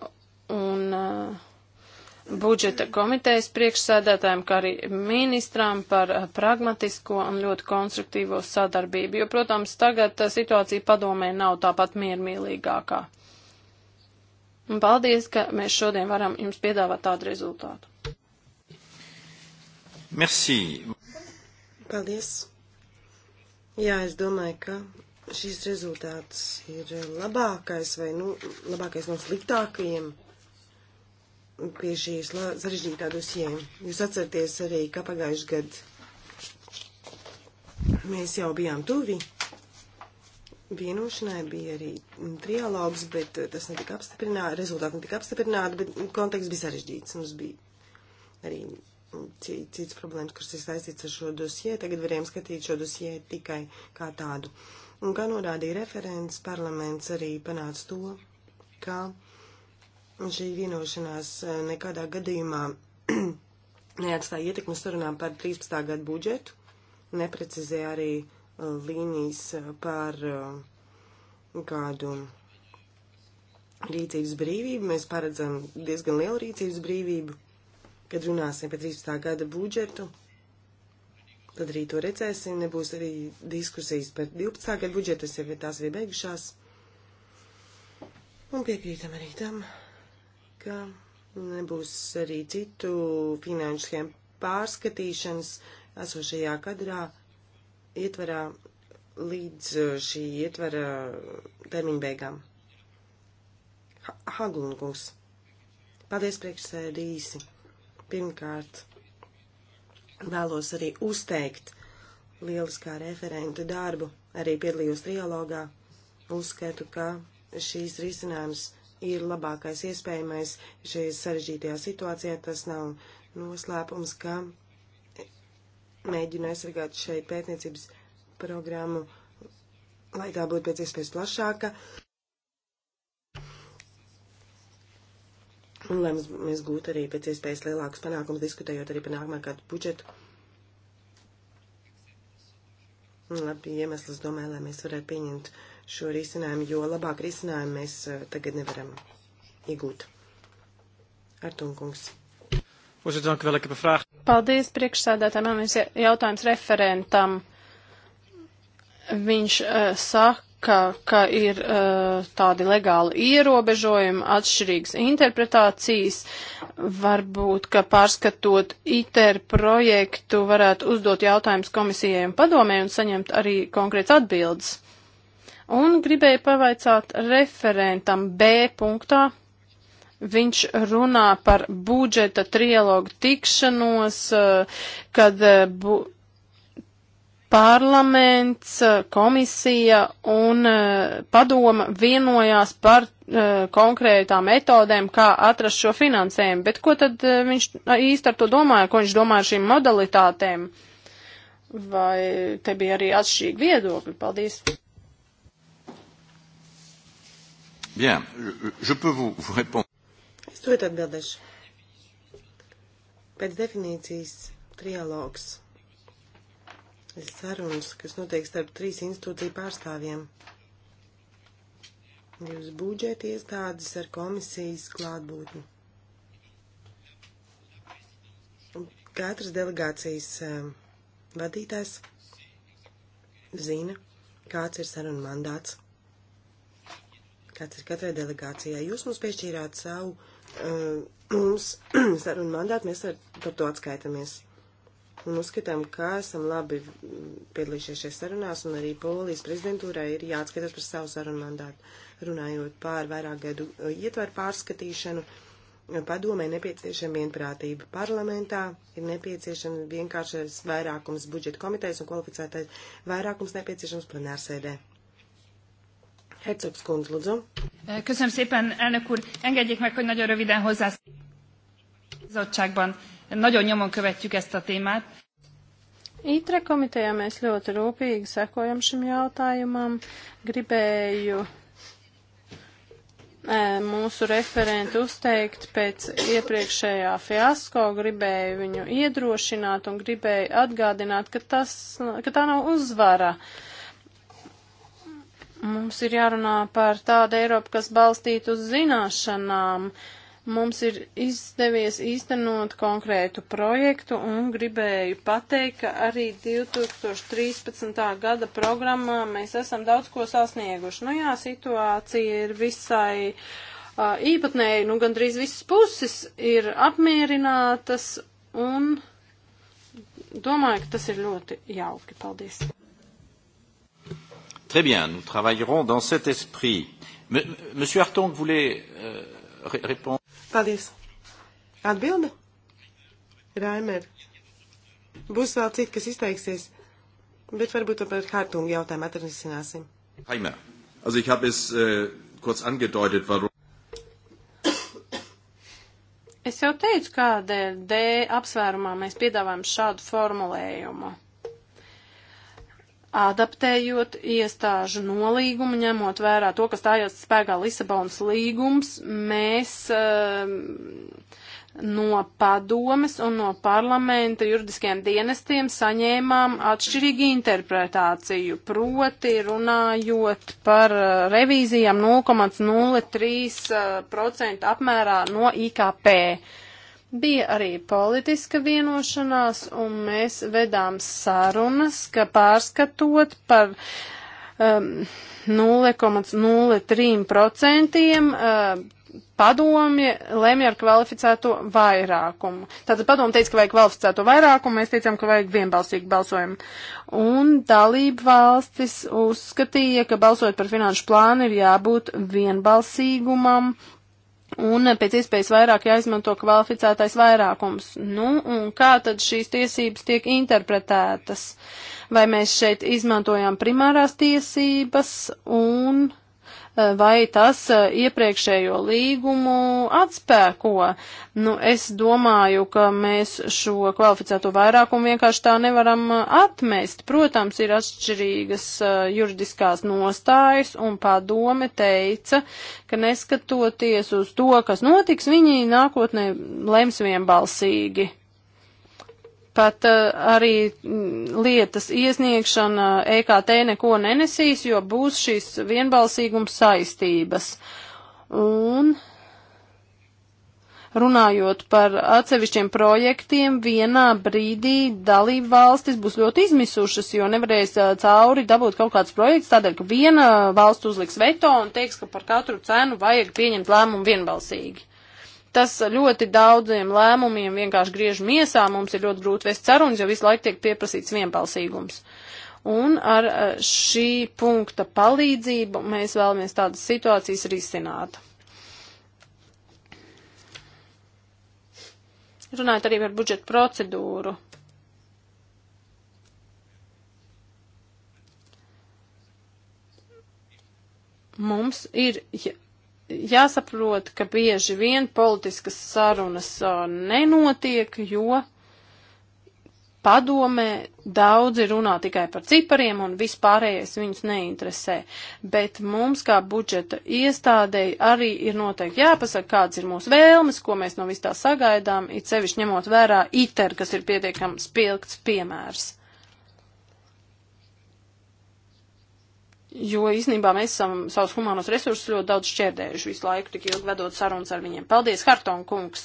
un uh, budžeta komitejas priekšsēdētājiem, kā arī ministram par uh, pragmatisko un ļoti konstruktīvo sadarbību, jo, protams, tagad uh, situācija padomē nav tāpat miermīlīgākā. Un paldies, ka mēs šodien varam jums piedāvāt tādu rezultātu. Merci. Paldies. Jā, es domāju, ka šis rezultāts ir labākais vai, nu, labākais no sliktākajiem pie šīs sarežģītā dosiem. Jūs atcerieties arī, ka pagājuši gadu mēs jau bijām tuvi vienošanai bija arī trialogs, bet eh, tas netika apstiprināts, rezultāti netika apstiprināti, bet konteksts bija sarežģīts. Mums bija arī mm, cits problēmas, kas ir saistīts ar šo dosie. Tagad varējām skatīt šo dosie tikai kā tādu. Un kā norādīja referents, parlaments arī panāca to, ka šī vienošanās eh, nekādā gadījumā neatstāja ietekmes sarunām par 13. gadu budžetu, neprecizēja arī uh, līnijas par uh, kādu rīcības brīvību. Mēs paredzam diezgan lielu rīcības brīvību, kad runāsim par 13. gada budžetu. Tad arī to redzēsim, nebūs arī diskusijas par 12. gada budžetu, tas jau ir tās bija beigušās. Un piekrītam arī tam, ka nebūs arī citu finanšu schēmu pārskatīšanas esošajā kadrā ietvarā līdz uh, šī ietvara termiņa beigām. Ha Haglunkungs. Paldies priekšsēdīsi. Pirmkārt, vēlos arī uzteikt lieliskā referenta darbu, arī piedalījos trialogā. Uzskatu, ka šīs risinājums ir labākais iespējamais šajā sarežģītajā situācijā. Tas nav noslēpums, ka mēģinu aizsargāt šai pētniecības programmu, lai tā būtu pēc iespējas plašāka. Un lai mēs, mēs gūtu arī pēc iespējas lielākus panākumus, diskutējot arī par nākamā gada budžetu. Labi, iemesls domāju, lai mēs varētu pieņemt šo risinājumu, jo labāk risinājumu mēs eh, tagad nevaram iegūt. Artunkungs. Voorzitter, dank u wel. Ik heb een vraag. Paldies priekšsēdētājiem. Man ir jautājums referentam. Viņš uh, saka, ka, ka ir uh, tādi legāli ierobežojumi, atšķirīgas interpretācijas. Varbūt, ka pārskatot ITER projektu, varētu uzdot jautājumus komisijai un padomē un saņemt arī konkrēts atbildes. Un gribēju pavaicāt referentam B punktā. Viņš runā par budžeta trialogu tikšanos, eh, kad eh, bu parlaments, eh, komisija un padoma vienojās par konkrētām metodēm, kā atrast šo finansējumu. Bet ko tad viņš īsti ar to domāja, ko viņš domāja ar šīm modalitātēm? Vai te bija arī atšķirīgi viedokļi? Paldies! Bien, je, je peux vous, vous répondre. To ir atbildēšu. Pēc definīcijas trialogs ir sarunas, kas notiek starp trīs institūciju pārstāvjiem. Divas budžeta iestādes ar komisijas klātbūtni. Katras delegācijas eh, vadītājs zina, kāds ir saruna mandāts, kāds ir katrai delegācijai. Jūs mums piešķīrāt savu Eh, mums sarunu mandātu, mēs ar, par to atskaitamies. Un uzskatām, ka esam labi piedalījušies šajās sarunās, un arī Polijas prezidentūrai ir jāatskatās par savu sarunu mandātu. Runājot pār vairāk gadu ietvaru pārskatīšanu, padomē nepieciešama vienprātība parlamentā, ir nepieciešama vienkāršais vairākums budžeta komitejas un kvalificētais vairākums nepieciešams plenārsēdē. Hercogs kundz, lūdzu. Eh, köszönöm szépen, elnök úr. Engedjék meg, hogy nagyon röviden hozzászóljak. Bizottságban nagyon nyomon követjük ezt a témát. ITRE komitejā mēs ļoti rūpīgi sekojam šim jautājumam. Gribēju eh, mūsu referentu uzteikt pēc iepriekšējā fiasko, gribēju viņu iedrošināt un gribēju atgādināt, ka, tas, ka tā nav uzvara. Uh, Mums ir jārunā par tādu Eiropu, kas balstītu uz zināšanām. Mums ir izdevies īstenot konkrētu projektu un gribēju pateikt, ka arī 2013. gada programmā mēs esam daudz ko sasnieguši. Nu jā, situācija ir visai uh, īpatnēji, nu gandrīz visas puses ir apmierinātas un domāju, ka tas ir ļoti jauki. Paldies! Très bien, nous travaillerons dans cet esprit. M Monsieur Hartong voulait euh, ré répondre. Paldies. Atbilde? Raimer. Būs vēl citi, kas izteiksies, bet varbūt to par Hartungu jautājumu atrisināsim. Raimer. Also ich habe es äh, kurz angedeutet, warum. Es jau teicu, kādēļ D apsvērumā mēs piedāvājam šādu formulējumu adaptējot iestāžu nolīgumu, ņemot vērā to, kas stājās spēkā Lisabonas līgums, mēs um, no padomes un no parlamenta juridiskiem dienestiem saņēmām atšķirīgu interpretāciju, proti runājot par eh, revīzijām 0,03% eh, apmērā no IKP. Uh, Bija arī politiska vienošanās, un mēs vedām sarunas, ka pārskatot par um, 0,03% um, padomi lemj ar kvalificēto vairākumu. Tātad padomi teica, ka vajag kvalificēto vairākumu, mēs teicām, ka vajag vienbalsīgu balsojumu. Un dalība valstis uzskatīja, ka balsojot par finanšu plānu ir jābūt vienbalsīgumam un pēc iespējas vairāk jāizmanto kvalificētais vairākums. Nu, un kā tad šīs tiesības tiek interpretētas? Vai mēs šeit izmantojam primārās tiesības un Eh, vai tas eh, iepriekšējo līgumu atspēko. Nu, es domāju, ka mēs šo kvalificēto vairākumu vienkārši tā nevaram eh, atmest. Protams, ir atšķirīgas juridiskās nostājas, un padome teica, ka neskatoties uz to, kas notiks, viņi nākotnē lems vienbalsīgi pat uh, arī mm, lietas iesniegšana EKT neko nenesīs, jo būs šīs vienbalsīgums saistības. Un runājot par atsevišķiem projektiem, vienā brīdī dalību valstis būs ļoti izmisušas, jo nevarēs uh, cauri dabūt kaut kāds projekts, tādēļ, ka viena valsts uzliks veto un teiks, ka par katru cenu vajag pieņemt lēmumu vienbalsīgi tas ļoti daudziem lēmumiem vienkārši griež miesā, mums ir ļoti grūti vēst sarunas, jo visu laiku tiek pieprasīts vienbalsīgums. Un ar eh, šī punkta palīdzību mēs vēlamies tādas situācijas risināt. Runājot arī par budžetu procedūru, mums ir jāsaprot, ka bieži vien politiskas sarunas nenotiek, jo padomē daudzi runā tikai par cipariem un vispārējais viņus neinteresē. Bet mums kā budžeta iestādēji arī ir noteikti jāpasaka, kāds ir mūsu vēlmes, ko mēs no vis tā sagaidām, it sevišķi ņemot vērā ITER, kas ir pietiekams spilgts piemērs. jo īsnībā mēs esam savus humānos resursus ļoti daudz šķērdējuši visu laiku, tik ilgi vedot sarunas ar viņiem. Paldies, Harton kungs!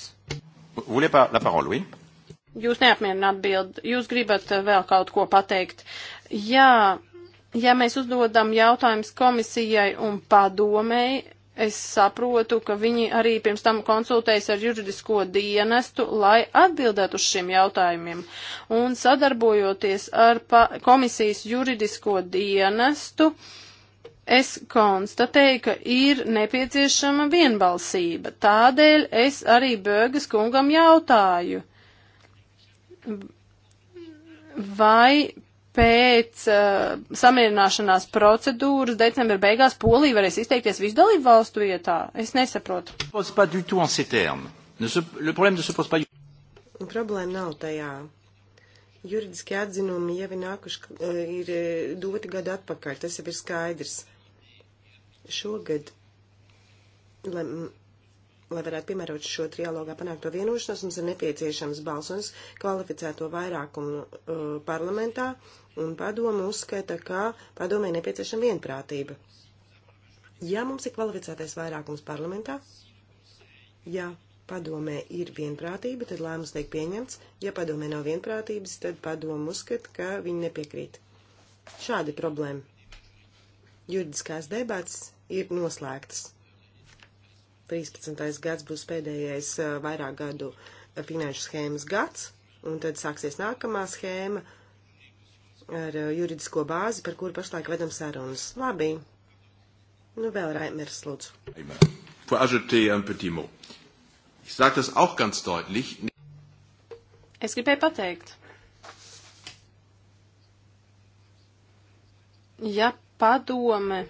Jūs neapmierināt atbild, jūs gribat eh, vēl kaut ko pateikt. Jā, ja mēs uzdodam jautājumus komisijai un padomēji, Es saprotu, ka viņi arī pirms tam konsultējas ar juridisko dienestu, lai atbildētu uz šiem jautājumiem. Un sadarbojoties ar komisijas juridisko dienestu, es konstatēju, ka ir nepieciešama vienbalsība. Tādēļ es arī Bēgas kungam jautāju, vai pēc uh, samierināšanās procedūras decembra beigās Polija varēs izteikties visu dalību valstu vietā. Es nesaprotu. Problēma nav tajā. Juridiski atzinumi jau ir nākuši, eh, ir eh, doti gadu atpakaļ, tas jau ir skaidrs. Šogad, lai Lai varētu piemērot šo trialogā panākto vienošanos, mums ir nepieciešams balsojums kvalificēto vairākumu uh, parlamentā, un padomu uzskata, ka padomē nepieciešama vienprātība. Ja mums ir kvalificētais vairākums parlamentā, ja padomē ir vienprātība, tad lēmums tiek pieņemts. Ja padomē nav vienprātības, tad padomu uzskata, ka viņi nepiekrīt. Šādi problēma. Juridiskās debats ir noslēgtas. 13. gads būs pēdējais vairāk gadu finanšu schēmas gads, un tad sāksies nākamā schēma ar juridisko bāzi, par kuru pašlaik vedam sarunas. Labi. Nu, vēl Raimers, lūdzu. Es gribēju pateikt. Ja padome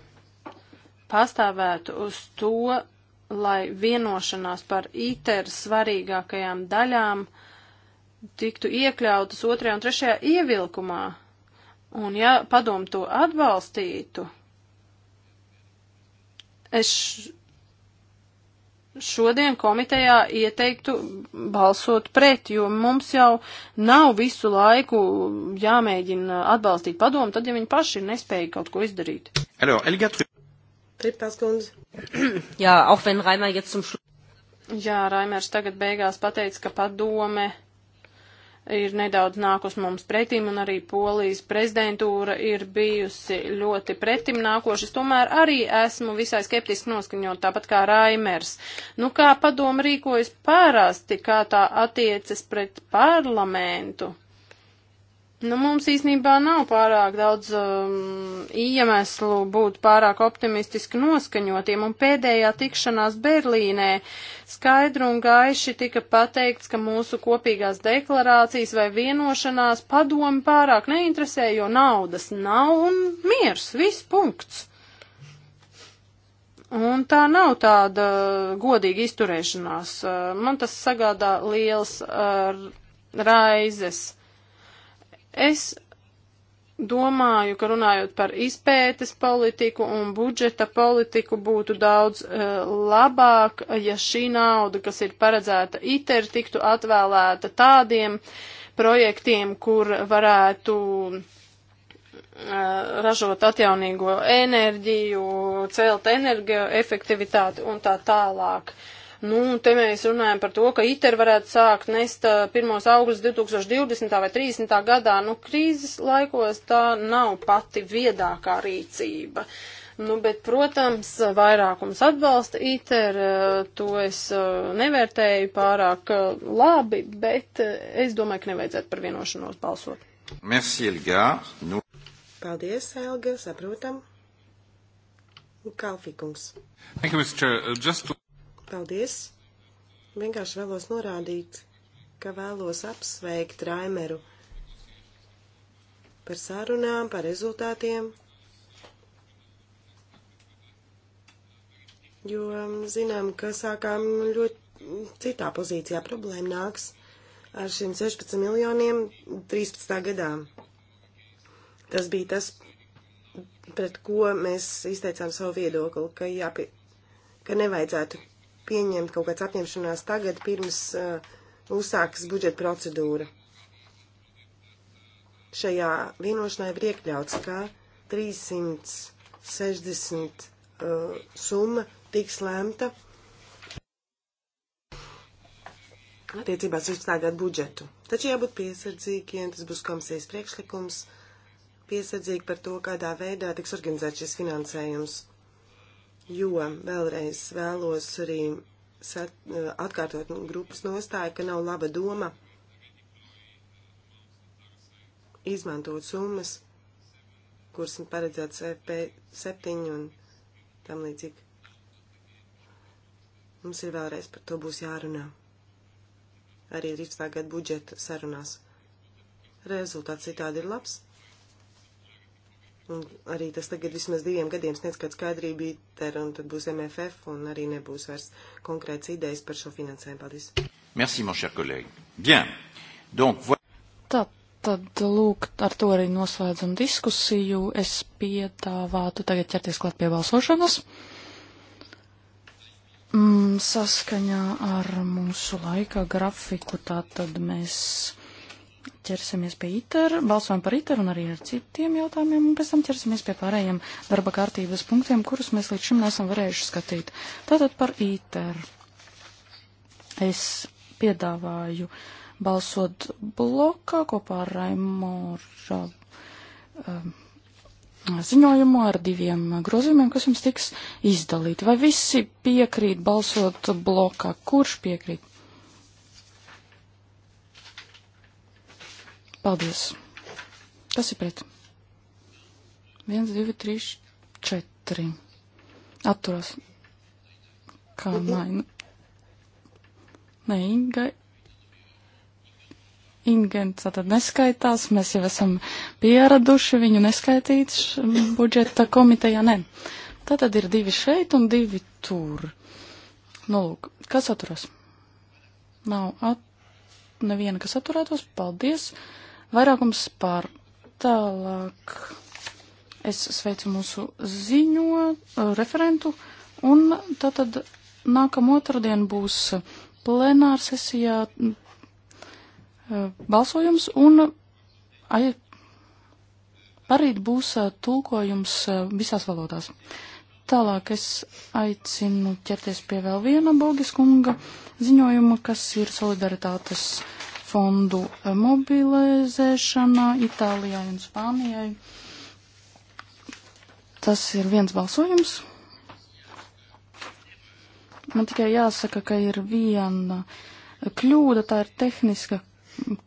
pastāvētu uz to, lai vienošanās par ITER svarīgākajām daļām tiktu iekļautas otrajā un trešajā ievilkumā. Un ja padom to atbalstītu, es šodien komitejā ieteiktu balsot pret, jo mums jau nav visu laiku jāmēģina atbalstīt padomu, tad ja viņi paši ir nespēja kaut ko izdarīt. Alors, Elga... Tripels kundze. Jā, auch wenn Raimēr jetzt zum šlu. Jā, Raimērs tagad beigās pateica, ka padome ir nedaudz nākus mums pretīm, un arī Polijas prezidentūra ir bijusi ļoti pretim nākošas. Tomēr arī esmu visai skeptiski noskaņot, tāpat kā Raimers. Nu, kā padoma rīkojas parasti, kā tā attiecas pret parlamentu? Nu, mums īstenībā nav pārāk daudz um, iemeslu būt pārāk optimistiski noskaņotiem, un pēdējā tikšanās Berlīnē skaidru un gaiši tika pateikts, ka mūsu kopīgās deklarācijas vai vienošanās padomi pārāk neinteresē, jo naudas nav un miers, viss punkts. Un tā nav tāda godīga izturēšanās. Uh, man tas sagādā liels uh, raizes Es domāju, ka runājot par izpētes politiku un budžeta politiku būtu daudz uh, labāk, ja šī nauda, kas ir paredzēta ITER, tiktu atvēlēta tādiem projektiem, kur varētu uh, ražot atjaunīgo enerģiju, celt energoefektivitāti un tā tālāk. Uh, Nu, te mēs runājam par to, ka ITER varētu sākt nest pirmos augus 2020. vai 30. gadā. Nu, krīzes laikos tā nav pati viedākā rīcība. Nu, bet, protams, vairākums atbalsta ITER, to es nevērtēju pārāk labi, bet es domāju, ka nevajadzētu par vienošanos balsot. Merci, Elga. Nu... Paldies, Elga, saprotam. Kalfikungs. Thank you, Mr. Chair. Uh, just to... Paldies! Vienkārši vēlos norādīt, ka vēlos apsveikt Raimeru par sarunām, par rezultātiem, jo mm, zinām, ka sākām ļoti citā pozīcijā. Problēma nāks ar šiem 16 miljoniem 13. gadā. Tas bija tas, pret ko mēs izteicām savu viedokli, ka, jāpie, ka nevajadzētu pieņemt kaut kāds apņemšanās tagad, pirms uh, uzsākas budžeta procedūra. Šajā vienošanā ir iekļauts, ka 360 uh, summa tiks lemta attiecībā 16. gadu budžetu. Taču jābūt piesardzīgiem, tas būs komisijas priekšlikums, piesardzīgi par to, kādā veidā tiks organizēts šis finansējums jo vēlreiz vēlos arī sat, eh, atkārtot grupas nostāju, ka nav laba doma izmantot summas, kuras ir paredzētas FP7 un tam līdzīgi. Mums ir vēlreiz par to būs jārunā. Arī 13. gada budžeta sarunās. Rezultāts citādi ir labs. Un arī tas tagad vismaz diviem gadiem sniedz kādu skaidrību ITER, un tad būs MFF, un arī nebūs vairs konkrēts idejas par šo finansējumu. Paldies. Merci, mon cher collègue. Bien. Donc, vo... Tā, tad lūk, ar to arī noslēdzam diskusiju. Es piedāvātu tagad ķerties klāt pie balsošanas. Mm, saskaņā ar mūsu laika grafiku, tā tad mēs ķersimies pie ITER, balsojam par ITER un arī ar citiem jautājumiem, un pēc tam ķersimies pie pārējiem darba kārtības punktiem, kurus mēs līdz šim nesam varējuši skatīt. Tātad par ITER. Es piedāvāju balsot blokā kopā ar Raimora um, ziņojumu ar diviem grozījumiem, kas jums tiks izdalīti. Vai visi piekrīt balsot blokā? Kurš piekrīt? Paldies. Kas ir pret? 1, 2, 3, 4. Atturos. Kā mainu. Mhm. Nē, Inga. Ingents tātad neskaitās, mēs jau esam pieraduši viņu neskaitīt budžeta komitejā, nē. Tātad ir divi šeit un divi tur. Nu, lūk, kas atturas? Nav at... neviena, kas atturētos, paldies. Vairākums par tālāk. Es sveicu mūsu ziņo uh, referentu un tātad nākam otrdien būs plenāra sesijā mm, uh, balsojums un uh, parīt būs tulkojums visās valodās. Tālāk es aicinu ķerties pie vēl viena Bogiskunga ziņojuma, kas ir solidaritātes fondu mobilizēšanā Itālijai un Spānijai. Tas ir viens balsojums. Man tikai jāsaka, ka ir viena kļūda, tā ir tehniska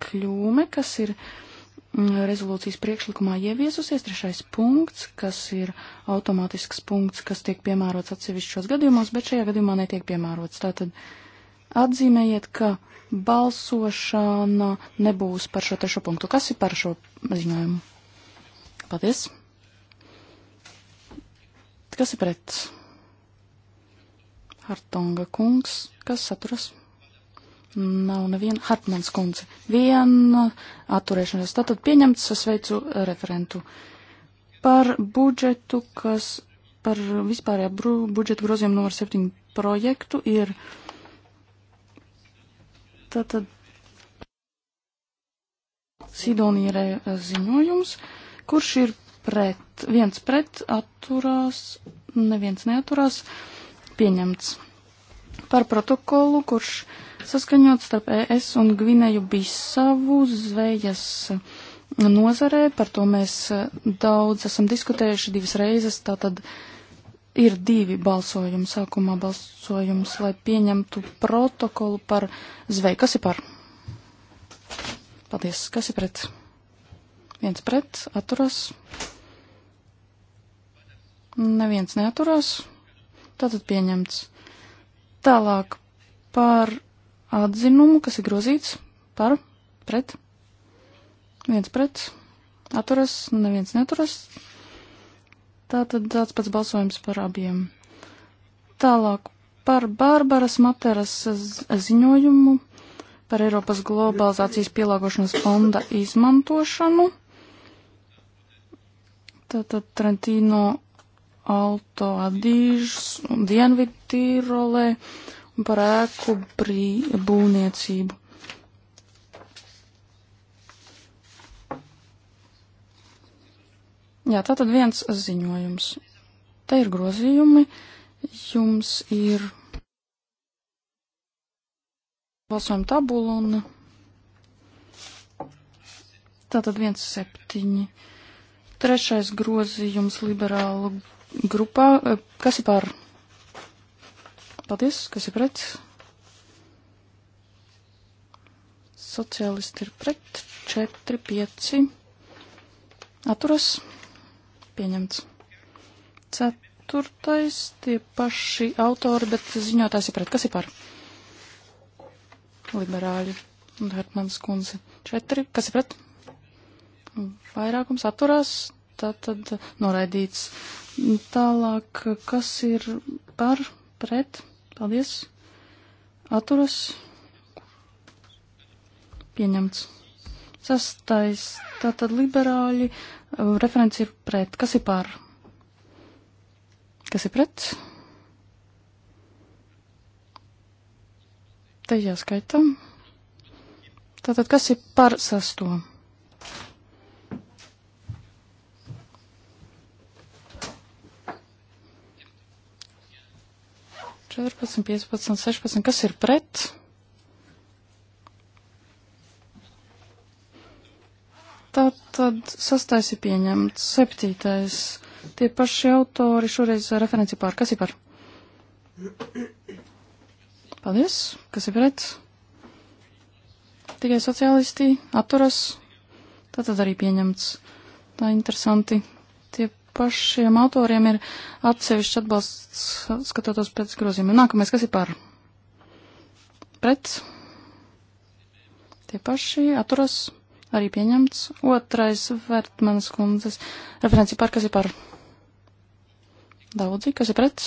kļūme, kas ir mm, rezolūcijas priekšlikumā ieviesusies trešais punkts, kas ir automātisks punkts, kas tiek piemērots atsevišķos gadījumos, bet šajā gadījumā netiek piemērots. Tātad atzīmējiet, ka uh, balsošana nebūs par šo trešo punktu. Kas ir par šo ziņojumu? Paldies. Kas ir pret? Hartonga kungs. Kas saturas? Nav neviena. Hartmans kundze. Viena atturēšanās. Tātad pieņemts. Es veicu referentu par budžetu, kas par vispārējā budžeta grozījumu numur 7 projektu ir Tātad Sidonīrai e, ziņojums, kurš ir pret, viens pret atturās, neviens neaturās, pieņemts par protokolu, kurš saskaņots starp ES un Gvinēju Bisavu zvejas nozarē. Par to mēs e, daudz esam diskutējuši divas reizes, tātad ir divi balsojumi. Sākumā balsojums, lai pieņemtu protokolu par zveju. Kas ir par? Paldies. Kas ir pret? Viens pret, atturās. Neviens neaturās. Tātad pieņemts. Tālāk par atzinumu, kas ir grozīts. Par, pret. Viens pret, atturās, neviens neturās. Tātad tāds pats balsojums par abiem. Tālāk par Bārbaras Materas ziņojumu par Eiropas globalizācijas pielāgošanas fonda izmantošanu. Tātad Trentino Alto Adīžs un Dienvidtīrolē un par ēku brī, būvniecību. Jā, tā tad viens ziņojums. Te ir grozījumi, jums ir balsojuma tabula un tātad viens septiņi. Trešais grozījums liberālu grupā. Kas ir par? Paldies, kas ir pret? Sociālisti ir pret. 4, 5. Atturas pieņemts. Ceturtais tie paši autori, bet ziņotājs ir pret. Kas ir par? Liberāļi un Hertmanas kundze. Četri. Kas ir pret? Vairākums atturās. Tātad noraidīts. Tālāk, kas ir par? Pret. Paldies. Atturas. Pieņemts. Sastais. Tātad liberāļi Referents ir pret. Kas ir par? Kas ir pret? Te jāskaita. Tātad, kas ir par sesto? Četrpadsmit, piecpadsmit, sešpadsmit. Kas ir pret? Tā tad sastais ir pieņemts. Septītais. Tie paši autori šoreiz referenci pār. Kas ir par? Paldies. Kas ir pret? Tikai sociālisti atturas. Tā tad arī pieņemts. Tā interesanti. Tie pašiem autoriem ir atsevišķi atbalsts skatoties pēc grozījumiem. Nākamais, kas ir par? Pret? Tie paši atturas. Arī pieņemts. Otrais Vertmanas kundzes referenci par, kas ir par. Daudzi, kas ir pret?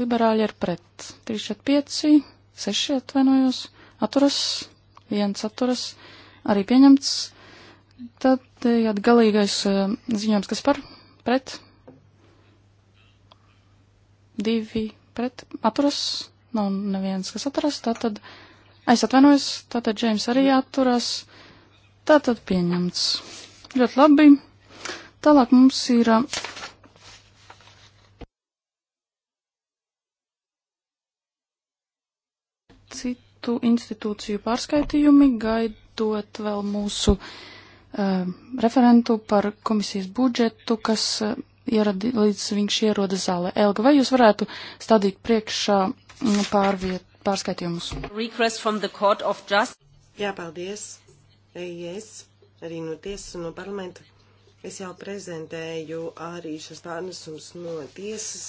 Liberāļi ir pret. 3, 4, 5, 6 atvainojos. Atturas. Viens atturas. Arī pieņemts. Tad eh, jā, galīgais eh, ziņojums, kas par. Pret. Divi pret. Atturas. Nav nu, neviens, kas atturas. Tātad. tad Es atvainojos, tātad Džeims arī atturas. Tātad pieņemts. Ļoti labi. Tālāk mums ir. Citu institūciju pārskaitījumi gaidot vēl mūsu uh, referentu par komisijas budžetu, kas uh, ierada līdz viņš ierodas zālē. Elga, vai jūs varētu stādīt priekšā pārviet, pārskaitījumus. Jā, paldies. EIS arī no tiesas un no parlamenta. Es jau prezentēju arī šos pārnesums no tiesas.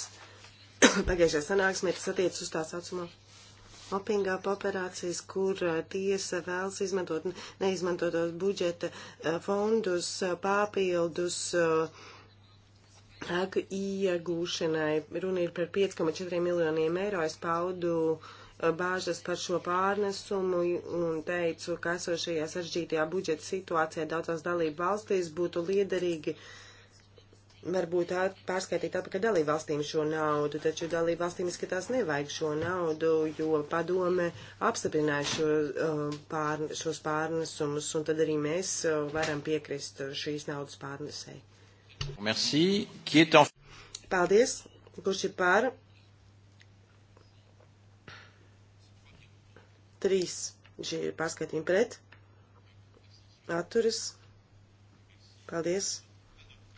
Pagājušajā sanāksmē tas attiec uz tā saucamo Mopingā operācijas, kur eh, tiesa vēlas izmantot neizmantotos budžeta eh, fondus eh, papildus iegūšanai. Runa ir par 5,4 miljoniem eiro. Es paudu bāžas par šo pārnesumu un teicu, ka esošajā saržģītajā budžeta situācijā daudzās dalību valstīs būtu liederīgi varbūt pārskaitīt atpakaļ dalību valstīm šo naudu, taču dalību valstīm izskatās nevajag šo naudu, jo padome apstiprināja šo, uh, pār, šos pārnesumus, un tad arī mēs uh, varam piekrist šīs naudas pārnesēji. Merci. Qui est en... Paldies. Kurš ir pār? 3. Šī ir paskatījuma pret. Atturas. Paldies.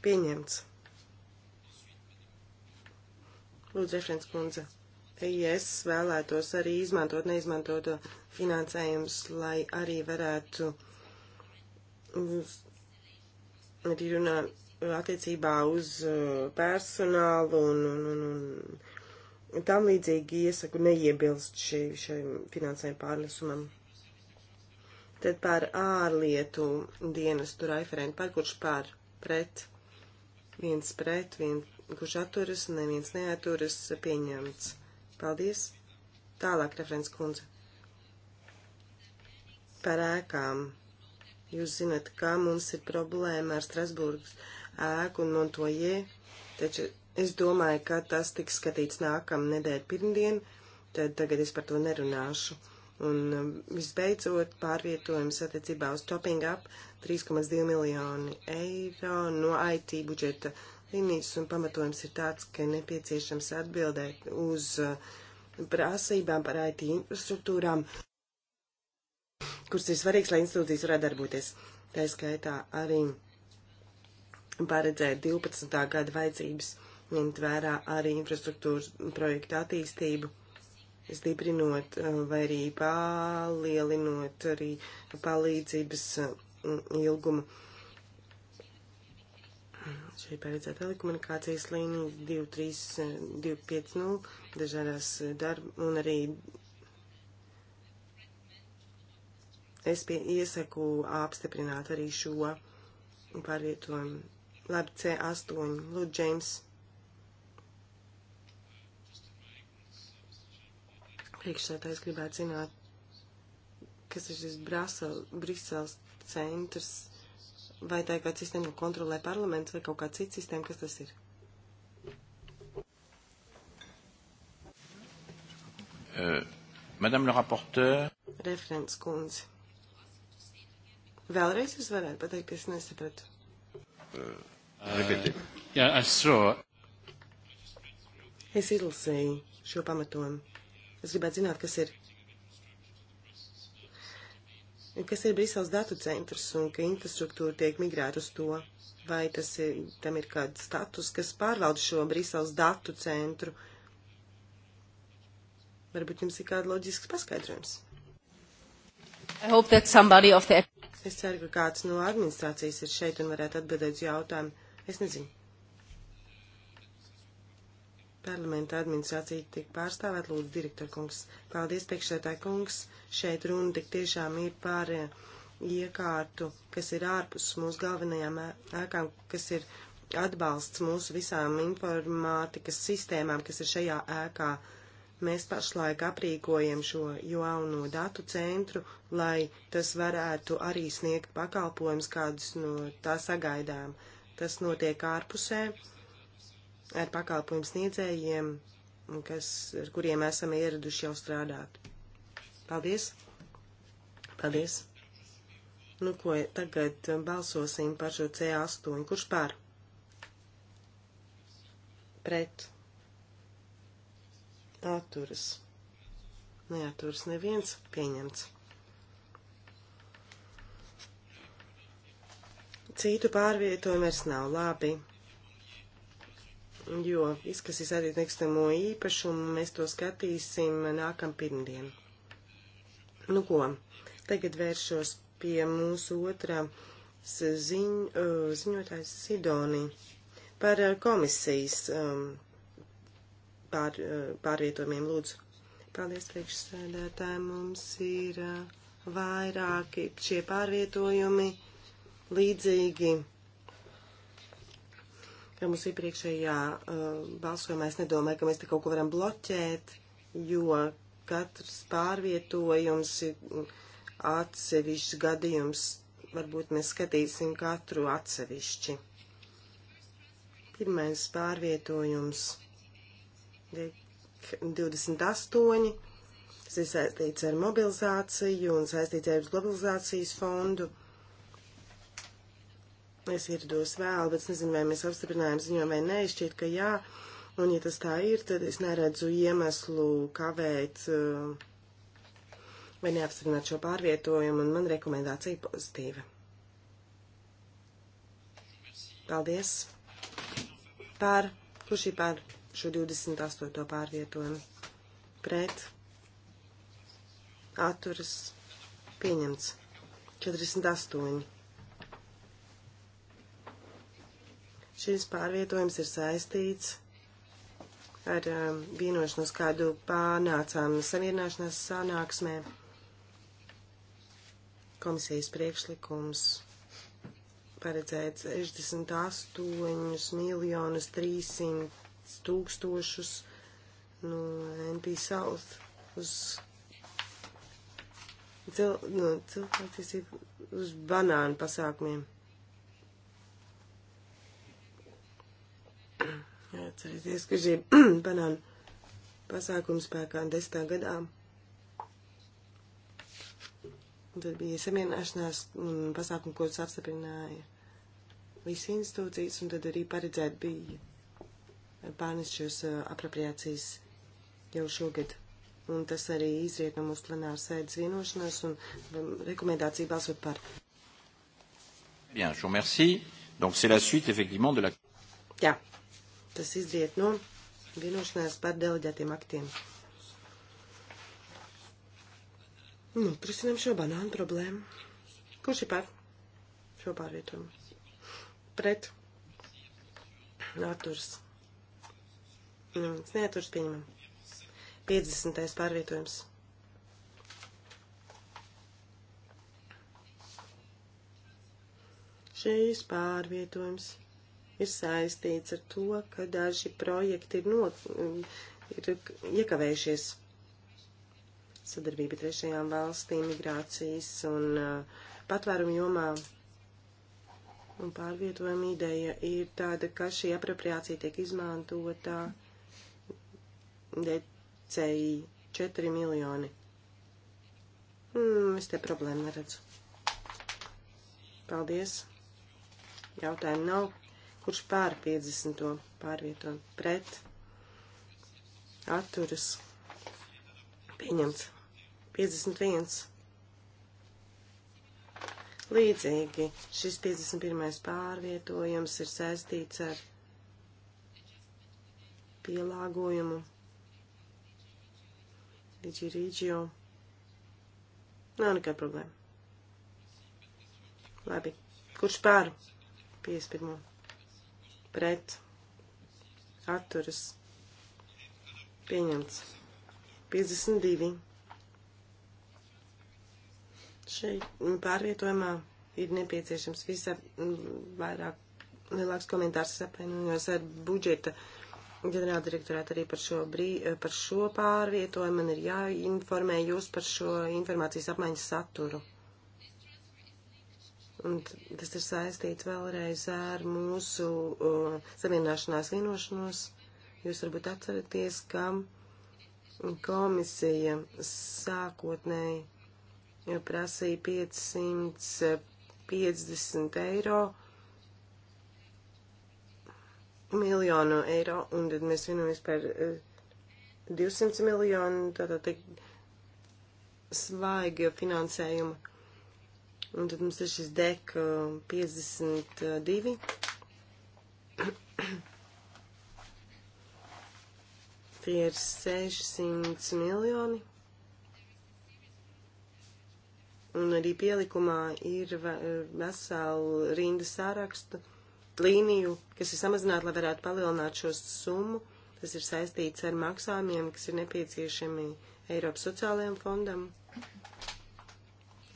Pieņemts. Lūdzu, referents kundze. Es vēlētos arī izmantot neizmantoto finansējumus, lai arī varētu arī runāt attiecībā uz uh, personālu un, un, un, un Un tam līdzīgi iesaku neiebilst šī, šiem finansējuma pārnesumam. Tad par ārlietu dienestu referentu, par kurš pār pret, viens pret, viens, kurš atturas, neviens neaturas, pieņemts. Paldies. Tālāk, referents kundze. Par ēkām. Jūs zinat, kā mums ir problēma ar Strasburgas ēku un Montoje, taču Es domāju, ka tas tiks skatīts nākamā nedēļa pirmdien, tad tagad es par to nerunāšu. Un um, visbeidzot, pārvietojums attiecībā uz topping up 3,2 miljoni eiro no IT budžeta līnijas, un pamatojums ir tāds, ka nepieciešams atbildēt uz uh, prasībām par IT infrastruktūrām, kuras ir svarīgs, lai institūcijas varētu darboties. Tā skaitā arī paredzēt 12. gada vajadzības ņemt vērā arī infrastruktūras projektu attīstību, stiprinot eh, vai arī palielinot arī palīdzības eh, ilgumu. Šī paredzēta telekomunikācijas līnija 23250 eh, dažādās darba un arī es pie, iesaku apstiprināt arī šo pārvietojumu. Labi, C8, Lūdzu, Džeims. Priekšsētājs gribētu zināt, kas ir šis Brasel, Brisels centrs, vai tā ir kāda sistēma, ko kontrolē parlaments, vai kaut kāda cita sistēma, kas tas ir? Uh, Madame le rapporteur. Referents kundze. Vēlreiz jūs varētu pateikt, es nesapratu. Uh, Repetīt. Uh, yeah, es izlasīju šo pamatojumu. Es gribētu zināt, kas ir, kas ir Briseles datu centrs un ka infrastruktūra tiek migrēta uz to. Vai tas ir, tam ir kāds status, kas pārvalda šo Briseles datu centru? Varbūt jums ir kāda loģisks paskaidrojums. The... Es ceru, ka kāds no administrācijas ir šeit un varētu atbildēt uz jautājumu. Es nezinu parlamenta administrācija tik pārstāvēt, lūdzu, direktor kungs. Paldies, priekšsētāji kungs. Šeit runa tik tiešām ir par eh, iekārtu, kas ir ārpus mūsu galvenajām ēkām, kas ir atbalsts mūsu visām informātikas sistēmām, kas ir šajā ēkā. Mēs pašlaik aprīkojam šo jauno datu centru, lai tas varētu arī sniegt pakalpojums, kādus no tā sagaidām. Tas notiek ārpusē ar pakalpojumu sniedzējiem, kas, ar kuriem esam ieraduši jau strādāt. Paldies! Paldies! Nu, ko tagad balsosim par šo C8? Kurš pār? Pret. Atturas. Neatturas neviens. Pieņemts. citu pārvietojumu vairs nav labi jo izskasīs arī nekustamo īpašumu, mēs to skatīsim nākam pirmdien. Nu ko, tagad vēršos pie mūsu otrā ziņ, ziņotājs Sidonī par komisijas pār, pārvietojumiem lūdzu. Paldies, priekšsēdētāji, mums ir vairāki šie pārvietojumi līdzīgi ka mums iepriekšējā uh, balsojumā es nedomāju, ka mēs te kaut ko varam bloķēt, jo katrs pārvietojums ir mm, atsevišķs gadījums. Varbūt mēs skatīsim katru atsevišķi. Pirmais pārvietojums 28. Tas ir saistīts ar mobilizāciju un saistīts ar globalizācijas fondu. Es ierados vēl, bet es nezinu, vai mēs apstiprinājām ziņojumu vai nē, šķiet, ka jā. Un ja tas tā ir, tad es neredzu iemeslu kavēt uh, vai neapstiprināt šo pārvietojumu, un man rekomendācija pozitīva. Paldies par, kurš ir par šo 28. pārvietojumu. Pret. Atturas. Pieņemts. 48. Šis pārvietojums ir saistīts ar um, vienošanos, kādu pārnācām savienāšanās sanāksmē. Komisijas priekšlikums paredzēt 68 miljonus 300 tūkstošus no NP South uz cil, no, cilvēktiesību uz banānu pasākumiem. Atcerieties, ka šī banāna pasākuma spēkā desmitā gadā. Tad bija samierināšanās un pasākumu, ko apstiprināja visi institūcijas, un tad arī paredzēt bija pārnešķos uh, apropriācijas jau šogad. Un tas arī izriet no mūsu plenāra sēdes vienošanās un um, rekomendāciju balsot par. Bien, je vous remercie. Donc c'est la suite effectivement de la. Jā. Yeah. Tas izriet no vienošanās par deleģētiem aktiem. Nu, prisinam šo banānu problēmu. Kurš ir par šo pārvietojumu? Pret. Atturs. Nu, es neaturs pieņemam. 50. pārvietojums. Šīs pārvietojums ir saistīts ar to, ka daži projekti ir, not, ir iekavējušies sadarbība trešajām valstīm, migrācijas un uh, patvērumu jomā. Un pārvietojuma ideja ir tāda, ka šī apropriācija tiek izmantotā decēji 4 miljoni. Mm, es te problēmu neredzu. Paldies. Jautājumu nav kurš pār 50. pārvieto pret atturas pieņemts 51. Līdzīgi šis 51. pārvietojums ir saistīts ar pielāgojumu Digirigio. Nav nekāda problēma. Labi. Kurš pāri? 51 pret atturas pieņemts 52. Šeit mm, pārvietojumā ir nepieciešams visā mm, vairāk lielāks komentārs apvienojos ar budžeta ģenerāldirektorātu arī par šo, brī, eh, par šo pārvietojumu. Man ir jāinformē jūs par šo informācijas apmaiņas saturu. Un tas ir saistīts vēlreiz ar mūsu uh, samienāšanās vienošanos. Jūs varbūt atceraties, ka komisija sākotnēji prasīja 550 eiro, miljonu eiro, un tad mēs vienojamies par uh, e, 200 miljonu, tātad tik svaigu finansējumu Un tad mums ir šis dek 52. Um, Tie ir 600 miljoni. Un arī pielikumā ir vesela rinda sārakstu līniju, kas ir samazināta, lai varētu palielināt šo summu. Tas ir saistīts ar maksājumiem, kas ir nepieciešami Eiropas sociālajiem fondam.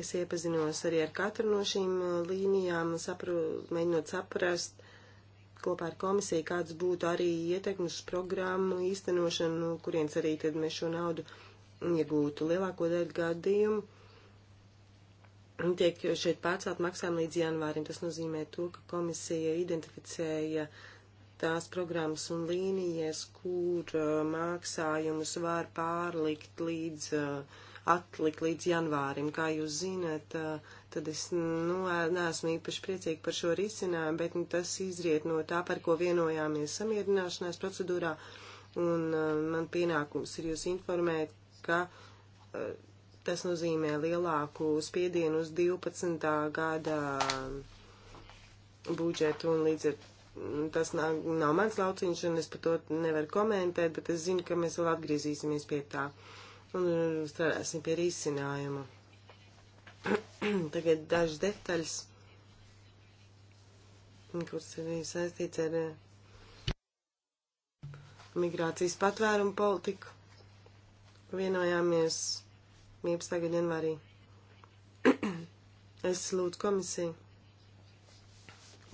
Es iepazinos arī ar katru no šīm uh, līnijām, sapru, mēģinot saprast kopā ar komisiju, kāds būtu arī ietekmes programmu īstenošanu, kuriens arī tad mēs šo naudu iegūtu. Lielāko daļu gadījumu tiek šeit pārcelt maksājumu līdz janvārim. Tas nozīmē to, ka komisija identificēja tās programmas un līnijas, kur uh, maksājumus var pārlikt līdz uh, atlikt līdz janvārim. Kā jūs zināt, tad es nu, neesmu īpaši priecīgi par šo risinājumu, bet nu, tas izriet no tā, par ko vienojāmies samierināšanās procedūrā. Un man pienākums ir jūs informēt, ka tas nozīmē lielāku spiedienu uz 12. gada budžetu un līdz ar tas nav, nav mans lauciņš un es par to nevaru komentēt, bet es zinu, ka mēs vēl atgriezīsimies pie tā. Uh, un uh, strādāsim pie risinājuma. Tagad dažas detaļas, kuras ir saistīts ar uh, migrācijas patvērumu politiku. Vienojāmies 11. gada janvārī. es lūdzu komisiju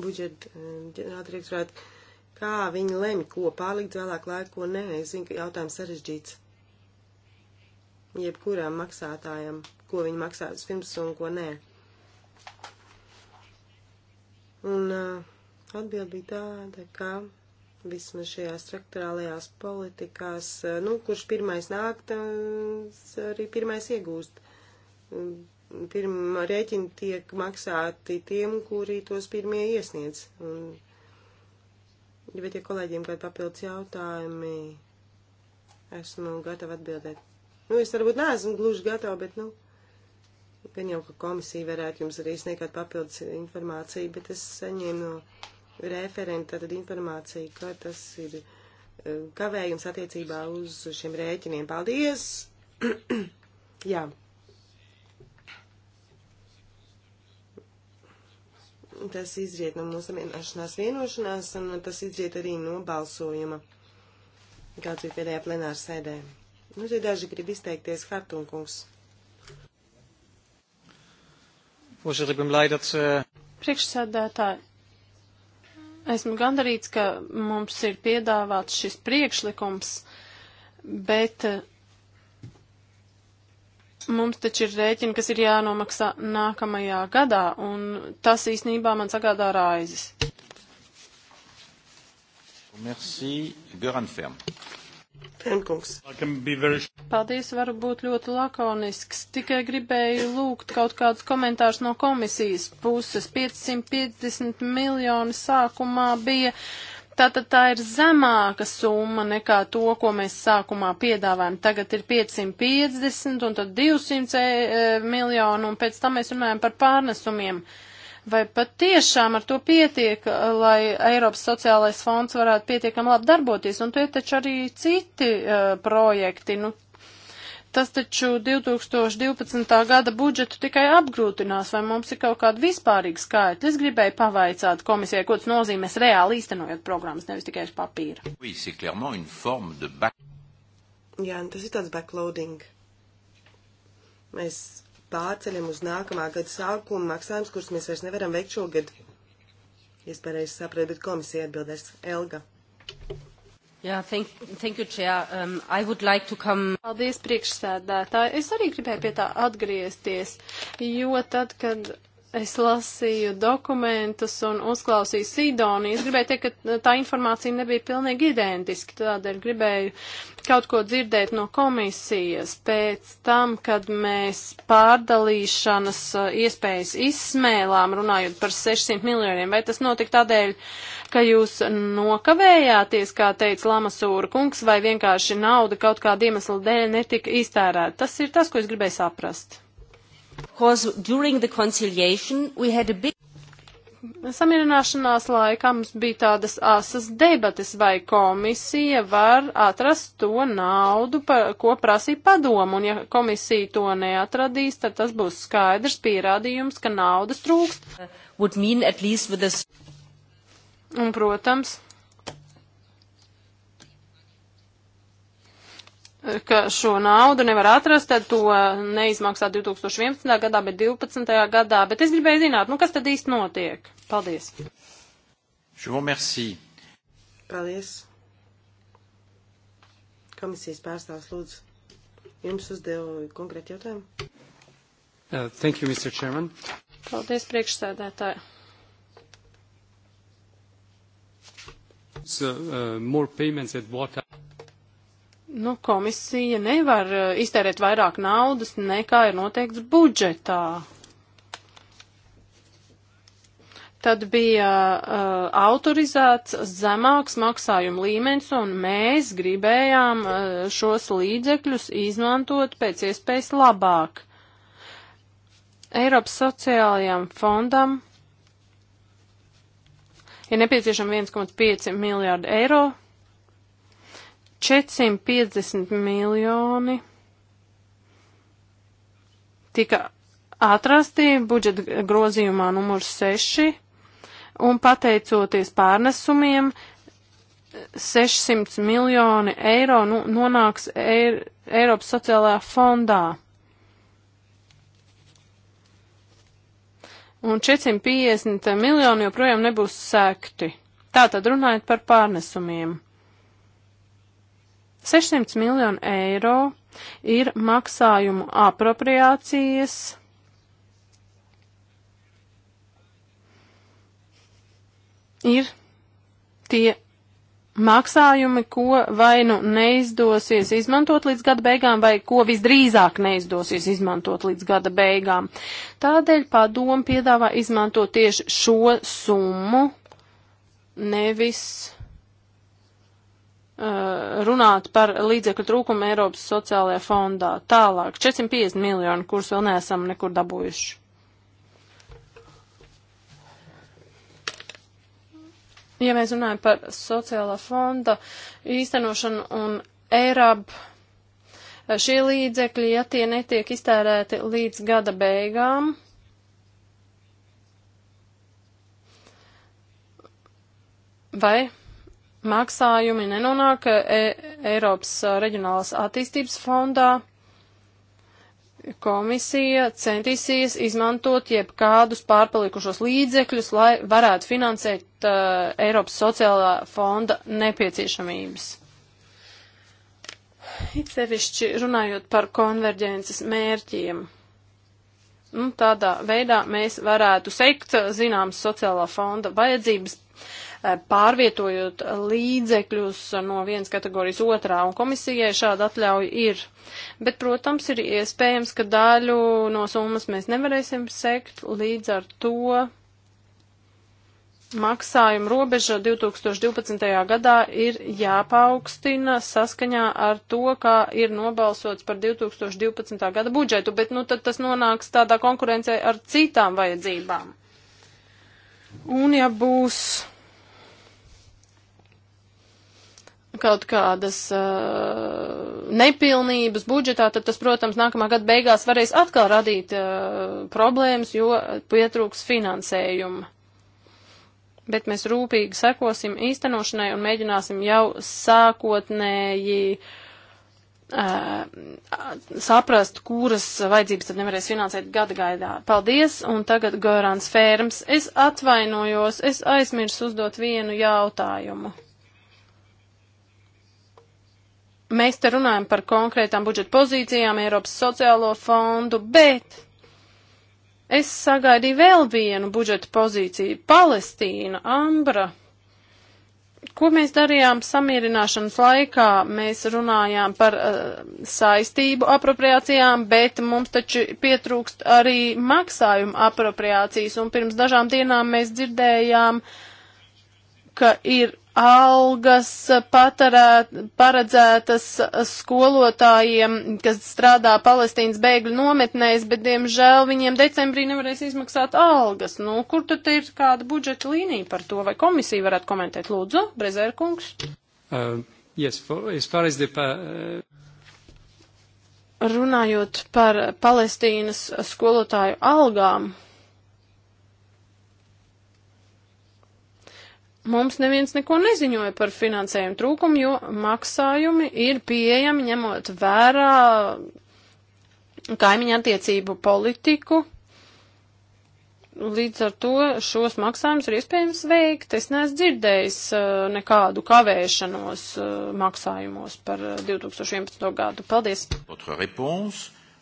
budžeta uh, ģenerāldirektorātu, kā viņi lemj, ko pārlikt vēlāk laiku, ko nē. Es zinu, ka jautājums sarežģīts jebkuram maksātājam, ko viņi maksā vispirms un ko nē. Un uh, atbild bija tāda, ka vismaz šajās struktūrālajās politikās, uh, nu, kurš pirmais nāk, tas arī pirmais iegūst. Pirmā rēķina tiek maksāti tiem, kuri tos pirmie iesniedz. Un, bet, ja kolēģiem kādi papildus jautājumi, esmu gatava atbildēt. Nu, es varbūt neesmu gluži gatava, bet, nu, gan jau, ka komisija varētu jums arī sniegt papildus informāciju, bet es saņēmu no referenta tad informāciju, ka tas ir eh, kavējums attiecībā uz šiem rēķiniem. Paldies! Jā. Tas izriet no mūsu vienošanās vienošanās, un tas izriet arī no balsojuma, kāds bija pēdējā plenāra sēdē. Mums nu, ir daži grib izteikties, Hartungs. Voorzitter, ik ben blij dat. Uh... Priekšsēdētāji, esmu gandarīts, ka mums ir piedāvāts šis priekšlikums, bet eh, mums taču ir rēķini, kas ir jānomaksā nākamajā gadā, un tas īsnībā man sagādā raizes. Merci, Göran Ferm. Fenkungs. Paldies, varu būt ļoti lakonisks. Tikai gribēju lūgt kaut kādus komentārus no komisijas puses. 550 miljoni sākumā bija. Tātad tā ir zemāka summa nekā to, ko mēs sākumā piedāvājam. Tagad ir 550 un tad 200 e, e, miljonu un pēc tam mēs runājam par pārnesumiem. Uh, Vai pat tiešām ar to pietiek, lai Eiropas sociālais fonds varētu pietiekam labi darboties? Un te taču arī citi uh, projekti. Nu, tas taču 2012. gada budžetu tikai apgrūtinās, vai mums ir kaut kāda vispārīga skaita. Es gribēju pavaicāt komisijai, ko tas nozīmēs reāli īstenojot programmas, nevis tikai uz papīra. Oui, Jā, nu, tas ir tāds backloading. Mēs pārceļam uz nākamā gada sākumu maksājumus, kurus mēs vairs nevaram veikt šogad. Es pareizi sapratu, bet komisija atbildēs Elga. Jā, yeah, thank, thank you, Chair. Um, I would like to come. Paldies, priekšsēdētāji. Es arī gribēju pie tā atgriezties, jo tad, kad Es lasīju dokumentus un uzklausīju Sidoniju. Es gribēju teikt, ka eh, tā informācija nebija pilnīgi identiska, tādēļ gribēju kaut ko dzirdēt no komisijas pēc tam, kad mēs pārdalīšanas eh, iespējas izsmēlām, runājot par 600 miljoniem. Vai tas notika tādēļ, ka jūs nokavējāties, kā teica Lamasūra kungs, vai vienkārši nauda kaut kāda iemesla dēļ netika iztērēta? Tas ir tas, ko es gribēju saprast. Because during the conciliation we had a big samierināšanās laikā mums bija tādas asas debates, vai komisija var atrast to naudu, par, ko prasīja padomu, un ja komisija to neatradīs, tad tas būs skaidrs pierādījums, ka naudas trūkst. Un, protams, ka šo naudu nevar atrast, tad to uh, neizmaksā 2011. gadā, bet 2012. gadā. Bet es gribēju zināt, nu kas tad īsti notiek? Paldies. Paldies. Komisijas pārstāvs lūdzu. Jums uzdevu konkrēti jautājumu. Uh, thank you, Mr. Chairman. Paldies, priekšsēdētāji. So, uh, more payments at what Nu, komisija nevar uh, iztērēt vairāk naudas, nekā ir noteikts budžetā. Tad bija uh, autorizēts zemāks maksājuma līmenis, un mēs gribējām uh, šos līdzekļus izmantot pēc iespējas labāk. Eiropas sociālajām fondam ir nepieciešama 1,5 miljārdu eiro 450 miljoni tika atrasti budžeta grozījumā numur 6, un pateicoties pārnesumiem, 600 miljoni eiro nu, nonāks Eir Eiropas sociālajā fondā. Un 450 miljoni joprojām nebūs sēkti. Tātad runājot par pārnesumiem. 600 miljonu eiro ir maksājumu apropriācijas. Ir tie maksājumi, ko vai nu neizdosies izmantot līdz gada beigām, vai ko visdrīzāk neizdosies izmantot līdz gada beigām. Tādēļ padomu piedāvā izmantot tieši šo summu, nevis Uh, runāt par līdzekļu trūkumu Eiropas sociālajā fondā. Tālāk, 450 miljoni, kurus vēl neesam nekur dabūjuši. Ja mēs runājam par sociālā fonda īstenošanu un ERAB, šie līdzekļi, ja tie netiek iztērēti līdz gada beigām, vai maksājumi nenonāk e Eiropas e, reģionālās attīstības fondā. Komisija centīsies izmantot jebkādus pārpalikušos līdzekļus, lai varētu finansēt uh, Eiropas sociālā fonda nepieciešamības. It sevišķi runājot par konverģences mērķiem. Nu, tādā veidā mēs varētu sekt e, zināmas sociālā fonda vajadzības. Uh, Eh, pārvietojot līdzekļus no vienas kategorijas otrā, un komisijai šāda atļauja ir. Bet, protams, ir iespējams, ka daļu no summas mēs nevarēsim sekt, līdz ar to maksājuma robeža 2012. gadā ir jāpaukstina saskaņā ar to, kā ir nobalsots par 2012. gada budžetu, bet nu tad tas nonāks tādā konkurencē ar citām vajadzībām. Un ja būs kaut kādas uh, nepilnības budžetā, tad tas, protams, nākamā gada beigās varēs atkal radīt uh, problēmas, jo pietrūks finansējuma. Bet mēs rūpīgi sekosim īstenošanai un mēģināsim jau sākotnēji uh, saprast, kuras vajadzības tad nevarēs finansēt gada gaidā. Paldies, un tagad Gorāns Fērms. Es atvainojos, es aizmirsu uzdot vienu jautājumu. Mēs te runājam par konkrētām budžeta pozīcijām, Eiropas sociālo fondu, bet es sagaidīju vēl vienu budžeta pozīciju - Palestīna, Ambra. Ko mēs darījām samierināšanas laikā? Mēs runājām par uh, saistību apropriācijām, bet mums taču pietrūkst arī maksājumu apropriācijas, un pirms dažām dienām mēs dzirdējām, ka ir algas patarēt, paredzētas skolotājiem, kas strādā Palestīnas bēgļu nometnēs, bet, diemžēl, viņiem decembrī nevarēs izmaksāt algas. Nu, kur tad ir kāda budžeta līnija par to? Vai komisija varētu komentēt? Lūdzu, Brezērkungs. Uh, yes, for, as far as the, uh... Runājot par Palestīnas skolotāju algām. Mums neviens neko neziņoja par finansējumu trūkumu, jo maksājumi ir pieejami ņemot vērā kaimiņa attiecību politiku. Līdz ar to šos maksājumus ir iespējams veikt. Es neesmu dzirdējis uh, nekādu kavēšanos uh, maksājumos par 2011. Uh, gadu. Paldies!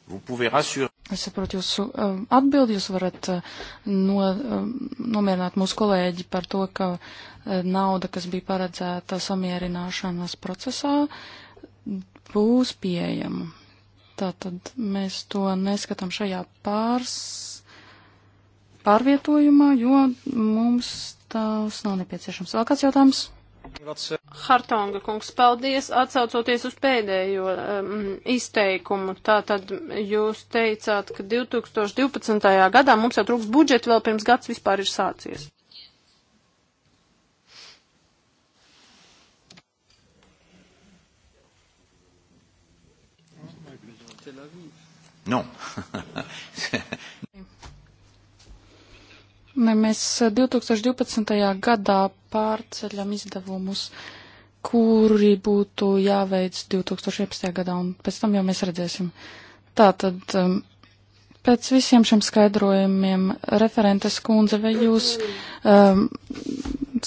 Es saprotu jūsu um, atbildi, jūs varat uh, no, um, nomierināt mūsu kolēģi par to, ka uh, nauda, kas bija paredzēta samierināšanas procesā, būs pieejama. Tātad mēs to neskatām šajā pārs, pārvietojumā, jo mums tas nav nepieciešams. Vēl kāds jautājums? Hartonga kungs, paldies, atsaucoties uz pēdējo um, izteikumu. Tātad jūs teicāt, ka 2012. gadā mums jau trūks budžeta, vēl pirms gads vispār ir sācies. Non. Mēs 2012. Eh, gadā pārceļam izdevumus, kuri būtu jāveic 2011. gadā, un pēc tam jau mēs redzēsim. Tātad, pēc visiem šiem skaidrojumiem, referentes kundze, vai jūs um,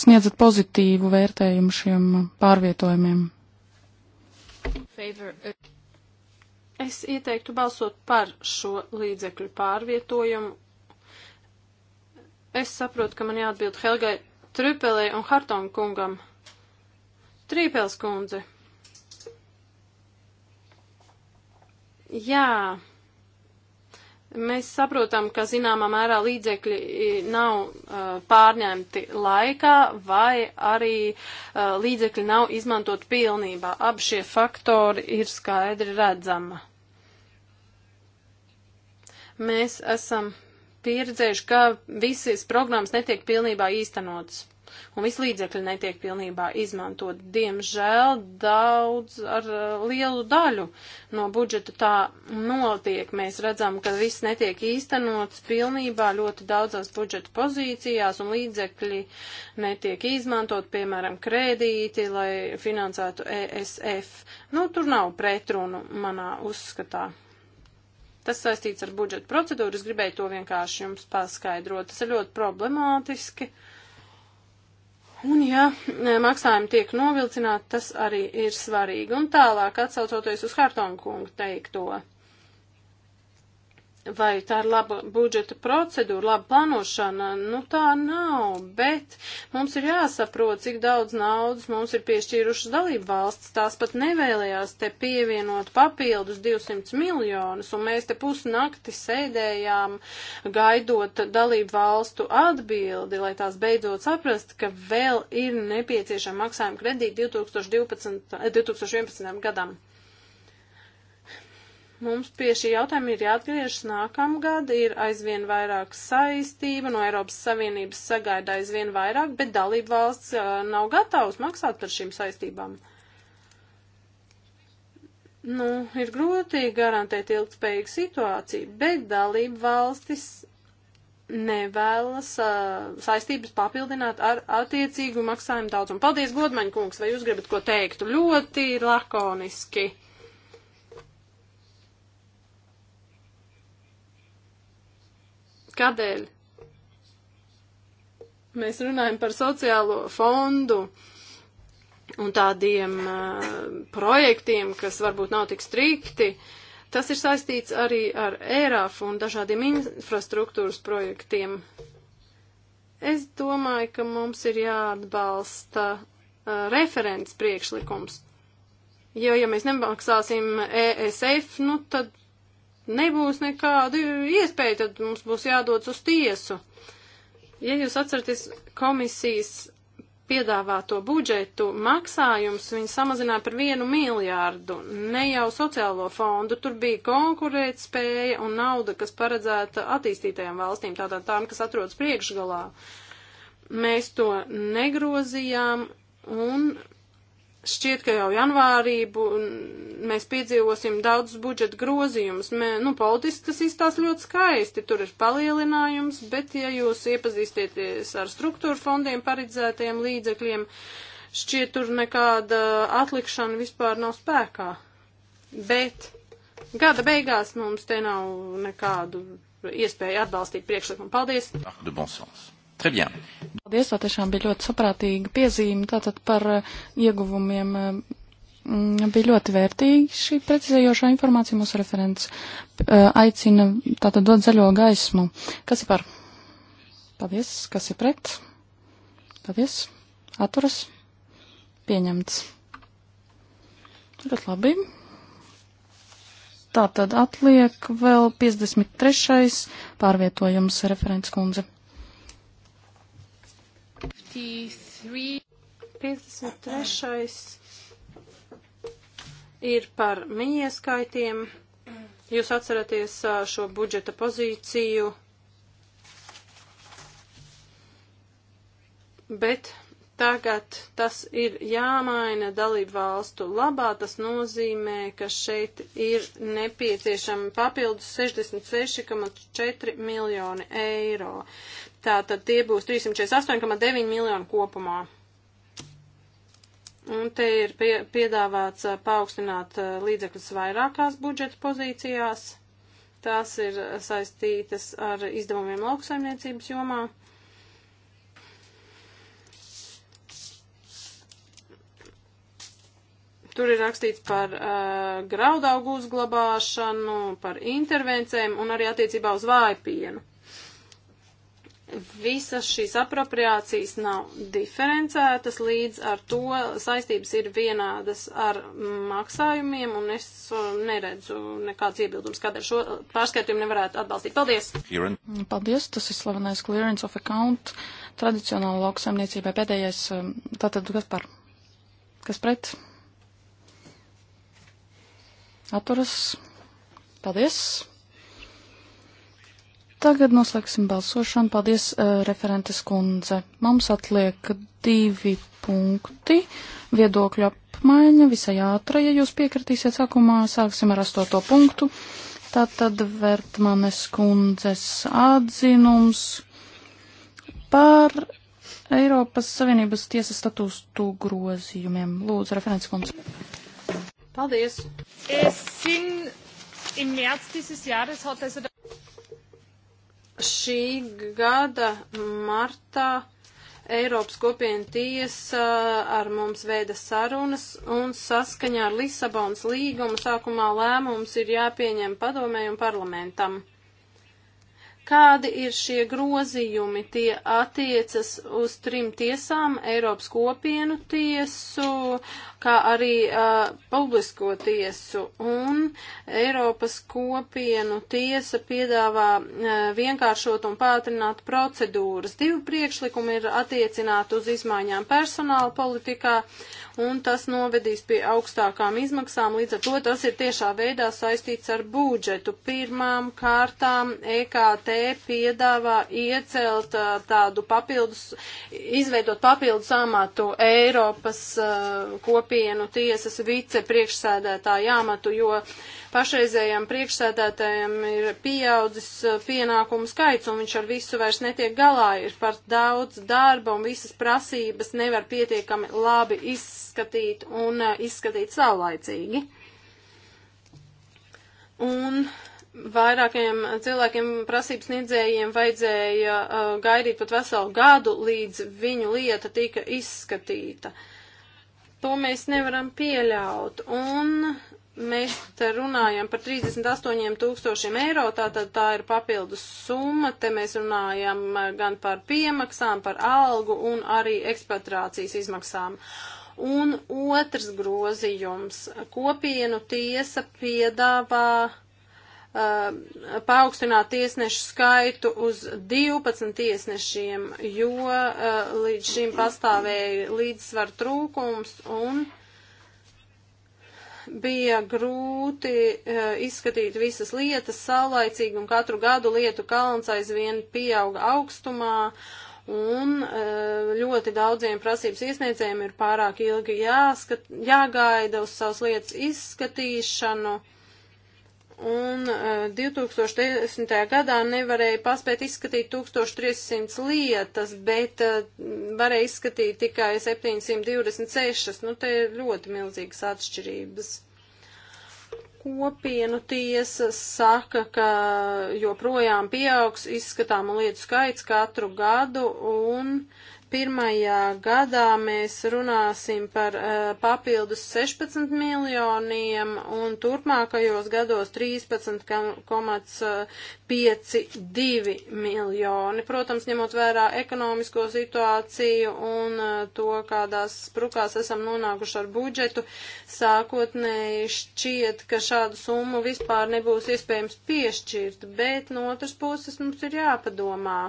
sniedzat pozitīvu vērtējumu šiem pārvietojumiem? Es ieteiktu balsot par šo līdzekļu pārvietojumu Es saprotu, ka man jāatbild Helgai Trupelē un Hartonga kungam. Trīpels kundze. Jā. Mēs saprotam, ka zināmā mērā līdzekļi nav uh, pārņemti laikā vai arī uh, līdzekļi nav izmantot pilnībā. Ab šie faktori ir skaidri redzama. Mēs esam pieredzējuši, ka visas programmas netiek pilnībā īstenotas. Un visi līdzekļi netiek pilnībā izmantot. Diemžēl daudz ar uh, lielu daļu no budžeta tā notiek. Mēs redzam, ka viss netiek īstenots pilnībā ļoti daudzās budžeta pozīcijās un līdzekļi netiek izmantot, piemēram, kredīti, lai finansētu ESF. Nu, tur nav pretrunu manā uzskatā. Tas saistīts ar budžeta procedūru. Es gribēju to vienkārši jums paskaidrot. Tas ir ļoti problemātiski. Un, ja e, maksājumi tiek novilcināti, tas arī ir svarīgi. Un tālāk, atsaucoties uz Hartonga kungu teikto, vai tā ir laba budžeta procedūra, laba plānošana, nu tā nav, bet mums ir jāsaprot, cik daudz naudas mums ir piešķīrušas dalību valsts, tās pat nevēlējās te pievienot papildus 200 miljonus, un mēs te pusnakti sēdējām gaidot dalību valstu atbildi, lai tās beidzot saprast, ka vēl ir nepieciešama maksājuma kredīta 2012, 2011. gadam. Mums pie šī jautājuma ir jāatgriežas nākamgad, ir aizvien vairāk saistība, no Eiropas Savienības sagaida aizvien vairāk, bet dalība valsts uh, nav gatavs maksāt par šīm saistībām. Nu, ir grūti garantēt ilgspējīgu situāciju, bet dalība valstis nevēlas uh, saistības papildināt ar attiecīgu maksājumu daudzumu. Paldies, Godmaņa kungs, vai jūs gribat ko teikt? Ļoti lakoniski. Kādēļ? Mēs runājam par sociālo fondu un tādiem uh, projektiem, kas varbūt nav tik strikti. Tas ir saistīts arī ar ERAF un dažādiem infrastruktūras projektiem. Es domāju, ka mums ir jāatbalsta uh, referents priekšlikums. Jo, ja mēs nemaksāsim ESF, nu tad nebūs nekāda iespēja, tad mums būs jādodas uz tiesu. Ja jūs atceraties komisijas piedāvāto budžetu maksājums viņi samazināja par vienu miljārdu, ne jau sociālo fondu, tur bija konkurētspēja un nauda, kas paredzēta attīstītajām valstīm, tātad tām, kas atrodas priekšgalā. Mēs to negrozījām un šķiet, ka jau janvārī bu, mēs piedzīvosim daudz budžeta grozījumus. Nu, politiski tas izstās ļoti skaisti, tur ir palielinājums, bet ja jūs iepazīstieties ar struktūra fondiem paredzētajiem līdzekļiem, šķiet, tur nekāda atlikšana vispār nav spēkā. Bet gada beigās mums te nav nekādu iespēju atbalstīt priekšlikumu. Paldies! Ah, Très bien. Paldies, tā tiešām bija ļoti saprātīga piezīme. Tātad par eh, ieguvumiem eh, mm, bija ļoti vērtīga šī precizējošā informācija. Mūsu referents eh, aicina tātad dot zaļo gaismu. Kas ir par? Paldies. Kas ir pret? Paldies. Atturas. Pieņemts. Ļoti labi. Tātad atliek vēl 53. pārvietojums referents kundze. 53. ir par mīieskaitiem. Jūs atceraties šo budžeta pozīciju, bet tagad tas ir jāmaina dalību valstu labā. Tas nozīmē, ka šeit ir nepieciešama papildus 66,4 miljoni eiro. Tātad tie būs 348,9 miljoni kopumā. Un te ir pie, piedāvāts paaugstināt līdzekļus vairākās budžeta pozīcijās. Tās ir saistītas ar izdevumiem lauksaimniecības jomā. Tur ir rakstīts par uh, graudaugu uzglabāšanu, par intervencēm un arī attiecībā uz vājpienu visas šīs apropriācijas nav diferencētas, līdz ar to saistības ir vienādas ar maksājumiem, un es uh, neredzu nekāds iebildums, kādēļ šo pārskaitījumu nevarētu atbalstīt. Paldies! Clearance. Paldies, tas ir slavenais clearance of account tradicionāla lauksaimniecībai pēdējais, um, tātad kas par? Kas pret? Atturas. Paldies! Tagad noslēgsim balsošanu. Paldies, uh, referentes kundze. Mums atliek divi punkti. Viedokļu apmaiņa visai ātra, ja jūs piekritīsiet sākumā. Sāksim ar astoto punktu. Tātad Vertmanes kundzes atzinums par Eiropas Savienības tiesas statūstu grozījumiem. Lūdzu, referents kundze. Paldies. Es sin, im März dieses Jahres hat also šī gada martā Eiropas kopiena tiesa ar mums veida sarunas un saskaņā ar Lisabonas līgumu sākumā lēmums ir jāpieņem padomē un parlamentam. Kādi ir šie grozījumi? Tie attiecas uz trim tiesām - Eiropas kopienu tiesu, kā arī uh, publisko tiesu. Un Eiropas kopienu tiesa piedāvā uh, vienkāršot un pātrināt procedūras. Divi priekšlikumi ir attiecināti uz izmaiņām personāla politikā, un tas novedīs pie augstākām izmaksām. Līdz ar to tas ir tiešā veidā saistīts ar budžetu. Pirmām kārtām EKT piedāvā iecelt uh, tādu papildus, izveidot papildus amatu Eiropas uh, kopienu kopienu tiesas vicepriekšsēdētāju amatu, jo pašreizējam priekšsēdētājam ir pieaudzis uh, pienākumu skaits, un viņš ar visu vairs netiek galā, ir par daudz darba, un visas prasības nevar pietiekami labi izskatīt un uh, izskatīt saulaicīgi. Un vairākiem cilvēkiem prasības niedzējiem vajadzēja uh, gaidīt pat veselu gadu, līdz viņu lieta tika izskatīta. Uh, To mēs nevaram pieļaut. Un mēs te runājam par 38 tūkstošiem eiro, tātad tā ir papildus summa, te mēs runājam eh, gan par piemaksām, par algu un arī ekspatriācijas izmaksām. Un otrs grozījums. Kopienu tiesa piedāvā Uh, paaugstināt tiesnešu skaitu uz 12 tiesnešiem, jo uh, līdz šim pastāvēja līdzsvar trūkums un bija grūti uh, izskatīt visas lietas saulaicīgi un katru gadu lietu kalns aizvien pieauga augstumā un ļoti daudziem prasības iesniedzējiem ir pārāk ilgi jāskat, jāgaida uz savas lietas izskatīšanu un 2010. Eh, gadā nevarēja paspēt izskatīt 1300 lietas, bet eh, varēja izskatīt tikai 726. Nu, te ir ļoti milzīgas atšķirības kopienu tiesa saka, ka joprojām pieaugs izskatāmu lietu skaits katru gadu un 2001. gadā mēs runāsim par uh, papildus 16 miljoniem un turpmākajos gados 13,52 eh, miljoni. Protams, ņemot vērā ekonomisko situāciju un uh, to, kādās sprukās esam nonākuši ar budžetu, sākotnēji šķiet, ka šādu summu vispār nebūs iespējams piešķirt, bet no otras puses mums ir jāpadomā.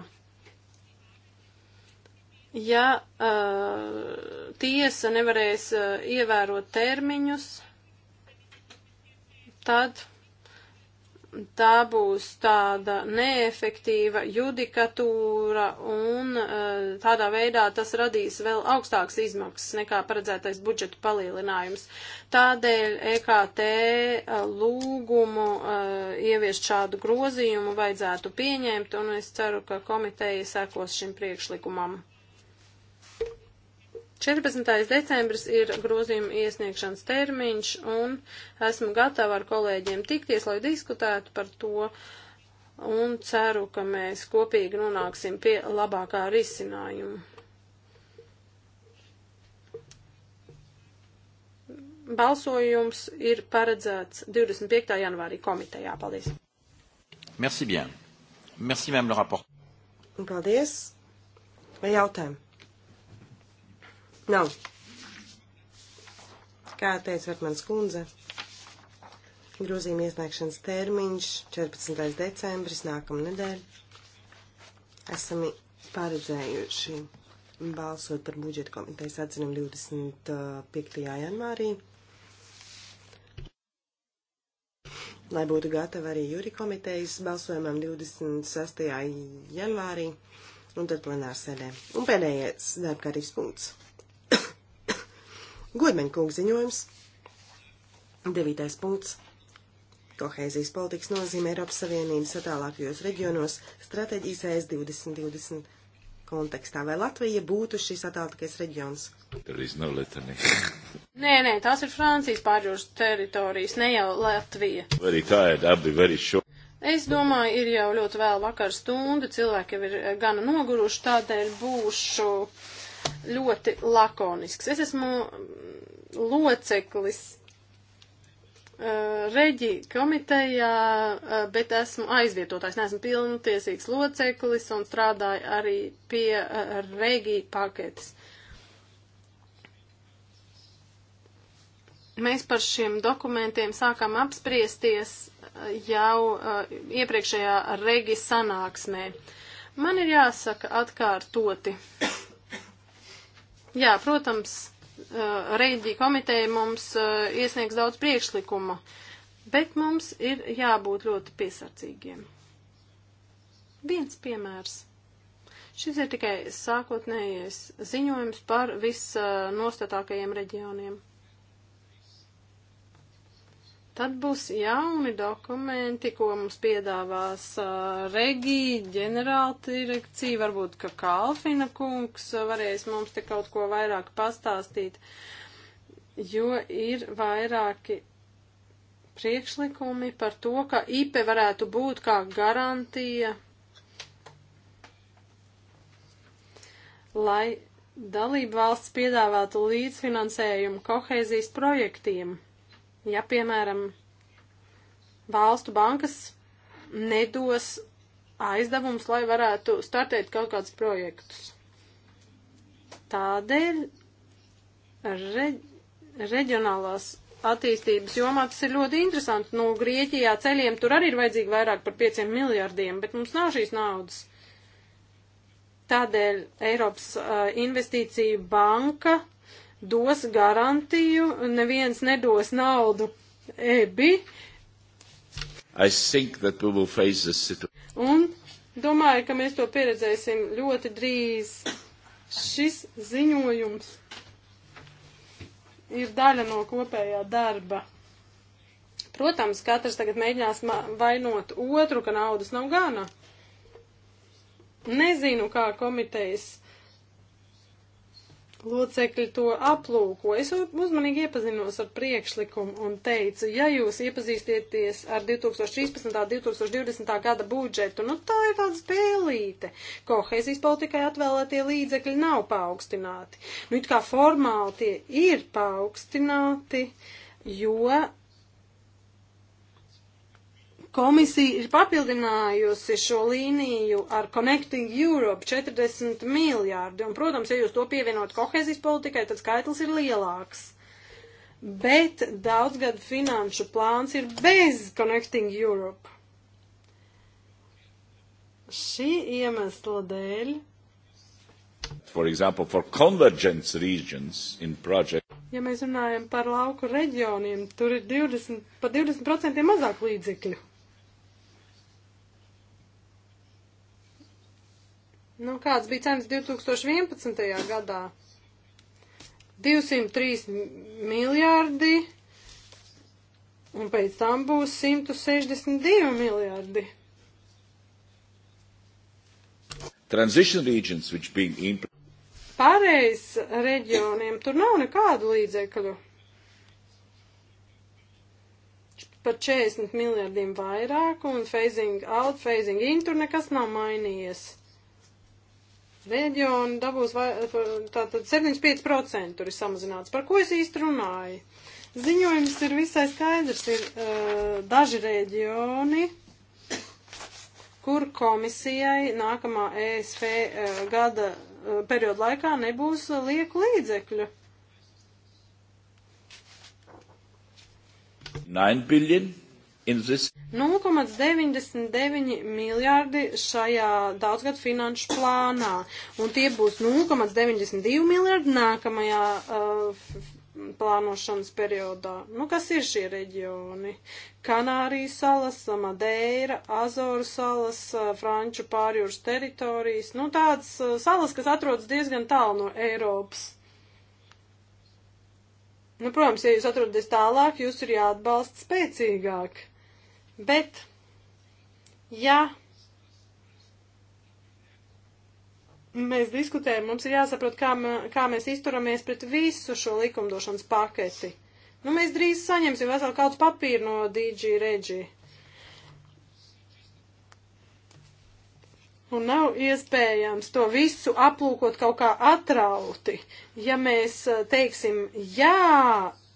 Ja uh, tiesa nevarēs uh, ievērot termiņus, tad tā būs tāda neefektīva judikatūra un tādā veidā tas radīs vēl augstāks izmaksas nekā paredzētais budžeta palielinājums. Tādēļ EKT lūgumu ieviest šādu grozījumu vajadzētu pieņemt un es ceru, ka komiteja sekos šim priekšlikumam. 14. decembris ir grozījuma iesniegšanas termiņš, un esmu gatava ar kolēģiem tikties, lai diskutētu par to, un ceru, ka mēs kopīgi nonāksim pie labākā risinājuma. Balsojums ir paredzēts 25. janvārī komitejā. Paldies! Merci bien! Merci, même le rapport. Paldies! Jautājumu! Nav. Kā teica Vertmans kundze, grozījuma iesniegšanas termiņš 14. decembris nākamnedēļ. Esam paredzējuši balsot par budžeta komitejas atzinumu 25. janvārī. Lai būtu gatava arī jūri komitejas balsojumam 26. janvārī un tad plenārsēdē. Un pēdējais darbkārtības punkts. Godmeņkungs ziņojums. Devītais punkts. Kohēzijas politikas nozīme Eiropas Savienības attālākajos reģionos stratēģijas e ES 2020 kontekstā. Vai Latvija būtu šis attālākais reģions? No nē, nē, tās ir Francijas pārģūras teritorijas, ne jau Latvija. Very tired, abi very short. Es domāju, ir jau ļoti vēl vakar stunda, cilvēki jau ir gana noguruši, tādēļ būšu. Uh, ļoti lakonisks. Es esmu mm, loceklis uh, reģi komitejā, uh, bet esmu aizvietotājs, neesmu pilntiesīgs loceklis un strādāju arī pie uh, reģi paketes. Mēs par šiem dokumentiem sākām apspriesties jau iepriekšējā reģi sanāksmē. Man ir jāsaka atkārtoti, Jā, protams, eh, Reidija komiteja mums eh, iesniegs daudz priekšlikuma, bet mums ir jābūt ļoti piesardzīgiem. Viens piemērs. Šis ir tikai sākotnējais ziņojums par visnostatākajiem reģioniem. Tad būs jauni dokumenti, ko mums piedāvās uh, Regī, ģenerāla direkcija, varbūt, ka Kalfina kungs varēs mums te kaut ko vairāk pastāstīt, jo ir vairāki priekšlikumi par to, ka IPE varētu būt kā garantija, lai dalību valsts piedāvātu līdzfinansējumu kohēzijas projektiem. Ja, piemēram, valstu bankas nedos aizdevums, lai varētu startēt kaut kādus projektus. Tādēļ re, reģionālās attīstības jomā tas ir ļoti interesanti. Nu, Grieķijā ceļiem tur arī ir vajadzīgi vairāk par pieciem miljardiem, bet mums nav šīs naudas. Tādēļ Eiropas uh, investīcija banka dos garantiju, neviens nedos naudu ebi. Un domāju, ka mēs to pieredzēsim ļoti drīz. Šis ziņojums ir daļa no kopējā darba. Protams, katrs tagad mēģinās vainot otru, ka naudas nav gana. Nezinu, kā komitejas locekļi to aplūko. Es uzmanīgi iepazinos ar priekšlikumu un teicu, ja jūs iepazīstieties ar 2013. un 2020. gada budžetu, nu tā ir tāds spēlīte. Kohēzijas politikai atvēlētie līdzekļi nav paaugstināti. Nu, it kā formāli tie ir paaugstināti, jo Komisija ir papildinājusi šo līniju ar Connecting Europe 40 miljārdi, un, protams, ja jūs to pievienot kohēzijas politikai, tad skaitlis ir lielāks. Bet daudzgadu finanšu plāns ir bez Connecting Europe. Šī iemesla dēļ For example, for convergence regions in project. Ja mēs runājam par lauku reģioniem, tur ir 20, pa 20% mazāk līdzekļu. kāds bija cenas 2011. gadā. 203 miljārdi, un pēc tam būs 162 miljārdi. Transition regions, which being implemented. Pārējais reģioniem tur nav nekādu līdzekļu. par 40 miljardiem vairāk, un phasing out, phasing in tur nekas nav mainījies reģioni dabūs vai, tātad 75% tur ir samazināts. Par ko es īsti runāju? Ziņojums ir visai skaidrs, ir uh, daži reģioni, kur komisijai nākamā ESF uh, gada uh, perioda laikā nebūs lieku līdzekļu. 9 billion in this. 0,99 miljārdi šajā daudzgad finanšu plānā, un tie būs 0,92 miljārdi nākamajā uh, plānošanas periodā. Nu, kas ir šie reģioni? Kanārijas salas, Madeira, Azoru salas, uh, Franču pārjūras teritorijas. Nu, tādas uh, salas, kas atrodas diezgan tālu no Eiropas. Nu, protams, ja jūs atrodaties tālāk, jūs ir jāatbalsta spēcīgāk. Bet, ja mēs diskutējam, mums ir jāsaprot, kā, kā mēs izturamies pret visu šo likumdošanas paketi. Nu, mēs drīz saņemsim veselu kādu papīru no DJ Regi. Un nav iespējams to visu aplūkot kaut kā atrauti. Ja mēs eh, teiksim, jā,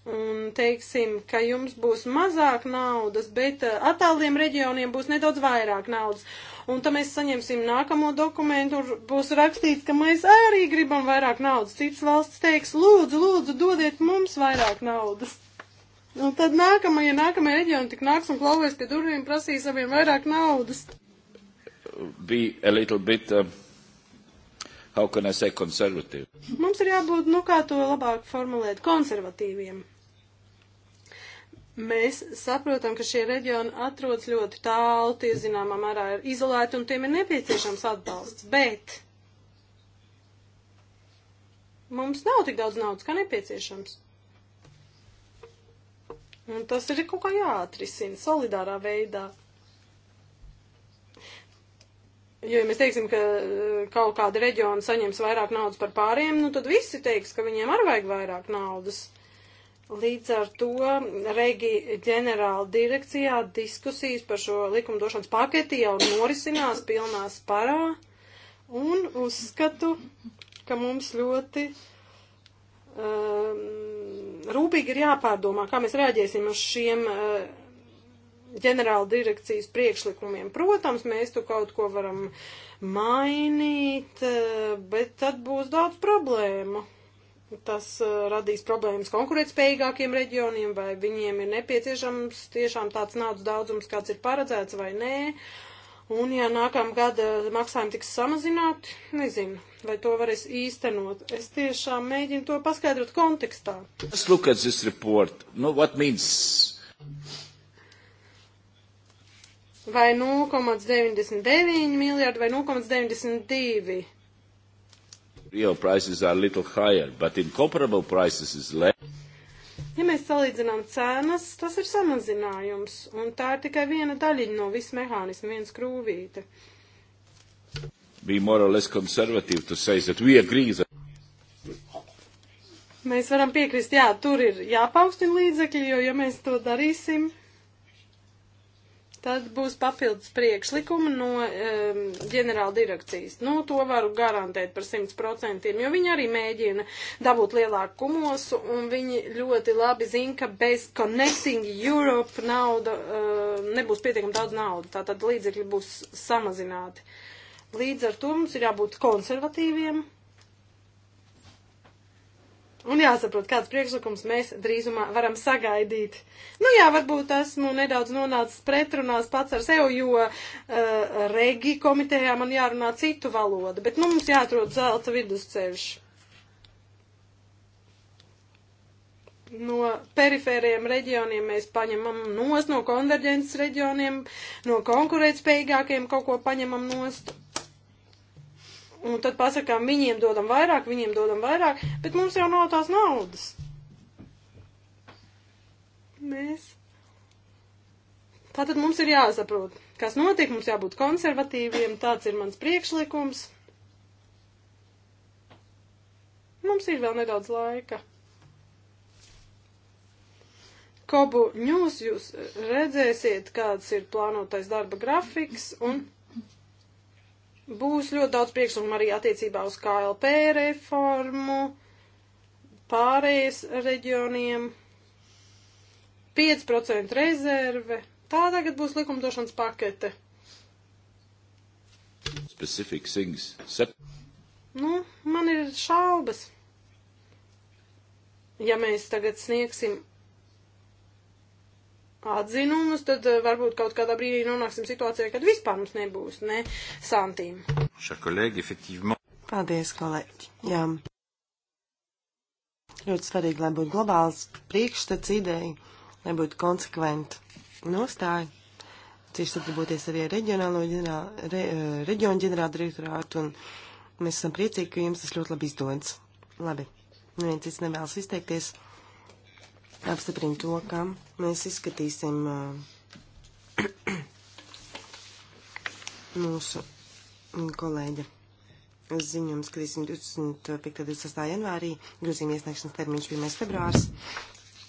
un teiksim, ka jums būs mazāk naudas, bet eh, attāliem reģioniem būs nedaudz vairāk naudas. Un tad mēs saņemsim nākamo dokumentu, tur būs rakstīts, ka mēs arī gribam vairāk naudas. Cits valsts teiks, lūdzu, lūdzu, dodiet mums vairāk naudas. Un tad nākamajie, ja nākamie reģioni tik nāks un klauvēs pie durvīm, prasīs saviem vairāk naudas. Be a little bit, um, how can I say, conservative? Mums ir jābūt, nu kā to labāk formulēt, konservatīviem. Mēs saprotam, ka šie reģioni atrodas ļoti tālu, tie zināmā mērā ir izolēti un tiem ir nepieciešams atbalsts, bet mums nav tik daudz naudas, kā nepieciešams. Un tas ir kaut kā jāatrisina solidārā veidā. Jo, ja mēs teiksim, ka eh, kaut kāda reģiona saņems vairāk naudas par pāriem, nu tad visi teiks, ka viņiem arī vajag vairāk naudas. Līdz ar to Regi ģenerāla direkcijā diskusijas par šo likumdošanas paketi jau norisinās pilnā sparā un uzskatu, ka mums ļoti um, rūpīgi ir jāpārdomā, kā mēs reaģēsim uz šiem uh, ģenerāla direkcijas priekšlikumiem. Protams, mēs tu kaut ko varam mainīt, uh, bet tad būs daudz problēmu tas uh, radīs problēmas konkurētspējīgākiem reģioniem, vai viņiem ir nepieciešams tiešām tāds naudas daudzums, kāds ir paredzēts vai nē. Un ja nākamā gada maksājumi tiks samazināti, nezinu, vai to varēs īstenot. Es tiešām mēģinu to paskaidrot kontekstā. Let's look at this report. No, what means? Vai 0,99 miljardi vai 0,92? real prices are a little higher, but in comparable prices is less. Ja mēs salīdzinām cenas, tas ir samazinājums, un tā ir tikai viena daļiņa no visa mehānisma, viens krūvīte. Bija more or less conservative to say that we agree that Mēs varam piekrist, jā, tur ir jāpaukstina līdzekļi, jo ja mēs to darīsim, Tad būs papildus priekšlikumi no um, ģenerāla direkcijas. Nu, to varu garantēt par 100%, jo viņi arī mēģina dabūt lielāku kumosu, un viņi ļoti labi zina, ka bez Connecting Europe nauda, uh, nebūs pietiekami daudz naudas, tātad līdzekļi būs samazināti. Līdz ar to mums ir jābūt konservatīviem, Un jāsaprot, kāds priekšlikums mēs drīzumā varam sagaidīt. Nu jā, varbūt esmu nedaudz nonācis pretrunās pats ar sevi, jo uh, regi komitejā man jārunā citu valodu, bet nu mums jāatrod zelta vidusceļš. No perifēriem reģioniem mēs paņemam nost, no konverģences reģioniem, no konkurētspējīgākiem kaut ko paņemam nost un tad pasakām, viņiem dodam vairāk, viņiem dodam vairāk, bet mums jau nav tās naudas. Mēs. Tātad mums ir jāsaprot, kas notiek, mums jābūt konservatīviem, tāds ir mans priekšlikums. Mums ir vēl nedaudz laika. Kobu ņūs jūs redzēsiet, kāds ir plānotais darba grafiks un. Mm Būs ļoti daudz priekšlikumu arī attiecībā uz KLP reformu, pārējais reģioniem, 5% rezerve. Tā tagad būs likumdošanas pakete. Specific things. Sep nu, man ir šaubas. Ja mēs tagad sniegsim atzinumus, tad eh, varbūt kaut kādā brīdī nonāksim situācijā, kad vispār mums nebūs ne santīm. Paldies, kolēģi. Jā. Ļoti svarīgi, lai būtu globāls priekšstats ideja, lai būtu konsekventa nostāja. Cieši sadarboties arī ar reģionālo ģenerālu, re, eh, reģionu ģenerālu direktorātu, un mēs esam priecīgi, ka jums tas ļoti labi izdodas. Labi. Neviens cits nevēlas izteikties apstiprina to, ka mēs izskatīsim uh, mūsu kolēģa ziņojumu. Skatīsim 25. 26. janvārī, grozījuma iesniegšanas termiņš 1. februārs.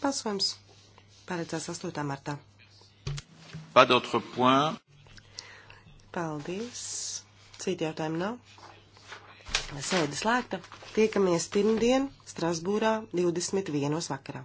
Balsojums paredzēts 8. martā. Pas d'autre point. Paldies. Citu jautājumu nav. Sēde slēgta. Tiekamies pirmdien Strasbūrā 21. vakarā.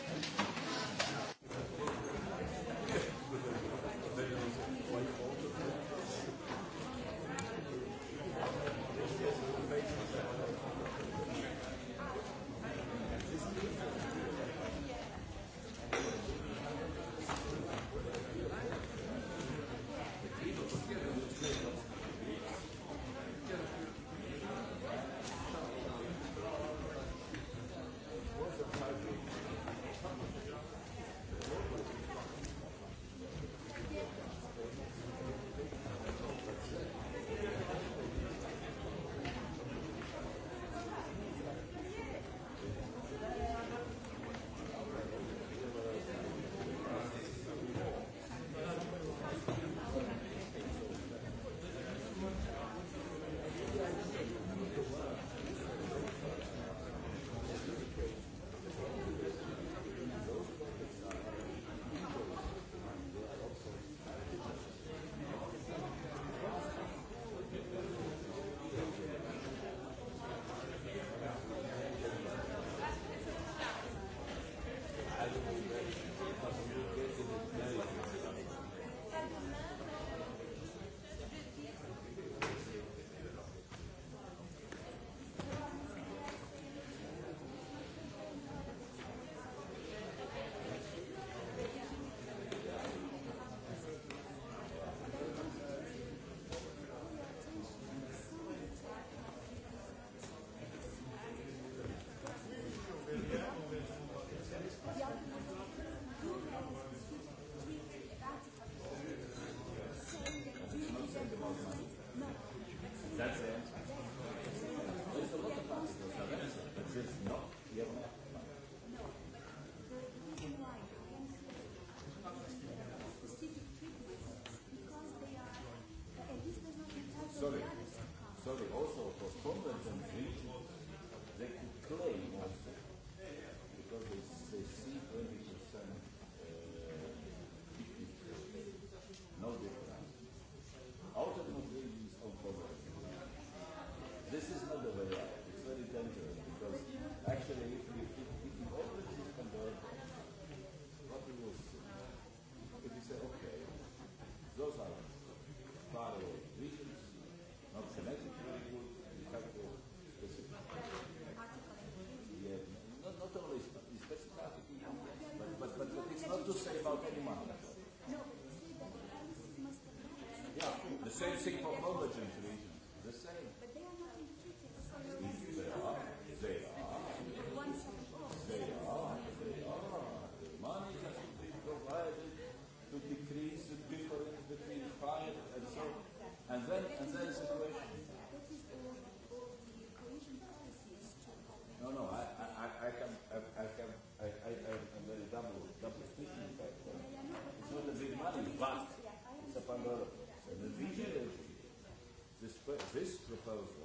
closed.